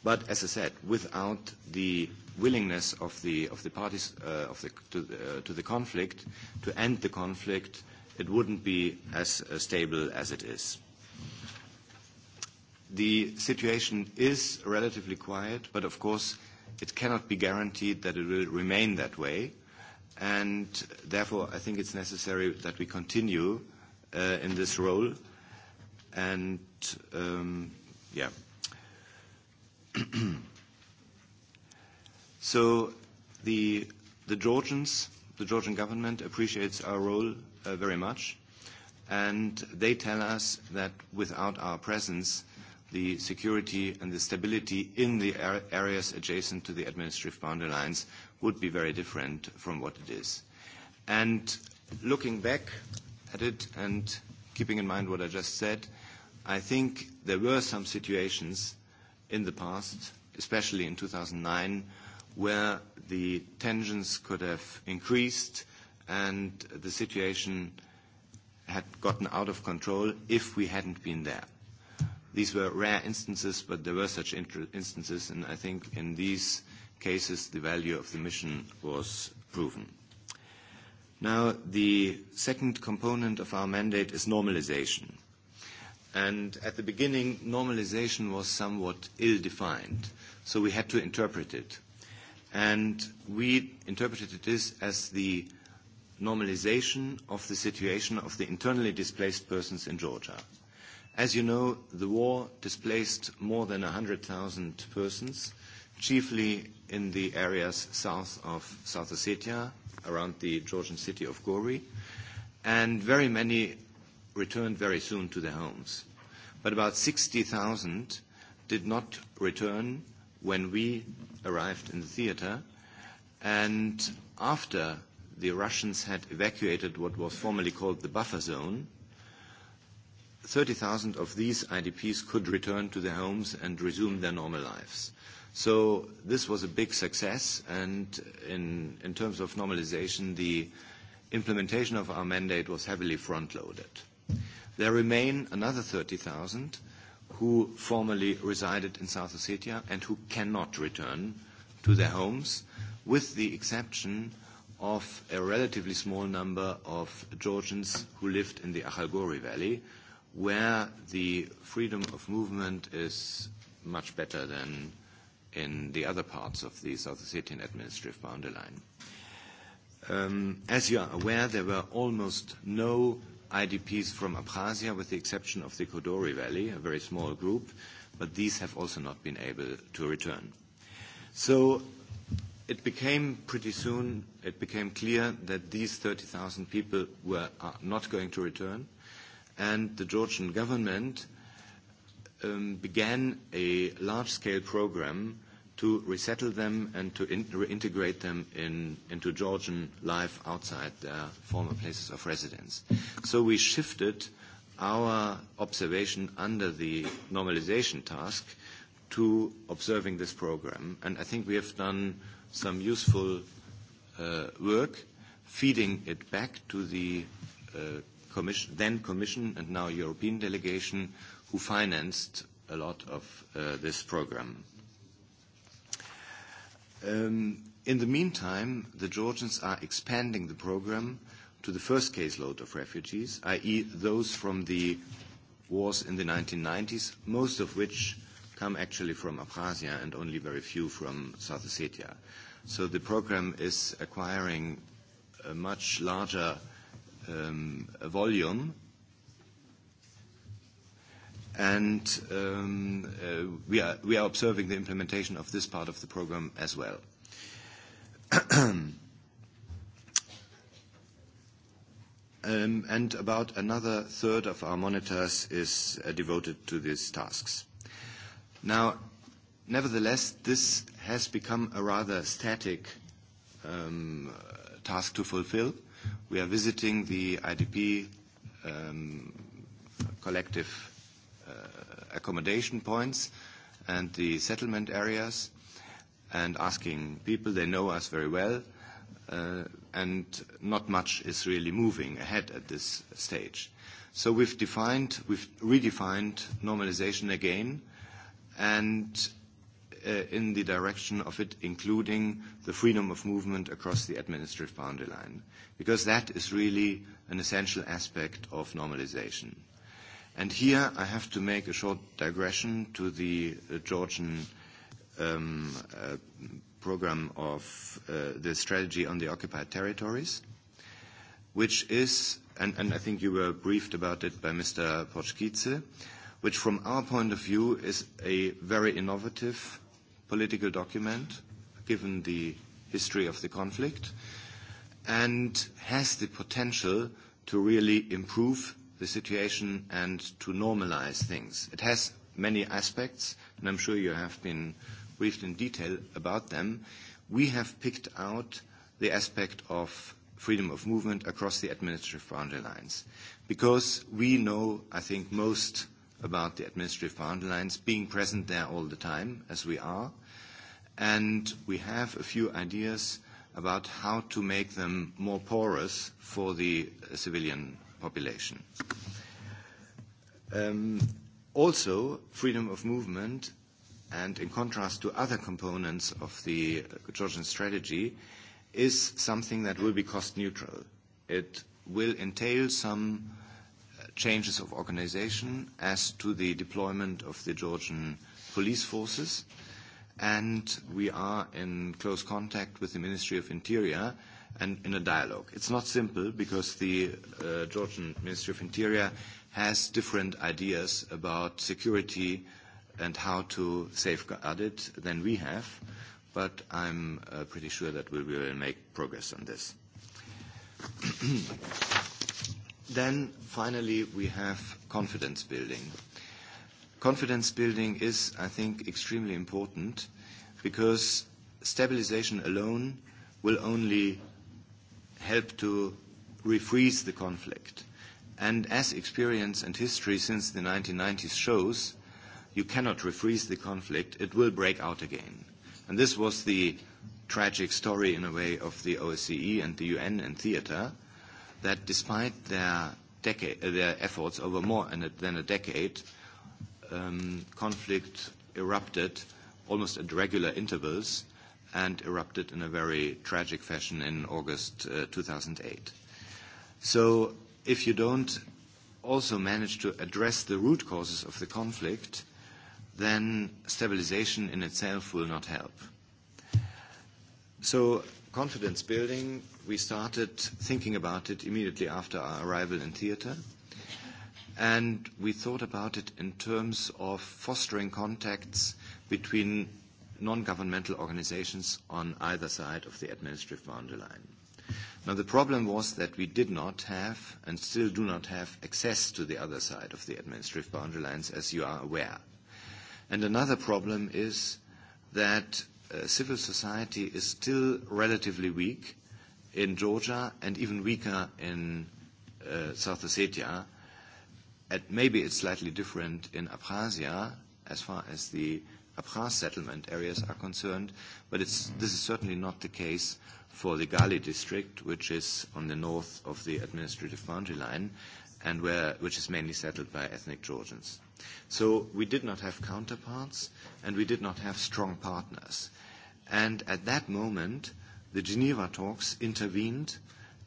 but as I said without the willingness of the, of the parties uh, of the, to, uh, to the conflict to end the conflict, it wouldn't be as uh, stable as it is. The situation is relatively quiet, but of course it cannot be guaranteed that it will remain that way. And therefore, I think it's necessary that we continue uh, in this role. And, um, yeah. So the, the Georgians, the Georgian government appreciates our role uh, very much, and they tell us that without our presence, the security and the stability in the areas adjacent to the administrative boundary lines would be very different from what it is. And looking back at it and keeping in mind what I just said, I think there were some situations in the past, especially in 2009, where the tensions could have increased and the situation had gotten out of control if we hadn't been there. These were rare instances, but there were such instances, and I think in these cases the value of the mission was proven. Now, the second component of our mandate is normalization. And at the beginning, normalization was somewhat ill-defined, so we had to interpret it. And we interpreted this as the normalization of the situation of the internally displaced persons in Georgia. As you know, the war displaced more than 100,000 persons, chiefly in the areas south of South Ossetia, around the Georgian city of Gori, and very many returned very soon to their homes. But about 60,000 did not return when we arrived in the theater. And after the Russians had evacuated what was formerly called the buffer zone, 30,000 of these IDPs could return to their homes and resume their normal lives. So this was a big success, and in, in terms of normalization, the implementation of our mandate was heavily front-loaded. There remain another 30,000 who formerly resided in South Ossetia and who cannot return to their homes, with the exception of a relatively small number of Georgians who lived in the Akhalgori Valley, where the freedom of movement is much better than in the other parts of the South Ossetian administrative boundary line. Um, as you are aware, there were almost no IDPs from Abkhazia, with the exception of the Kodori Valley, a very small group, but these have also not been able to return. So it became pretty soon, it became clear that these 30,000 people were not going to return, and the Georgian government um, began a large-scale program to resettle them and to in, reintegrate them in, into Georgian life outside their former places of residence. So we shifted our observation under the normalization task to observing this program. And I think we have done some useful uh, work feeding it back to the uh, commission, then Commission and now European delegation who financed a lot of uh, this program. Um, in the meantime, the Georgians are expanding the program to the first caseload of refugees, i.e. those from the wars in the 1990s, most of which come actually from Abkhazia and only very few from South Ossetia. So the program is acquiring a much larger um, volume and um, uh, we, are, we are observing the implementation of this part of the program as well. um, and about another third of our monitors is uh, devoted to these tasks. Now, nevertheless, this has become a rather static um, task to fulfill. We are visiting the IDP um, collective accommodation points and the settlement areas and asking people. They know us very well, uh, and not much is really moving ahead at this stage. So we've defined, we've redefined normalization again, and uh, in the direction of it including the freedom of movement across the administrative boundary line, because that is really an essential aspect of normalization. And here I have to make a short digression to the uh, Georgian um, uh, program of uh, the strategy on the occupied territories, which is, and, and I think you were briefed about it by Mr. Pochkice, which from our point of view is a very innovative political document, given the history of the conflict, and has the potential to really improve the situation and to normalize things. It has many aspects, and I'm sure you have been briefed in detail about them. We have picked out the aspect of freedom of movement across the administrative boundary lines because we know, I think, most about the administrative boundary lines being present there all the time, as we are, and we have a few ideas about how to make them more porous for the civilian population. Um, also, freedom of movement, and in contrast to other components of the Georgian strategy, is something that will be cost neutral. It will entail some uh, changes of organization as to the deployment of the Georgian police forces, and we are in close contact with the Ministry of Interior and in a dialogue. It's not simple because the uh, Georgian Ministry of Interior has different ideas about security and how to safeguard it than we have, but I'm uh, pretty sure that we will make progress on this. then finally, we have confidence building. Confidence building is, I think, extremely important because stabilization alone will only help to refreeze the conflict. And as experience and history since the 1990s shows, you cannot refreeze the conflict. It will break out again. And this was the tragic story, in a way, of the OSCE and the UN and theater, that despite their, decade, uh, their efforts over more than a decade, um, conflict erupted almost at regular intervals and erupted in a very tragic fashion in August uh, 2008. So if you don't also manage to address the root causes of the conflict, then stabilization in itself will not help. So confidence building, we started thinking about it immediately after our arrival in theater. And we thought about it in terms of fostering contacts between non-governmental organizations on either side of the administrative boundary line. Now, the problem was that we did not have and still do not have access to the other side of the administrative boundary lines, as you are aware. And another problem is that uh, civil society is still relatively weak in Georgia and even weaker in uh, South Ossetia. And maybe it's slightly different in Abkhazia as far as the Abkhaz settlement areas are concerned, but it's, this is certainly not the case for the Gali district, which is on the north of the administrative boundary line, and where, which is mainly settled by ethnic Georgians. So we did not have counterparts, and we did not have strong partners. And at that moment, the Geneva talks intervened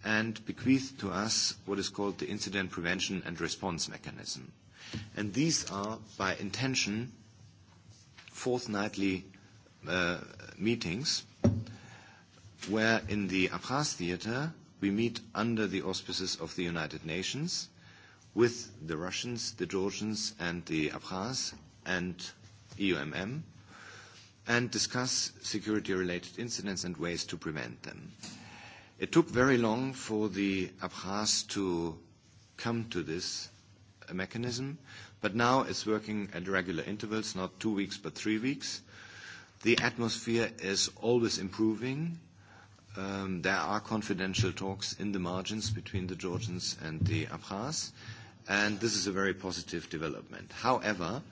and bequeathed to us what is called the incident prevention and response mechanism. And these are, by intention, fortnightly uh, meetings where in the Apras Theater we meet under the auspices of the United Nations with the Russians, the Georgians and the Apras and EUMM and discuss security-related incidents and ways to prevent them. It took very long for the Abkhaz to come to this mechanism But now it's working at regular intervals, not two weeks, but three weeks. The atmosphere is always improving. Um, there are confidential talks in the margins between the Georgians and the Abkhaz, and this is a very positive development. However,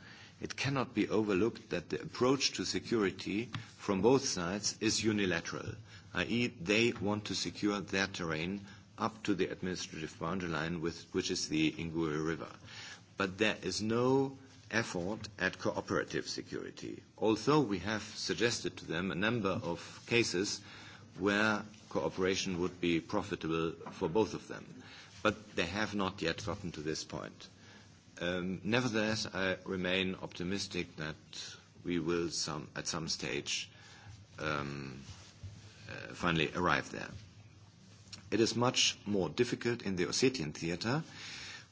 it cannot be overlooked that the approach to security from both sides is unilateral, i.e., they want to secure their terrain up to the administrative boundary line, with, which is the Ingui River but there is no effort at cooperative security, although we have suggested to them a number of cases where cooperation would be profitable for both of them. But they have not yet gotten to this point. Um, nevertheless, I remain optimistic that we will some, at some stage um, uh, finally arrive there. It is much more difficult in the Ossetian theater uh,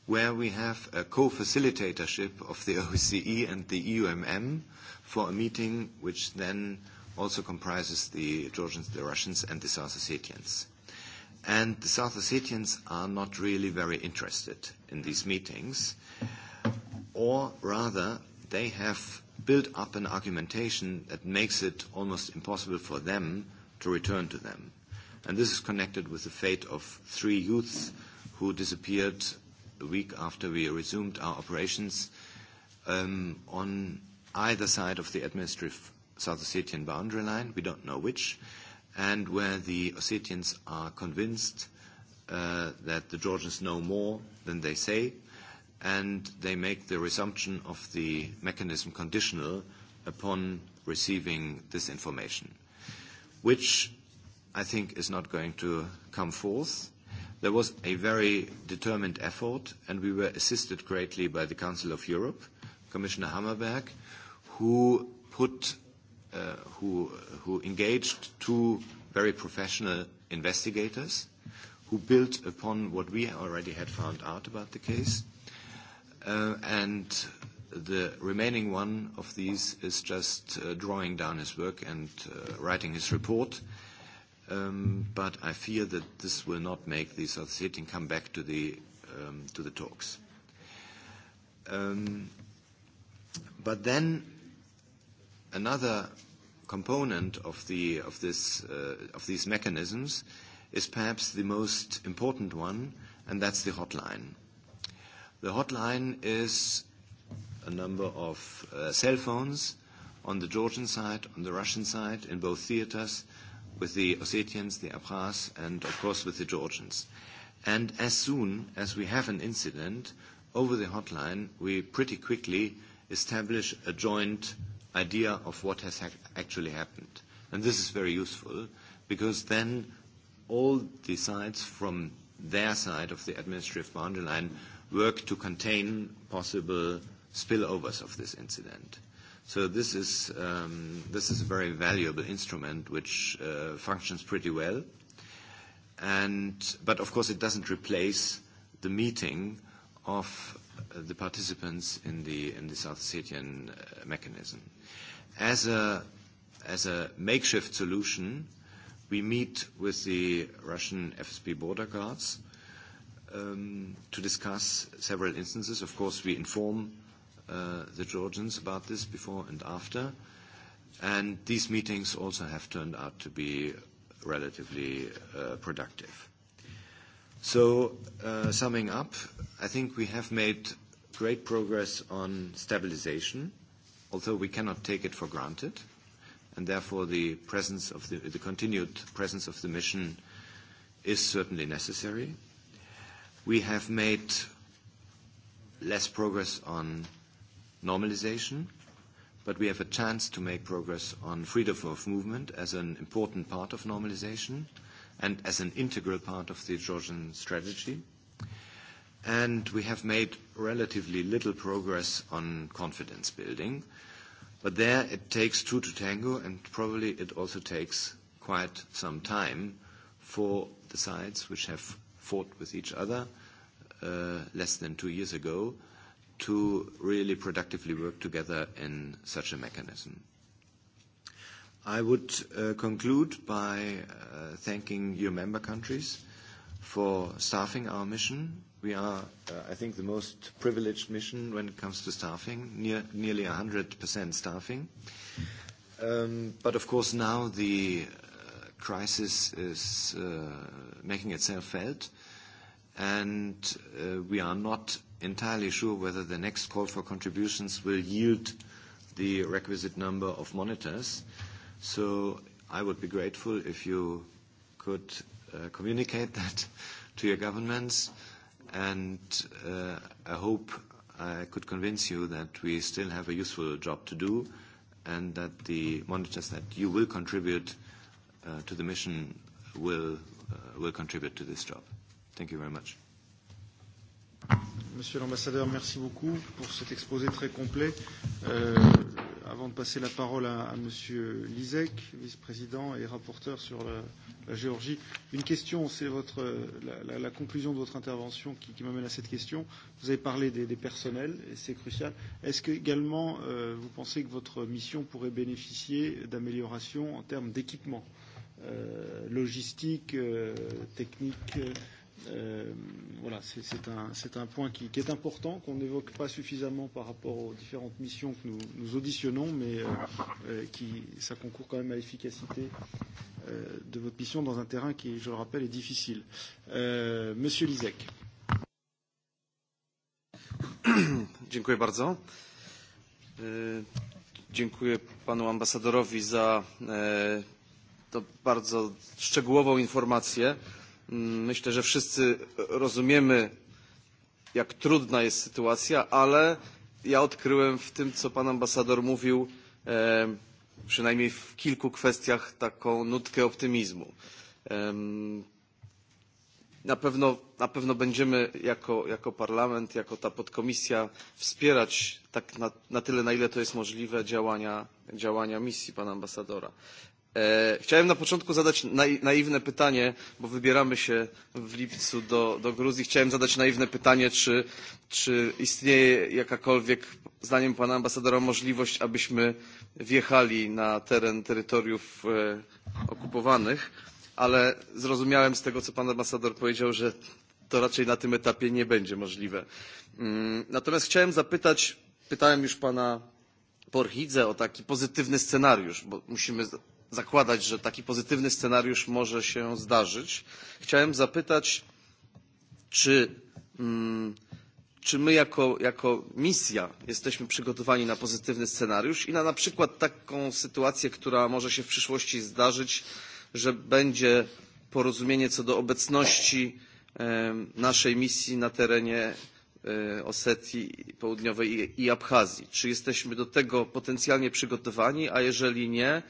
where we have a co-facilitatorship of the OCE and the EUMM for a meeting which then also comprises the Georgians, the Russians, and the South Ossetians. And the South Ossetians are not really very interested in these meetings, or rather, they have built up an argumentation that makes it almost impossible for them to return to them. And this is connected with the fate of three youths who disappeared week after we resumed our operations um, on either side of the administrative South Ossetian boundary line, we don't know which, and where the Ossetians are convinced uh, that the Georgians know more than they say, and they make the resumption of the mechanism conditional upon receiving this information, which I think is not going to come forth There was a very determined effort, and we were assisted greatly by the Council of Europe, Commissioner Hammerberg, who put, uh, who, who engaged two very professional investigators, who built upon what we already had found out about the case. Uh, and the remaining one of these is just uh, drawing down his work and uh, writing his report. Uh, Um, but I fear that this will not make the South Sitting come back to the, um, to the talks. Um, but then another component of, the, of, this, uh, of these mechanisms is perhaps the most important one, and that's the hotline. The hotline is a number of uh, cell phones on the Georgian side, on the Russian side, in both theaters, with the Ossetians, the Abkhaz, and of course with the Georgians. And as soon as we have an incident over the hotline, we pretty quickly establish a joint idea of what has ha- actually happened. And this is very useful because then all the sides from their side of the administrative boundary line work to contain possible spillovers of this incident. So this is, um, this is a very valuable instrument which uh, functions pretty well. And, but of course it doesn't replace the meeting of uh, the participants in the, in the South Ossetian uh, mechanism. As a, as a makeshift solution, we meet with the Russian FSB border guards um, to discuss several instances. Of course, we inform Uh, the Georgians about this before and after. And these meetings also have turned out to be relatively uh, productive. So, uh, summing up, I think we have made great progress on stabilization, although we cannot take it for granted, and therefore the presence of the, the continued presence of the mission is certainly necessary. We have made less progress on normalization, but we have a chance to make progress on freedom of movement as an important part of normalization and as an integral part of the Georgian strategy. And we have made relatively little progress on confidence building. But there it takes two to tango, and probably it also takes quite some time for the sides which have fought with each other uh, less than two years ago to really productively work together in such a mechanism. I would uh, conclude by uh, thanking your member countries for staffing our mission. We are, uh, I think, the most privileged mission when it comes to staffing, near, nearly 100% staffing. Um, but of course, now the uh, crisis is uh, making itself felt, and uh, we are not entirely sure whether the next call for contributions will yield the requisite number of monitors. So I would be grateful if you could uh, communicate that to your governments. And uh, I hope I could convince you that we still have a useful job to do and that the monitors that you will contribute uh, to the mission will, uh, will contribute to this job. Thank you very much. Monsieur l'ambassadeur, merci beaucoup pour cet exposé très complet. Euh, avant de passer la parole à, à Monsieur Lisek, vice-président et rapporteur sur la, la Géorgie, une question, c'est votre la, la, la conclusion de votre intervention qui, qui m'amène à cette question. Vous avez parlé des, des personnels et c'est crucial. Est-ce que également euh, vous pensez que votre mission pourrait bénéficier d'améliorations en termes d'équipement euh, logistique, euh, technique euh, Euh, voilà, c'est un, un point qui, qui est important, qu'on n'évoque pas suffisamment par rapport aux différentes missions que nous, nous auditionnons, mais euh, euh, qui, ça concourt quand même à l'efficacité euh, de votre mission dans un terrain qui, je le rappelle, est difficile. Euh, Monsieur Lisek. Dziękuję bardzo. Dziękuję panu ambasadorowi za to bardzo szczegółową informację. Myślę, że wszyscy rozumiemy, jak trudna jest sytuacja, ale ja odkryłem w tym, co pan ambasador mówił, przynajmniej w kilku kwestiach taką nutkę optymizmu. Na pewno, na pewno będziemy jako, jako parlament, jako ta podkomisja wspierać tak na, na tyle, na ile to jest możliwe działania, działania misji pana ambasadora. Chciałem na początku zadać naiwne pytanie, bo wybieramy się w lipcu do, do Gruzji. Chciałem zadać naiwne pytanie, czy, czy istnieje jakakolwiek, zdaniem pana ambasadora, możliwość, abyśmy wjechali na teren terytoriów okupowanych, ale zrozumiałem z tego, co pan ambasador powiedział, że to raczej na tym etapie nie będzie możliwe. Mm, natomiast chciałem zapytać, pytałem już pana Porchidze o taki pozytywny scenariusz, bo musimy zakładać, że taki pozytywny scenariusz może się zdarzyć. Chciałem zapytać, czy, mm, czy my jako, jako misja jesteśmy przygotowani na pozytywny scenariusz i na na przykład taką sytuację, która może się w przyszłości zdarzyć, że będzie porozumienie co do obecności naszej misji na terenie Osetii Południowej i Abchazji. Czy jesteśmy do tego potencjalnie przygotowani, a jeżeli nie,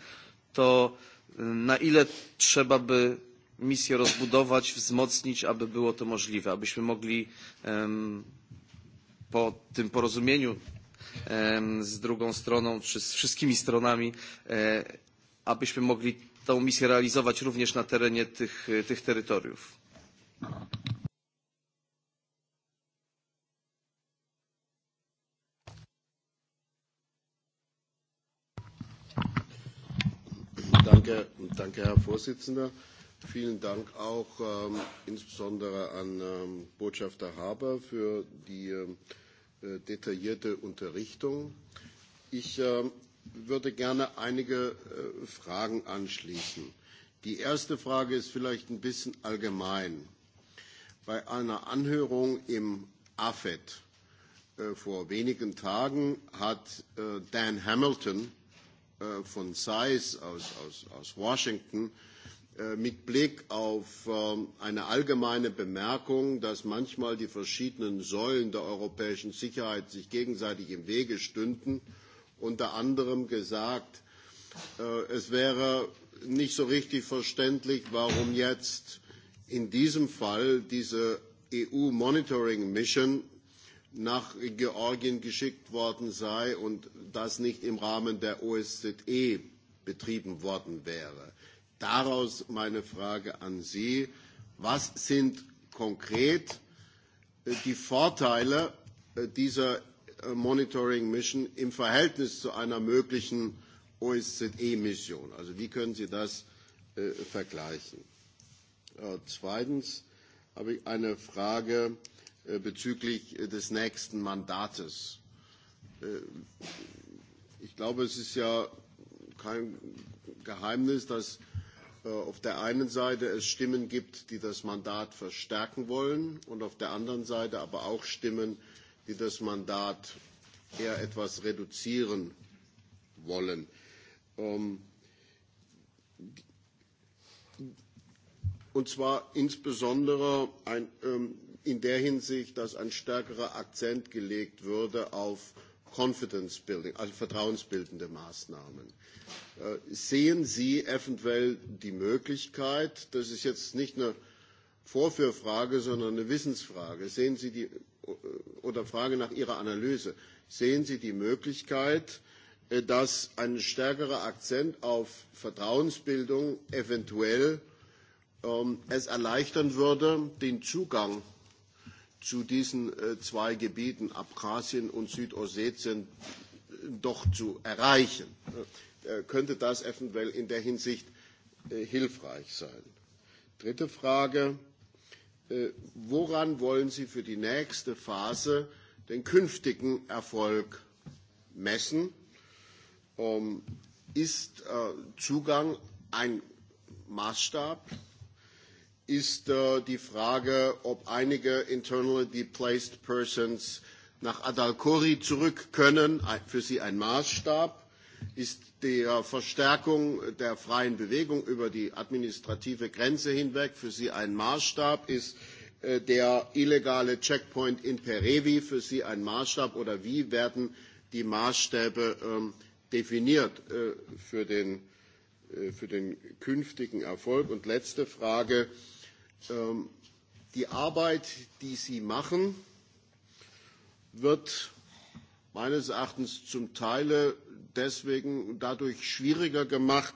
to na ile trzeba by misję rozbudować, wzmocnić, aby było to możliwe, abyśmy mogli po tym porozumieniu z drugą stroną czy z wszystkimi stronami, abyśmy mogli tę misję realizować również na terenie tych, tych terytoriów. Danke, danke Herr Vorsitzender. Vielen Dank auch ähm, insbesondere an ähm, Botschafter Haber für die ähm, äh, detaillierte Unterrichtung. Ich äh, würde gerne einige äh, Fragen anschließen. Die erste Frage ist vielleicht ein bisschen allgemein. Bei einer Anhörung im AFET äh, vor wenigen Tagen hat äh, Dan Hamilton äh, von Seiss aus, aus, aus Washington äh, mit Blick auf äh, eine allgemeine Bemerkung, dass manchmal die verschiedenen Säulen der europäischen Sicherheit sich gegenseitig im Wege stünden, unter anderem gesagt, äh, es wäre nicht so richtig verständlich, warum jetzt in diesem Fall diese EU Monitoring Mission nach Georgien geschickt worden sei und das nicht im Rahmen der OSZE betrieben worden wäre. Daraus meine Frage an Sie. Was sind konkret äh, die Vorteile äh, dieser äh, Monitoring Mission im Verhältnis zu einer möglichen OSZE-Mission? Also wie können Sie das vergleichen? Zweitens habe ich eine Frage Äh, bezüglich äh, des nächsten Mandates. Äh, ich glaube, es ist ja kein Geheimnis, dass auf der einen Seite es Stimmen gibt, die das Mandat verstärken wollen und auf der anderen Seite aber auch Stimmen, die das Mandat eher etwas reduzieren wollen. Ähm, und zwar insbesondere ein, ähm, in der Hinsicht, dass ein stärkerer Akzent gelegt würde auf Confidence Building, also vertrauensbildende Maßnahmen. Äh, sehen Sie eventuell die Möglichkeit, das ist jetzt nicht eine Vorführfrage, sondern eine Wissensfrage, sehen Sie die, äh, oder Frage nach Ihrer Analyse, sehen Sie die Möglichkeit, äh, dass ein stärkerer Akzent auf Vertrauensbildung eventuell ähm, es erleichtern würde, den Zugang zu diesen äh, zwei Gebieten Abkhazien und Südossetien äh, doch zu erreichen. Äh, könnte das eventuell in der Hinsicht hilfreich sein? Dritte Frage. woran wollen Sie für die nächste Phase den künftigen Erfolg messen? Ähm, ist Zugang ein Maßstab? ist äh, die Frage, ob einige internally displaced persons nach Adalkori zurück können, für sie ein Maßstab, ist die äh, Verstärkung der freien Bewegung über die administrative Grenze hinweg für sie ein Maßstab, ist äh, der illegale Checkpoint in Perevi für sie ein Maßstab oder wie werden die Maßstäbe ähm, definiert äh, für den, äh, für den künftigen Erfolg? Und letzte Frage, Ähm, die Arbeit, die Sie machen, wird meines Erachtens zum Teil deswegen dadurch schwieriger gemacht,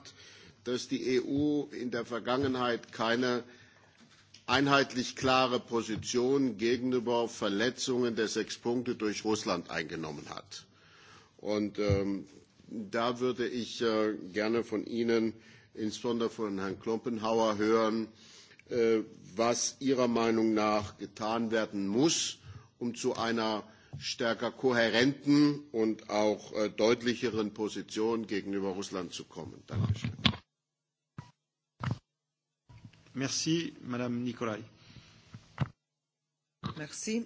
dass die EU in der Vergangenheit keine einheitlich klare Position gegenüber Verletzungen der sechs Punkte durch Russland eingenommen hat. Und ähm, da würde ich äh, gerne von Ihnen, insbesondere von Herrn Klumpenhauer, hören, äh, Äh, was Ihrer Meinung nach getan werden muss, um zu einer stärker kohärenten und auch äh, deutlicheren Position gegenüber Russland zu kommen. Dankeschön. Merci, Madame Nicolai. Merci.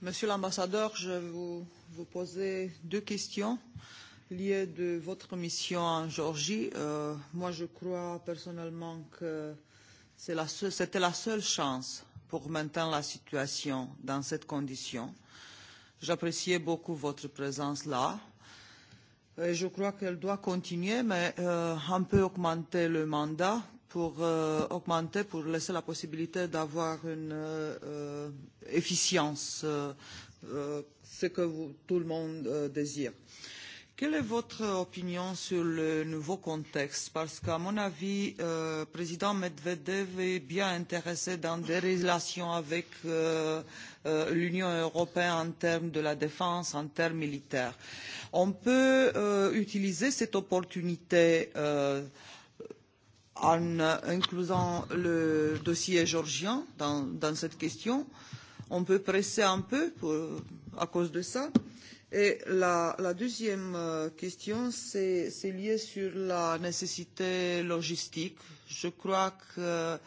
Monsieur l'ambassadeur, je vais vous, vous poser deux questions liées de votre mission en Géorgie. Euh, moi, je crois personnellement que euh, C'était la, seule chance pour maintenir la situation dans cette condition. J'appréciais beaucoup votre présence là. Et je crois qu'elle doit continuer, mais euh, un peu augmenter le mandat pour euh, augmenter, pour laisser la possibilité d'avoir une euh, efficience, euh, euh ce que vous, tout le monde euh, désire. Euh, Quelle est votre opinion sur le nouveau contexte Parce qu'à mon avis, euh, le président Medvedev est bien intéressé dans des relations avec euh, euh, l'Union européenne en termes de la défense, en termes militaires. On peut euh, utiliser cette opportunité euh, en inclusant le dossier georgien dans, dans cette question. On peut presser un peu pour, à cause de ça. Et la, la deuxième euh, question, c'est lié sur la nécessité logistique. Je crois que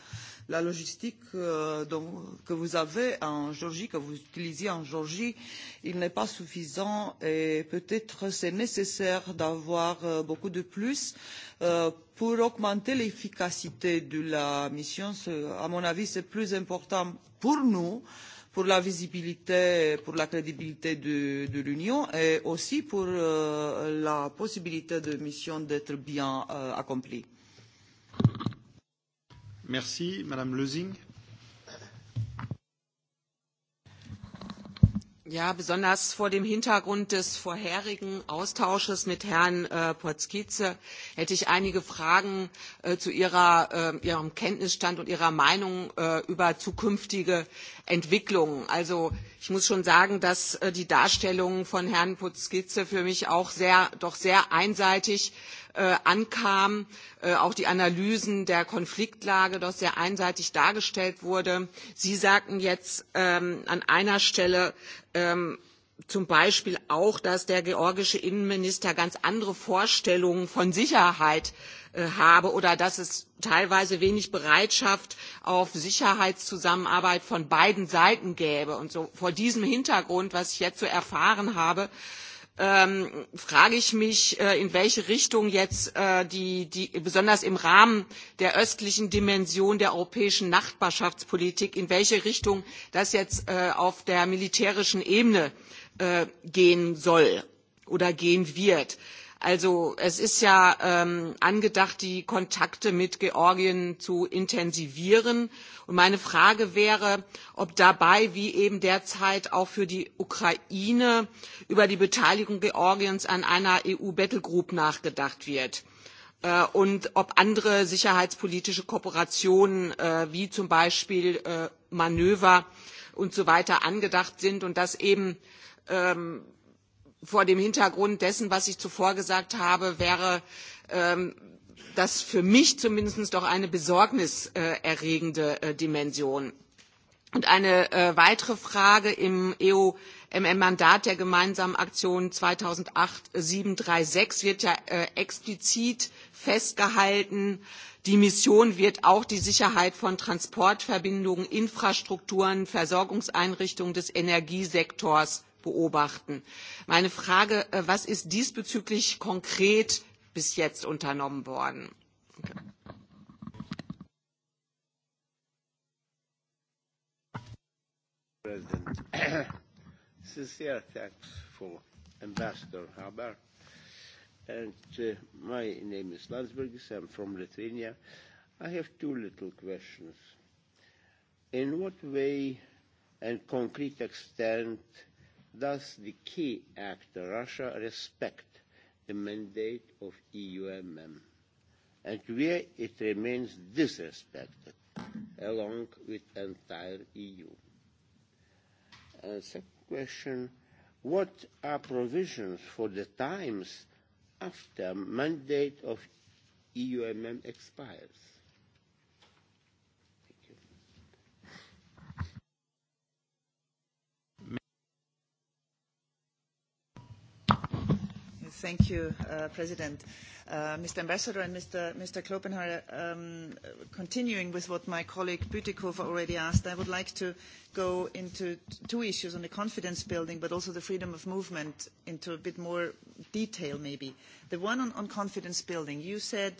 la logistique euh, dont, que vous avez en Géorgie, que vous utilisez en Géorgie, il n'est pas suffisant et peut-être c'est nécessaire d'avoir euh, beaucoup de plus euh, pour augmenter l'efficacité de la mission. À mon avis, c'est plus important pour nous euh, pour la visibilité, pour la crédibilité de, de l'Union et aussi pour euh, la possibilité de mission d'être bien euh, accomplie. Merci, Madame Lezing. Ja, besonders vor dem Hintergrund des vorherigen Austausches mit Herrn äh, Potzkize hätte ich einige Fragen äh, zu ihrer, äh, Ihrem Kenntnisstand und Ihrer Meinung äh, über zukünftige Entwicklungen. Also ich muss schon sagen, dass äh, die Darstellung von Herrn Putzkitze für mich auch sehr, doch sehr einseitig äh, ankam, äh, auch die Analysen der Konfliktlage doch sehr einseitig dargestellt wurde. Sie sagten jetzt ähm, an einer Stelle, ähm, zum Beispiel auch, dass der georgische Innenminister ganz andere Vorstellungen von Sicherheit Äh, habe oder dass es teilweise wenig Bereitschaft auf Sicherheitszusammenarbeit von beiden Seiten gäbe. Und so vor diesem Hintergrund, was ich jetzt so erfahren habe, ähm, frage ich mich, äh, in welche Richtung jetzt äh, die, die, besonders im Rahmen der östlichen Dimension der europäischen Nachbarschaftspolitik, in welche Richtung das jetzt äh, auf der militärischen Ebene äh, gehen soll oder gehen wird. Äh, Also es ist ja ähm, angedacht, die Kontakte mit Georgien zu intensivieren. Und meine Frage wäre, ob dabei, wie eben derzeit auch für die Ukraine, über die Beteiligung Georgiens an einer EU-Battlegroup nachgedacht wird äh, und ob andere sicherheitspolitische Kooperationen äh, wie zum Beispiel äh, Manöver und so weiter angedacht sind und dass eben ähm, vor dem Hintergrund dessen, was ich zuvor gesagt habe, wäre ähm, das für mich zumindest doch eine besorgniserregende äh, Dimension. Und eine äh, weitere Frage im EU MM-Mandat der gemeinsamen Aktion 2008-736 wird ja äh, explizit festgehalten, die Mission wird auch die Sicherheit von Transportverbindungen, Infrastrukturen, Versorgungseinrichtungen des Energiesektors beobachten. Meine Frage, äh, was ist diesbezüglich konkret bis jetzt unternommen worden? President, sincere thanks for Ambassador Haber. And uh, my name is Landsbergis. I'm from Lithuania. I have two little questions. In what way and concrete extent Thus, the key actor, Russia, respect the mandate of EUMM, and where it remains disrespected, along with entire EU. And second question, what are provisions for the times after mandate of EUMM expires? Thank you, uh, President. Uh, Mr. Ambassador and Mr. Mr. um, continuing with what my colleague Bütikofer already asked, I would like to go into two issues on the confidence building, but also the freedom of movement into a bit more detail, maybe. The one on, on confidence building, you said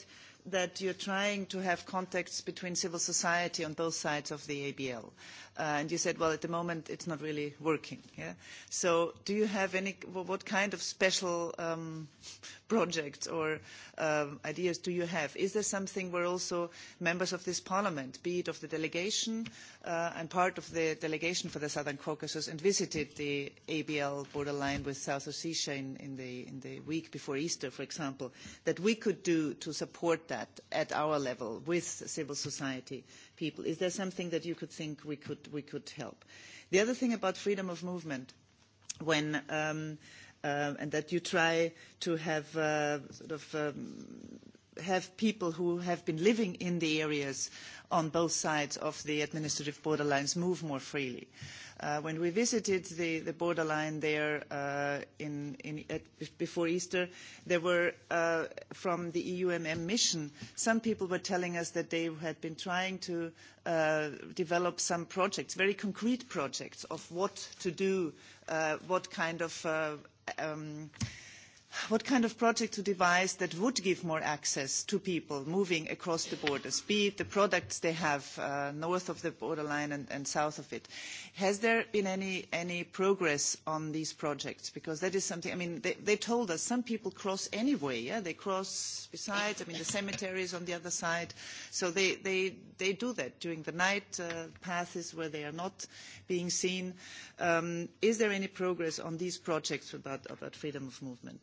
that you're trying to have contacts between civil society on both sides of the ABL. Uh, and you said, well, at the moment it's not really working. Yeah? So do you have any, what kind of special um, projects or um, ideas do you have? Is there something where also members of this parliament, be it of the delegation uh, and part of the delegation for the Southern Caucasus and visited the ABL borderline with South Ossetia in, in, the, in the week before Easter, for example, that we could do to support that at our level with civil society? people. Is there something that you could think we could, we could help? The other thing about freedom of movement, when um, uh, and that you try to have uh, sort of um, have people who have been living in the areas on both sides of the administrative borderlines move more freely. Uh, when we visited the, the borderline there uh, in, in, at, before Easter, there were uh, from the EUMM mission, some people were telling us that they had been trying to uh, develop some projects, very concrete projects of what to do, uh, what kind of uh, um, what kind of project to devise that would give more access to people moving across the borders, be it the products they have uh, north of the borderline and, and south of it. Has there been any, any progress on these projects? Because that is something, I mean, they, they told us some people cross anyway, yeah? They cross besides, I mean, the cemetery is on the other side. So they, they, they do that during the night, uh, paths where they are not being seen. Um, is there any progress on these projects about, about freedom of movement?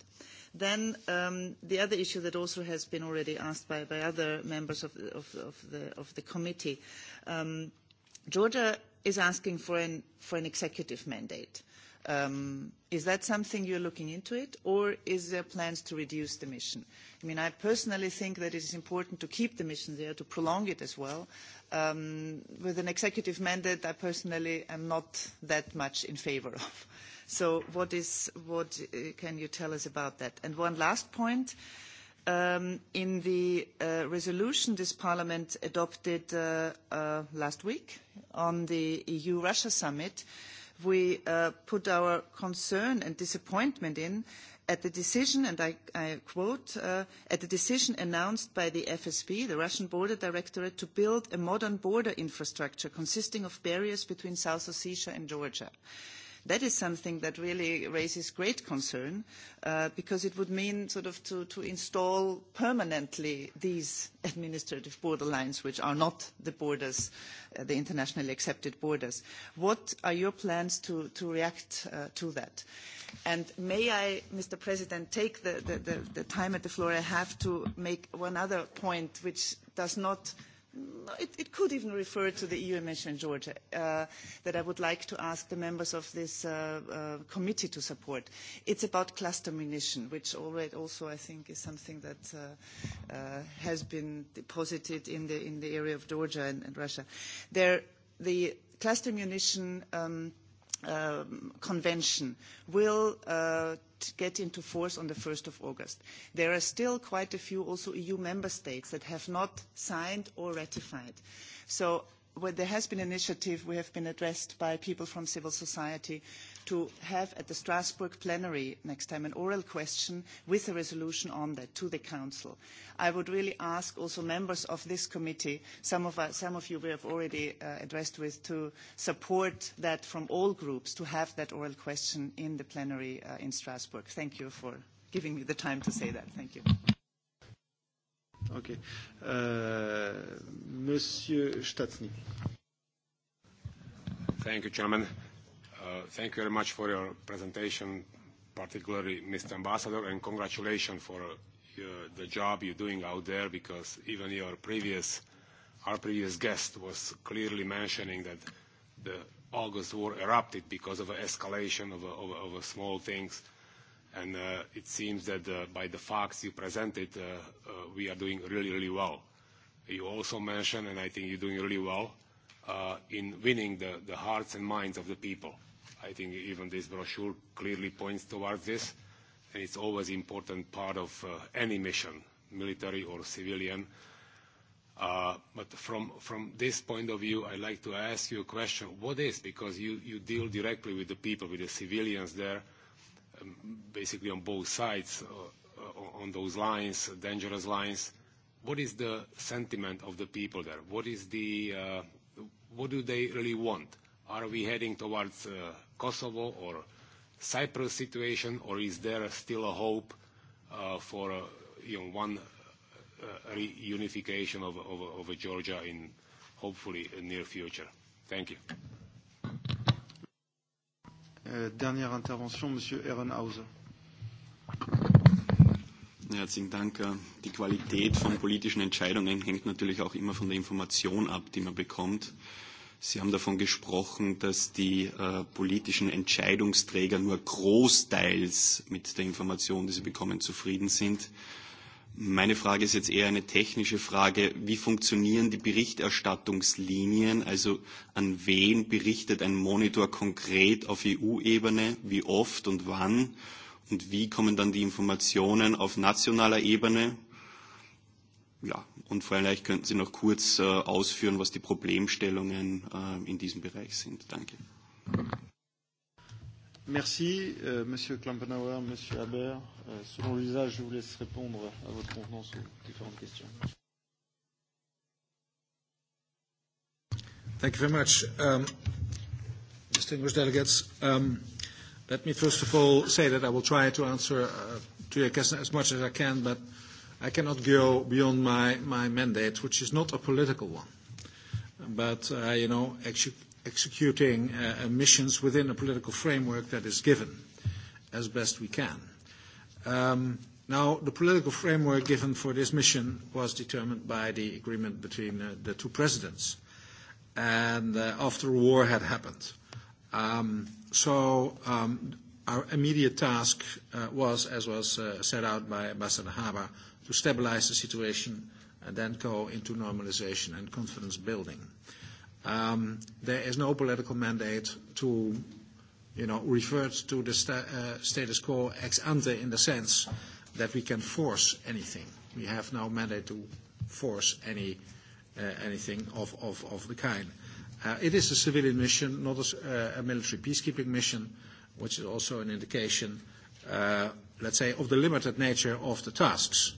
Then um, the other issue that also has been already asked by, by other members of, of, of, the, of the committee, um, Georgia is asking for an, for an executive mandate. Um, is that something you're looking into it, or is there plans to reduce the mission? I mean, I personally think that it is important to keep the mission there, to prolong it as well. Um, with an executive mandate, I personally am not that much in favor of. So what, is, what uh, can you tell us about that? And one last point. Um, in the uh, resolution this parliament adopted uh, uh, last week on the EU-Russia summit, uh, we uh, put our concern and disappointment in at the decision, and I, I quote, uh, at the decision announced by the FSB, the Russian Border Directorate, to build a modern border infrastructure consisting of barriers between South Ossetia and Georgia. That is something that really raises great concern uh, because it would mean sort of to, to install permanently these administrative borderlines which are not the borders, uh, the internationally accepted borders. What are your plans to, to react uh, to that? And may I, Mr. President, take the, the, the, the time at the floor I have to make one other point which does not – it, it could even refer to the EU emission, Georgia, uh, that I would like to ask the members of this uh, uh, committee to support. It's about cluster munition, which already also I think is something that uh, uh, has been deposited in the, in the area of Georgia and, and Russia. There, the cluster munition um, um, convention will uh, get into force on the 1st of August. There are still quite a few also EU member states that have not signed or ratified. So where there has been initiative, we have been addressed by people from civil society, to have at the Strasbourg plenary next time an oral question with a resolution on that to the Council. I would really ask also members of this committee, some of, us, uh, some of you we have already uh, addressed with, to support that from all groups to have that oral question in the plenary uh, in Strasbourg. Thank you for giving me the time to say that. Thank you. Okay. Uh, Monsieur Thank you, Chairman. Uh, thank you very much for your presentation, particularly Mr. Ambassador, and congratulations for uh, the job you're doing out there, because even your previous, our previous guest was clearly mentioning that the August war erupted because of an escalation of, a, of, a, of a small things. And uh, it seems that uh, by the facts you presented, uh, uh, we are doing really, really well. You also mentioned, and I think you're doing really well, uh, in winning the, the hearts and minds of the people. I think even this brochure clearly points towards this, and it's always important part of uh, any mission, military or civilian. Uh, but from, from this point of view, I'd like to ask you a question. What is, because you, you deal directly with the people, with the civilians there, um, basically on both sides, uh, on those lines, dangerous lines, what is the sentiment of the people there? What is the, uh, what do they really want? Are we heading towards uh, Kosovo or Cyprus situation, or is there still a hope uh, for uh, you know, one uh, reunification of, of, of Georgia in hopefully a near future? Thank you. Uh, dernière intervention, Monsieur Hauser. Herzlichen Dank. Äh, die Qualität von politischen Entscheidungen hängt natürlich auch immer von der Information ab, die man bekommt. Sie haben davon gesprochen, dass die äh, politischen Entscheidungsträger nur großteils mit der Information, die sie bekommen, zufrieden sind. Meine Frage ist jetzt eher eine technische Frage. Wie funktionieren die Berichterstattungslinien? Also an wen berichtet ein Monitor konkret auf EU-Ebene? Wie oft und wann? Und wie kommen dann die Informationen auf nationaler Ebene? Ja, Und vielleicht könnten Sie noch kurz äh, ausführen, was die Problemstellungen äh, in diesem Bereich sind. Danke. Merci, äh, Monsieur Klampenauer, Monsieur Haber. Äh, euh, selon l'usage, je vous laisse répondre à votre convenance aux différentes questions. Thank you very much. Um, distinguished delegates, um, let me first of all say that I will try to answer uh, to your question as much as I can, but uh, I cannot go beyond my, my mandate, which is not a political one, but uh, you know, ex executing uh, missions within a political framework that is given as best we can. Um, now, the political framework given for this mission was determined by the agreement between uh, the two presidents, and uh, after a war had happened. Um, so um, our immediate task uh, was, as was uh, set out by Ambassador Haber, to stabilize the situation and then go into normalization and confidence building. Um, there is no political mandate to, you know, refer to the sta uh, status quo ex ante in the sense that we can force anything. We have no mandate to force any, uh, anything of, of, of the kind. Uh, it is a civilian mission, not a, uh, a military peacekeeping mission, which is also an indication, uh, let's say, of the limited nature of the tasks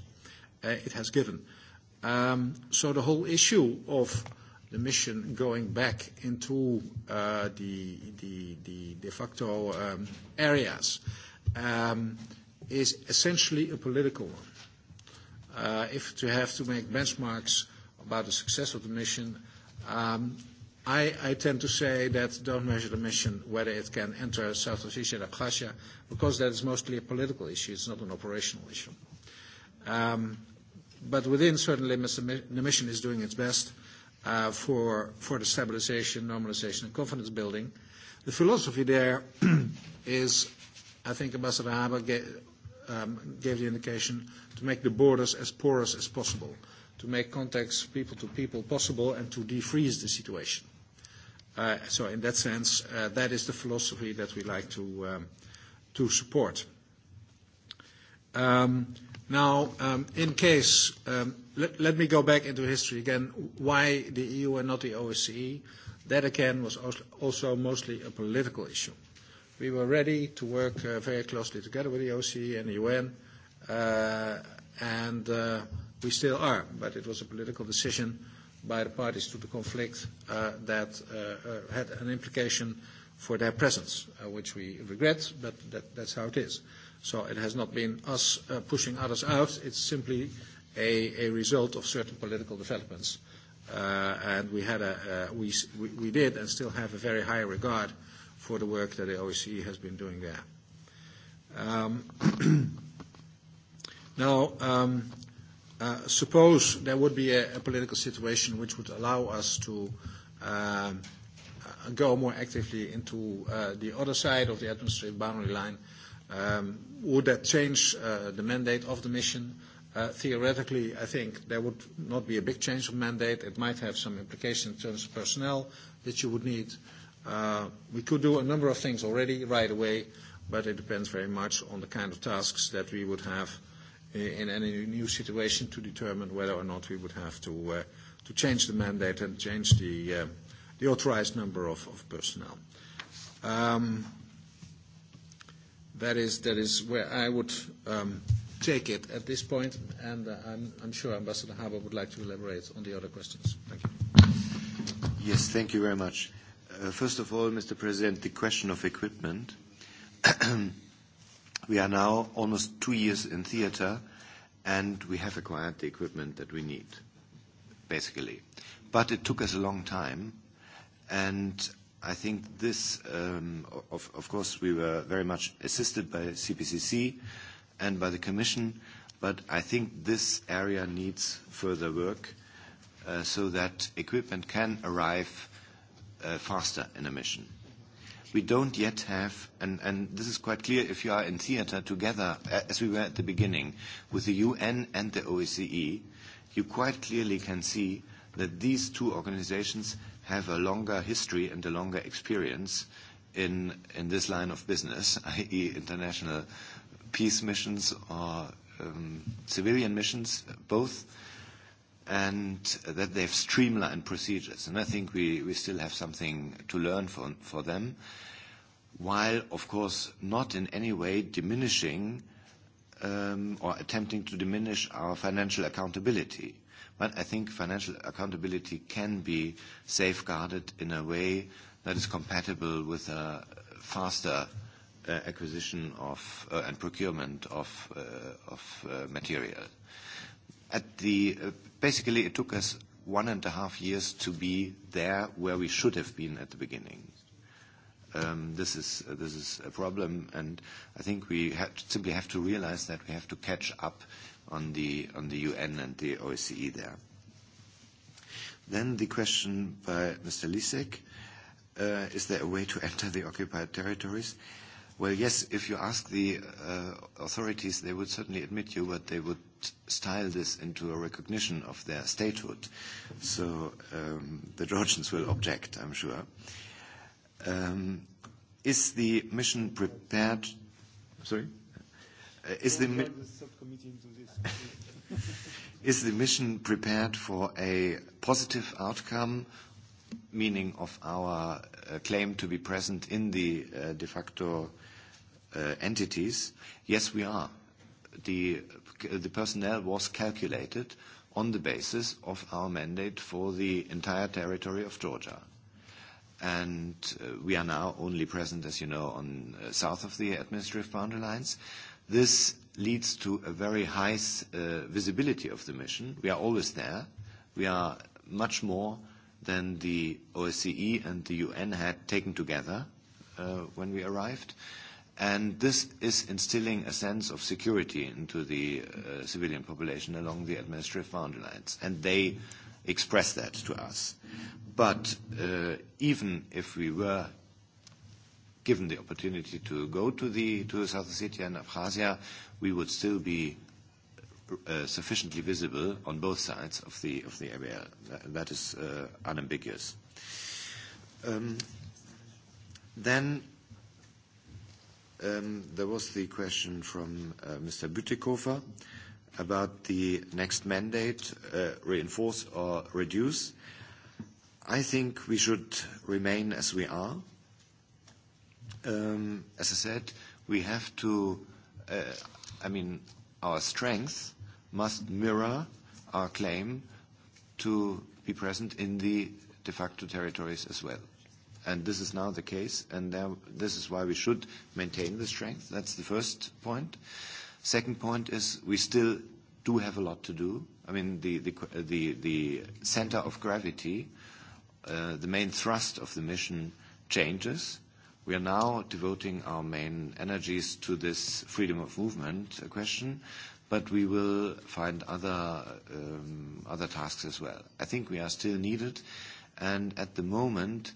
uh, it has given. Um, so the whole issue of the mission going back into uh, the, the, the de facto um, areas um, is essentially a political one. Uh, if to have to make benchmarks about the success of the mission, um, I, I tend to say that don't measure the mission whether it can enter South Asia and Abkhazia, because that is mostly a political issue. It's not an operational issue. Um, But within certain limits, the mission is doing its best uh, for, for the stabilization, normalization, and confidence building. The philosophy there is, I think Ambassador Haber gave, um, gave the indication, to make the borders as porous as possible, to make contacts people to people possible, and to defreeze the situation. Uh, so in that sense, uh, that is the philosophy that we like to, um, to support. Um, Now, um, in case, um, let, let me go back into history again, why the EU and not the OSCE? That again was also mostly a political issue. We were ready to work uh, very closely together with the OSCE and the UN, uh, and uh, we still are, but it was a political decision by the parties to the conflict uh, that uh, uh, had an implication for their presence, uh, which we regret, but that, that's how it is. Uh, So it has not been us uh, pushing others out. It's simply a, result of certain political developments. Uh, and we, had a, we, we did and still have a very high regard for the work that the OSCE has been doing there. Um, now, um, uh, suppose there would be a, political situation which would allow us to um, go more actively into the other side of the administrative boundary line Um, would that change uh, the mandate of the mission? Uh, theoretically, I think there would not be a big change of mandate. It might have some implication in terms of personnel that you would need. Uh, we could do a number of things already right away, but it depends very much on the kind of tasks that we would have uh, in any new situation to determine whether or not we would have to, uh, to change the mandate and change the, uh, the authorized number of, of personnel. Um, That is, that is where I would um, take it at this point, and uh, I'm, I'm sure Ambassador Haber would like to elaborate on the other questions. Thank you. Yes, thank you very much. Uh, first of all, Mr. President, the question of equipment. we are now almost two years in theater, and we have acquired the equipment that we need, basically. But it took us a long time, and I think this, um, of, of course, we were very much assisted by CPCC and by the Commission, but I think this area needs further work uh, so that equipment can arrive uh, faster in a mission. We don't yet have, and, and this is quite clear if you are in theater together, uh, as we were at the beginning, with the UN and the OECE, you quite clearly can see that these two organizations have a longer history and a longer experience in, in this line of business, i.e. international peace missions or um, civilian missions, both, and that they've streamlined procedures. And I think we, we still have something to learn for, for them, while, of course, not in any way diminishing um, or attempting to diminish our financial accountability. But I think financial accountability can be safeguarded in a way that is compatible with a faster uh, acquisition of uh, and procurement of, uh, of uh, material. At the, uh, basically, it took us one and a half years to be there where we should have been at the beginning. Um, this is uh, this is a problem, and I think we ha- simply have to realize that we have to catch up on the, on the UN and the OSCE there. Then the question by Mr. Lisek, uh, is there a way to enter the occupied territories? Well, yes, if you ask the uh, authorities, they would certainly admit you, but they would style this into a recognition of their statehood. So um, the Georgians will object, I'm sure. Um, is the mission prepared? Sorry? Uh, is the, is the mission prepared for a positive outcome, meaning of our uh, claim to be present in the uh, de facto uh, entities? Yes, we are. The, uh, the personnel was calculated on the basis of our mandate for the entire territory of Georgia. And uh, we are now only present, as you know, on uh, south of the administrative boundary lines. This leads to a very high uh, visibility of the mission. We are always there. We are much more than the OSCE and the UN had taken together uh, when we arrived. And this is instilling a sense of security into the uh, civilian population along the administrative boundary lines. And they express that to us. But uh, even if we were given the opportunity to go to the to South Ossetia and Abkhazia, we would still be uh, sufficiently visible on both sides of the of the area. That, that is uh, unambiguous. Um, then um, there was the question from uh, Mr. Bütikofer about the next mandate, uh, reinforce or reduce. I think we should remain as we are um, as I said, we have to, uh, I mean, our strength must mirror our claim to be present in the de facto territories as well. And this is now the case, and there, this is why we should maintain the strength. That's the first point. Second point is we still do have a lot to do. I mean, the, the, the, the center of gravity, uh, the main thrust of the mission changes We are now devoting our main energies to this freedom of movement question, but we will find other, um, other tasks as well. I think we are still needed, and at the moment,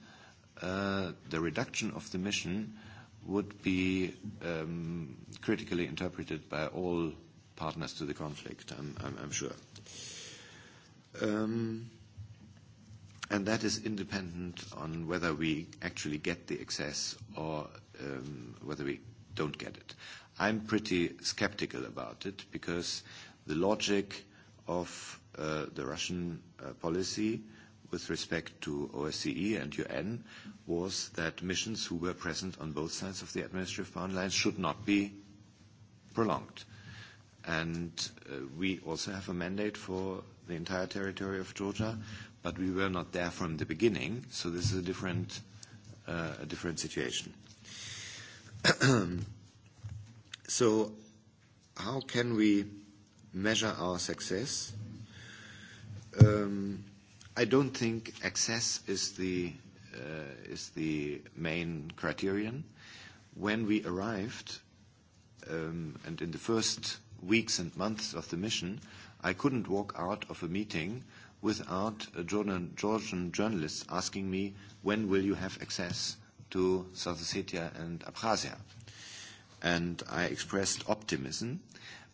uh, the reduction of the mission would be um, critically interpreted by all partners to the conflict, I'm, I'm, I'm sure. Um, and that is independent on whether we actually get the excess or um, whether we don't get it. I'm pretty skeptical about it because the logic of uh, the Russian uh, policy with respect to OSCE and UN was that missions who were present on both sides of the administrative boundary lines should not be prolonged. And uh, we also have a mandate for the entire territory of Georgia. Mm-hmm but we were not there from the beginning, so this is a different, uh, a different situation. so how can we measure our success? Um, I don't think access is the, uh, is the main criterion. When we arrived, um, and in the first weeks and months of the mission, I couldn't walk out of a meeting without a Jordan, Georgian journalist asking me, when will you have access to South Ossetia and Abkhazia? And I expressed optimism,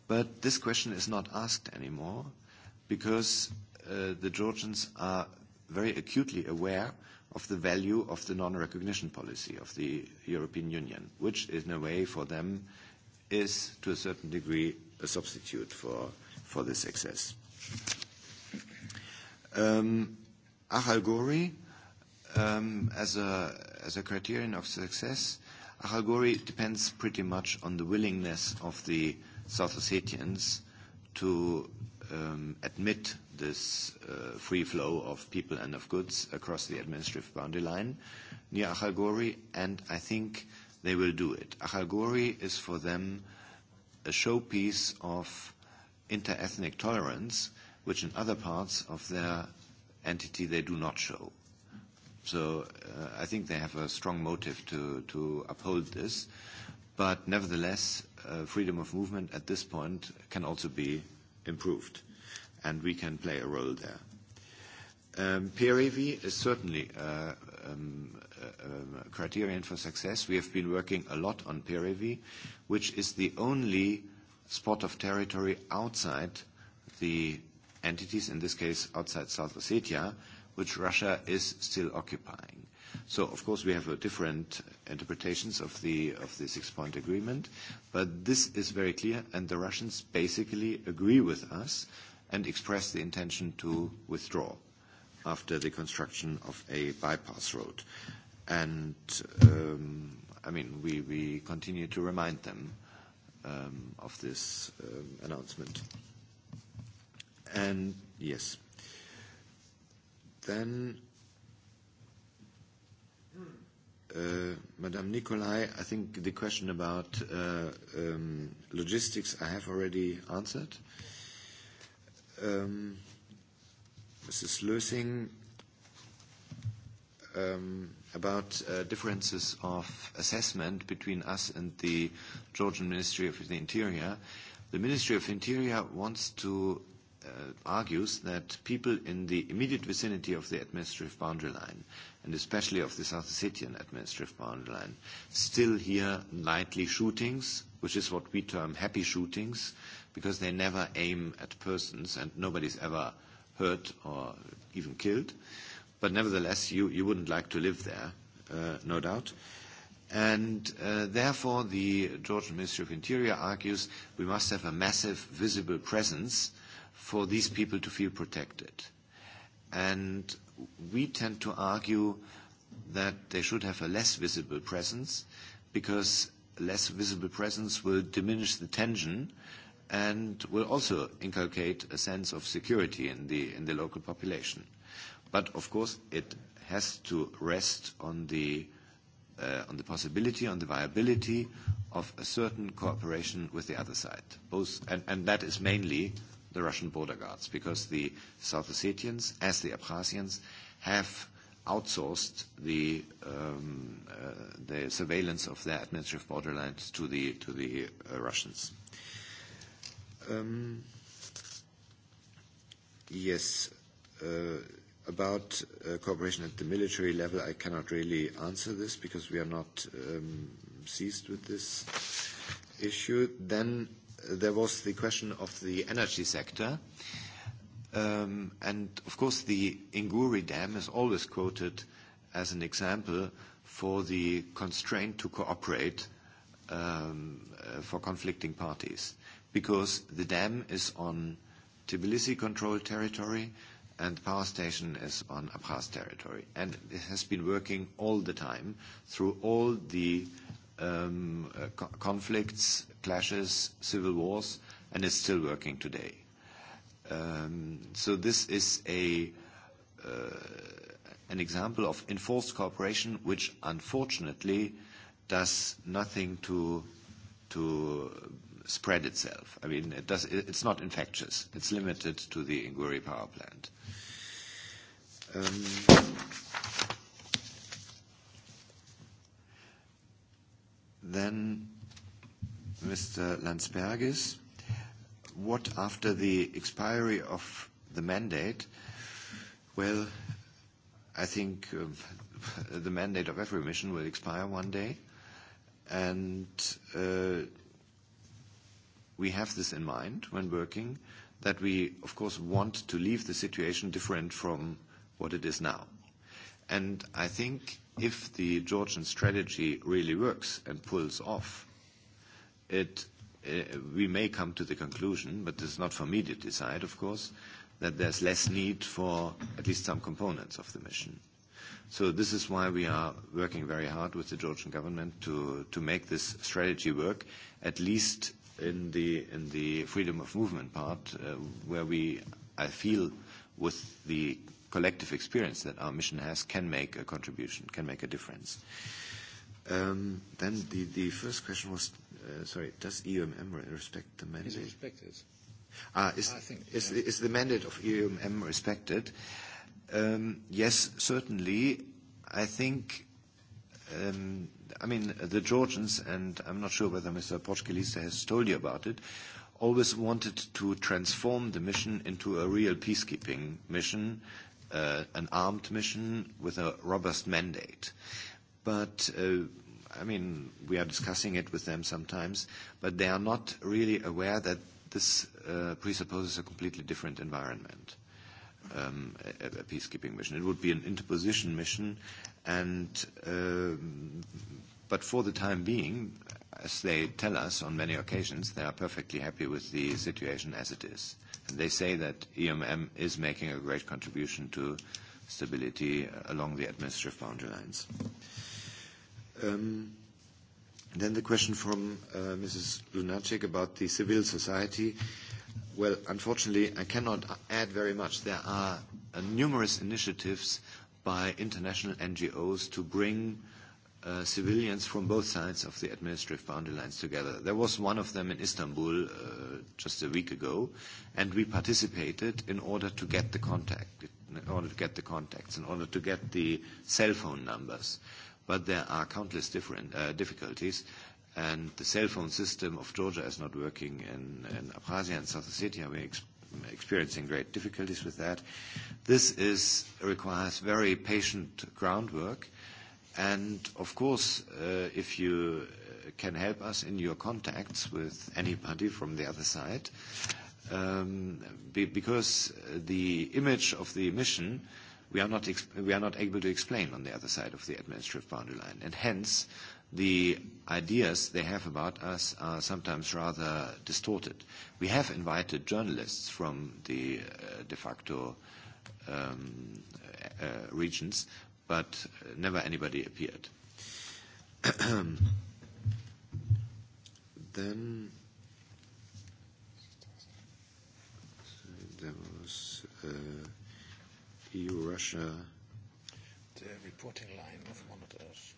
but this question is not asked anymore because uh, the Georgians are very acutely aware of the value of the non-recognition policy of the European Union, which in a way for them is to a certain degree a substitute for, for this access. Um, Achal Gori, um, as, a, as a criterion of success, Achal Gori depends pretty much on the willingness of the South Ossetians to um, admit this uh, free flow of people and of goods across the administrative boundary line near Achalgori, and I think they will do it. Achalgori is for them a showpiece of inter-ethnic tolerance which in other parts of their entity they do not show. So uh, I think they have a strong motive to, to uphold this. But nevertheless, uh, freedom of movement at this point can also be improved, and we can play a role there. Um, peer review is certainly uh, um, a, um, a, a criterion for success. We have been working a lot on peer review, which is the only spot of territory outside the entities, in this case outside South Ossetia, which Russia is still occupying. So of course we have a different interpretations of the of the six point agreement, but this is very clear, and the Russians basically agree with us and express the intention to withdraw after the construction of a bypass road. And um, I mean, we, we continue to remind them um, of this um, announcement. And yes. Then Uh, Madame Nicolai, I think the question about uh, um, logistics I have already answered. Mrs. Um, Lösing, um, about uh, differences of assessment between us and the Georgian Ministry of the Interior. The Ministry of Interior wants to Uh, argues that people in the immediate vicinity of the administrative boundary line, and especially of the South Ossetian administrative boundary line, still hear nightly shootings, which is what we term happy shootings, because they never aim at persons and nobody's ever hurt or even killed. But nevertheless, you, you wouldn't like to live there, uh, no doubt. And uh, therefore, the Georgian Ministry of Interior argues we must have a massive visible presence uh, for these people to feel protected. And we tend to argue that they should have a less visible presence because less visible presence will diminish the tension and will also inculcate a sense of security in the, in the local population. But of course, it has to rest on the, uh, on the possibility, on the viability of a certain cooperation with the other side. Both, and, and that is mainly the Russian border guards because the South Ossetians, as the Abkhazians, have outsourced the, um, uh, the surveillance of their administrative borderlands to the, to the uh, Russians. Um, yes, uh, about uh, cooperation at the military level, I cannot really answer this because we are not um, seized with this issue. Then there was the question of the energy sector. Um, and of course, the Inguri Dam is always quoted as an example for the constraint to cooperate um, uh, for conflicting parties, because the dam is on Tbilisi-controlled territory, and the power station is on Abkhaz territory. And it has been working all the time through all the um, co conflicts, clashes, civil wars, and is still working today. Um, so this is a, uh, an example of enforced cooperation, which unfortunately does nothing to, to spread itself. I mean, it does, it's not infectious. It's limited to the Inguri power plant. Um, Then Mr. Landsbergis, what after the expiry of the mandate? Well, I think um, the mandate of every mission will expire one day, and uh, we have this in mind when working, that we, of course, want to leave the situation different from what it is now. And I think if the Georgian strategy really works and pulls off, it, uh, we may come to the conclusion, but this is not for me to decide, of course, that there's less need for at least some components of the mission. So this is why we are working very hard with the Georgian government to, to make this strategy work, at least in the, in the freedom of movement part, uh, where we, I feel, with the collective experience that our mission has can make a contribution, can make a difference. Um, then the, the first question was, uh, sorry, does EUMM respect the mandate? Is it respected? Ah, is, I think, is, yeah. is the mandate of EUMM respected? Um, yes, certainly. I think, um, I mean, the Georgians, and I'm not sure whether Mr. Pochkelisa has told you about it, always wanted to transform the mission into a real peacekeeping mission uh, an armed mission with a robust mandate. But uh, I mean, we are discussing it with them sometimes, but they are not really aware that this uh, presupposes a completely different environment, um, a, a peacekeeping mission. It would be an interposition mission, and uh, but for the time being, as they tell us on many occasions, they are perfectly happy with the situation as it is. And they say that EMM is making a great contribution to stability along the administrative boundary lines. Um, then the question from uh, Mrs. Lunacek about the civil society. Well, unfortunately, I cannot add very much. There are uh, numerous initiatives by international NGOs to bring uh, Uh, civilians from both sides of the administrative boundary lines together. There was one of them in Istanbul uh, just a week ago, and we participated in order to get the contact, in order to get the contacts, in order to get the cell phone numbers. But there are countless different uh, difficulties, and the cell phone system of Georgia is not working in, in Abkhazia and South Ossetia. We're ex- experiencing great difficulties with that. This is, requires very patient groundwork And of course, uh, if you uh, can help us in your contacts with anybody from the other side, um, be, because uh, the image of the mission we are, not we are not able to explain on the other side of the administrative boundary line. And hence, the ideas they have about us are sometimes rather distorted. We have invited journalists from the uh, de facto um, uh, regions, but never anybody appeared. then there was uh, EU-Russia. The reporting line of monitors.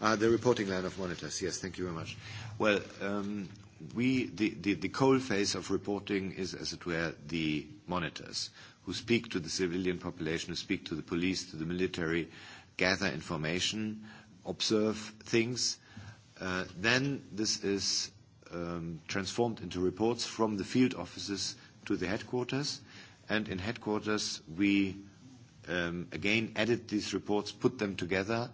Ah, the reporting line of monitors. Yes, thank you very much. Well, um, we the, the, the coal phase of reporting is, as it were, the monitors who speak to the civilian population, who speak to the police, to the military, gather information, observe things. Uh, then this is um, transformed into reports from the field offices to the headquarters. And in headquarters, we um, again edit these reports, put them together,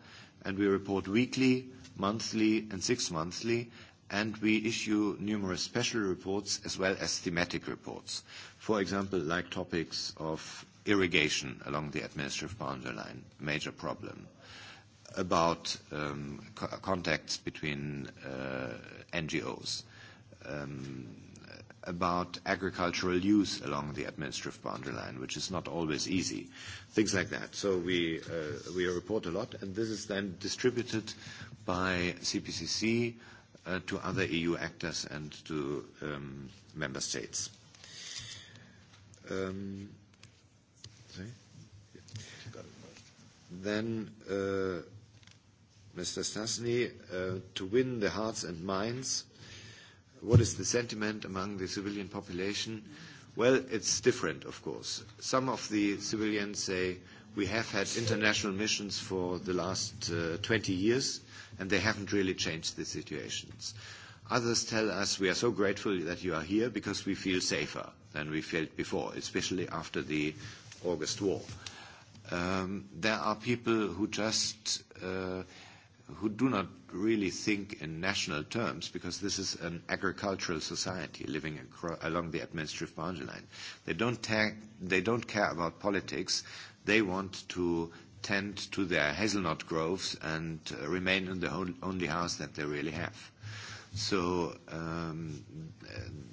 and we report weekly, monthly, and six monthly and we issue numerous special reports as well as thematic reports. For example, like topics of irrigation along the administrative boundary line, major problem, about um, contacts between uh, NGOs, um, about agricultural use along the administrative boundary line, which is not always easy, things like that. So we, uh, we report a lot, and this is then distributed by CPCC, uh, to other EU actors and to um, member states. Um, then uh, Mr. Stasny, uh, to win the hearts and minds, what is the sentiment among the civilian population? Well, it's different, of course. Some of the civilians say, we have had international missions for the last uh, 20 years, and they haven't really changed the situations. Others tell us we are so grateful that you are here because we feel safer than we felt before, especially after the August war. Um, there are people who just uh, who do not really think in national terms because this is an agricultural society living across, along the administrative boundary line. They don't, they don't care about politics they want to tend to their hazelnut groves and uh, remain in the only house that they really have. So um,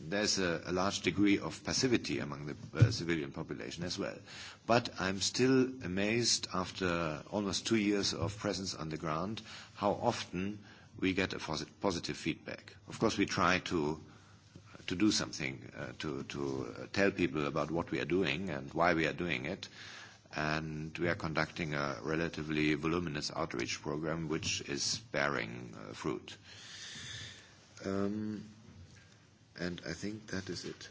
there's a, a large degree of passivity among the uh, civilian population as well. But I'm still amazed after almost two years of presence on the ground how often we get a positive feedback. Of course, we try to uh, to do something, uh, to, to uh, tell people about what we are doing and why we are doing it. Uh, and we are conducting a relatively voluminous outreach program, which is bearing uh, fruit. Um, and I think that is it.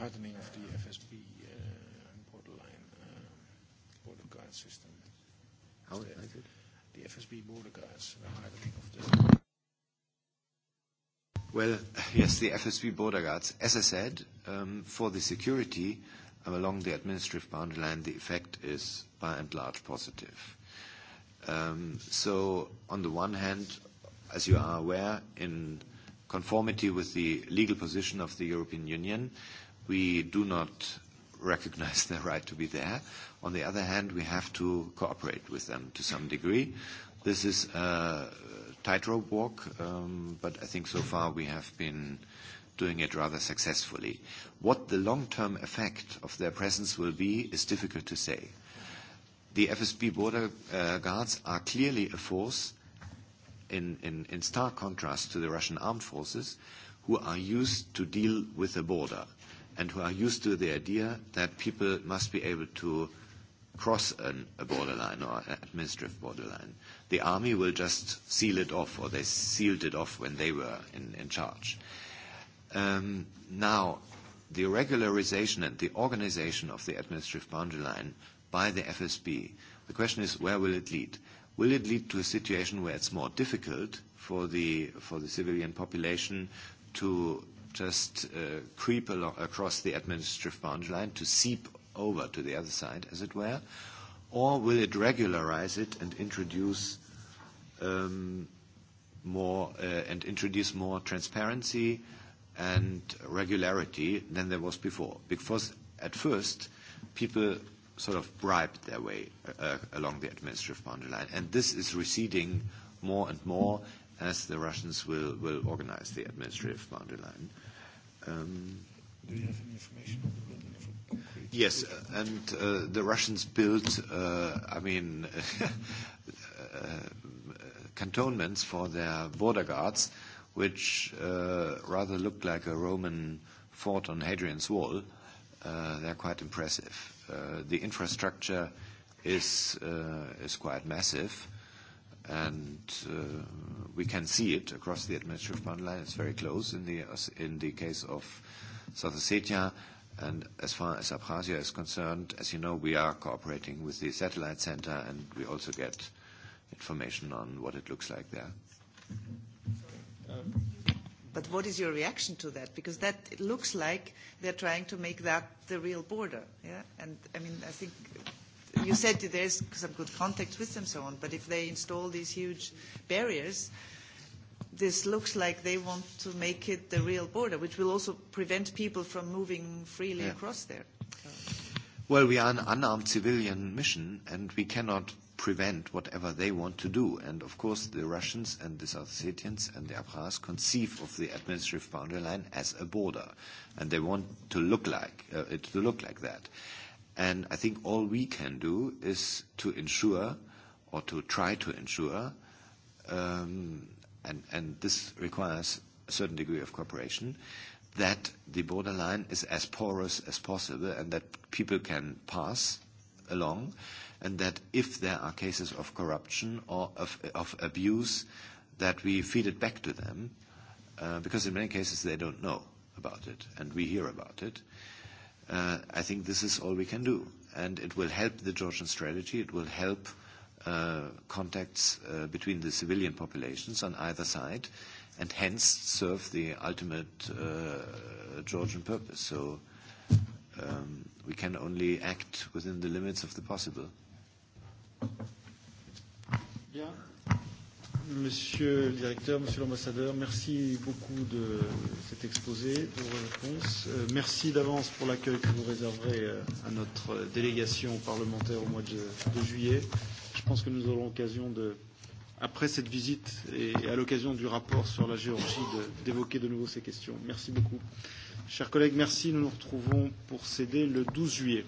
hardening of the FSB uh, and borderline uh, border guard system. How is it? the FSB border guards and the hiring of Well, yes, the FSB border guards. As I said, um, for the security um, along the administrative boundary line, the effect is by and large positive. Um, so on the one hand, as you are aware, in conformity with the legal position of the European Union, we do not recognize their right to be there. On the other hand, we have to cooperate with them to some degree. This is a tightrope walk, um, but I think so far we have been doing it rather successfully. What the long-term effect of their presence will be is difficult to say. The FSB border uh, guards are clearly a force in, in, in stark contrast to the Russian armed forces who are used to deal with the border and who are used to the idea that people must be able to cross an, a borderline or an administrative borderline. The army will just seal it off, or they sealed it off when they were in, in charge. Um, now, the regularization and the organization of the administrative boundary line by the FSB, the question is where will it lead? Will it lead to a situation where it's more difficult for the, for the civilian population to just uh, creep along, across the administrative boundary line to seep over to the other side, as it were, or will it regularize it and introduce um, more uh, and introduce more transparency and regularity than there was before? Because at first, people sort of bribed their way uh, uh along the administrative boundary line, and this is receding more and more as the Russians will, will organize the administrative boundary line. Um, Do you have any information on the building of concrete? Yes, uh, and uh, the Russians built, uh, I mean, uh, cantonments for their border guards, which uh, rather looked like a Roman fort on Hadrian's Wall. Uh, they're quite impressive. Uh, the infrastructure is, uh, is quite massive and uh, we can see it across the administrative boundary line. It's very close in the, in the case of South Ossetia. And as far as Abkhazia is concerned, as you know, we are cooperating with the satellite center, and we also get information on what it looks like there. But what is your reaction to that? Because that looks like they're trying to make that the real border, yeah? And I mean, I think you said there's some good contact with them and so on, but if they install these huge barriers, this looks like they want to make it the real border, which will also prevent people from moving freely yeah. across there. So. Well, we are an unarmed civilian mission, and we cannot prevent whatever they want to do. And of course, the Russians and the South Ossetians and the Abkhaz conceive of the administrative boundary line as a border, and they want to look like uh, it to look like that. And I think all we can do is to ensure or to try to ensure, um, and, and this requires a certain degree of cooperation, that the borderline is as porous as possible and that people can pass along, and that if there are cases of corruption or of, of abuse, that we feed it back to them, uh, because in many cases they don't know about it, and we hear about it. Uh, Uh, I think this is all we can do. And it will help the Georgian strategy. It will help uh, contacts uh, between the civilian populations on either side and hence serve the ultimate uh, Georgian purpose. So um, we can only act within the limits of the possible. Yeah. Monsieur le Directeur, Monsieur l'Ambassadeur, merci beaucoup de cet exposé, de vos réponses. Euh, merci d'avance pour l'accueil que vous réserverez euh, à notre euh, délégation parlementaire au mois de, de juillet. Je pense que nous aurons l'occasion de, après cette visite et, et à l'occasion du rapport sur la Géorgie, d'évoquer de, de nouveau ces questions. Merci beaucoup. Chers collègues, merci. Nous nous retrouvons pour céder le 12 juillet.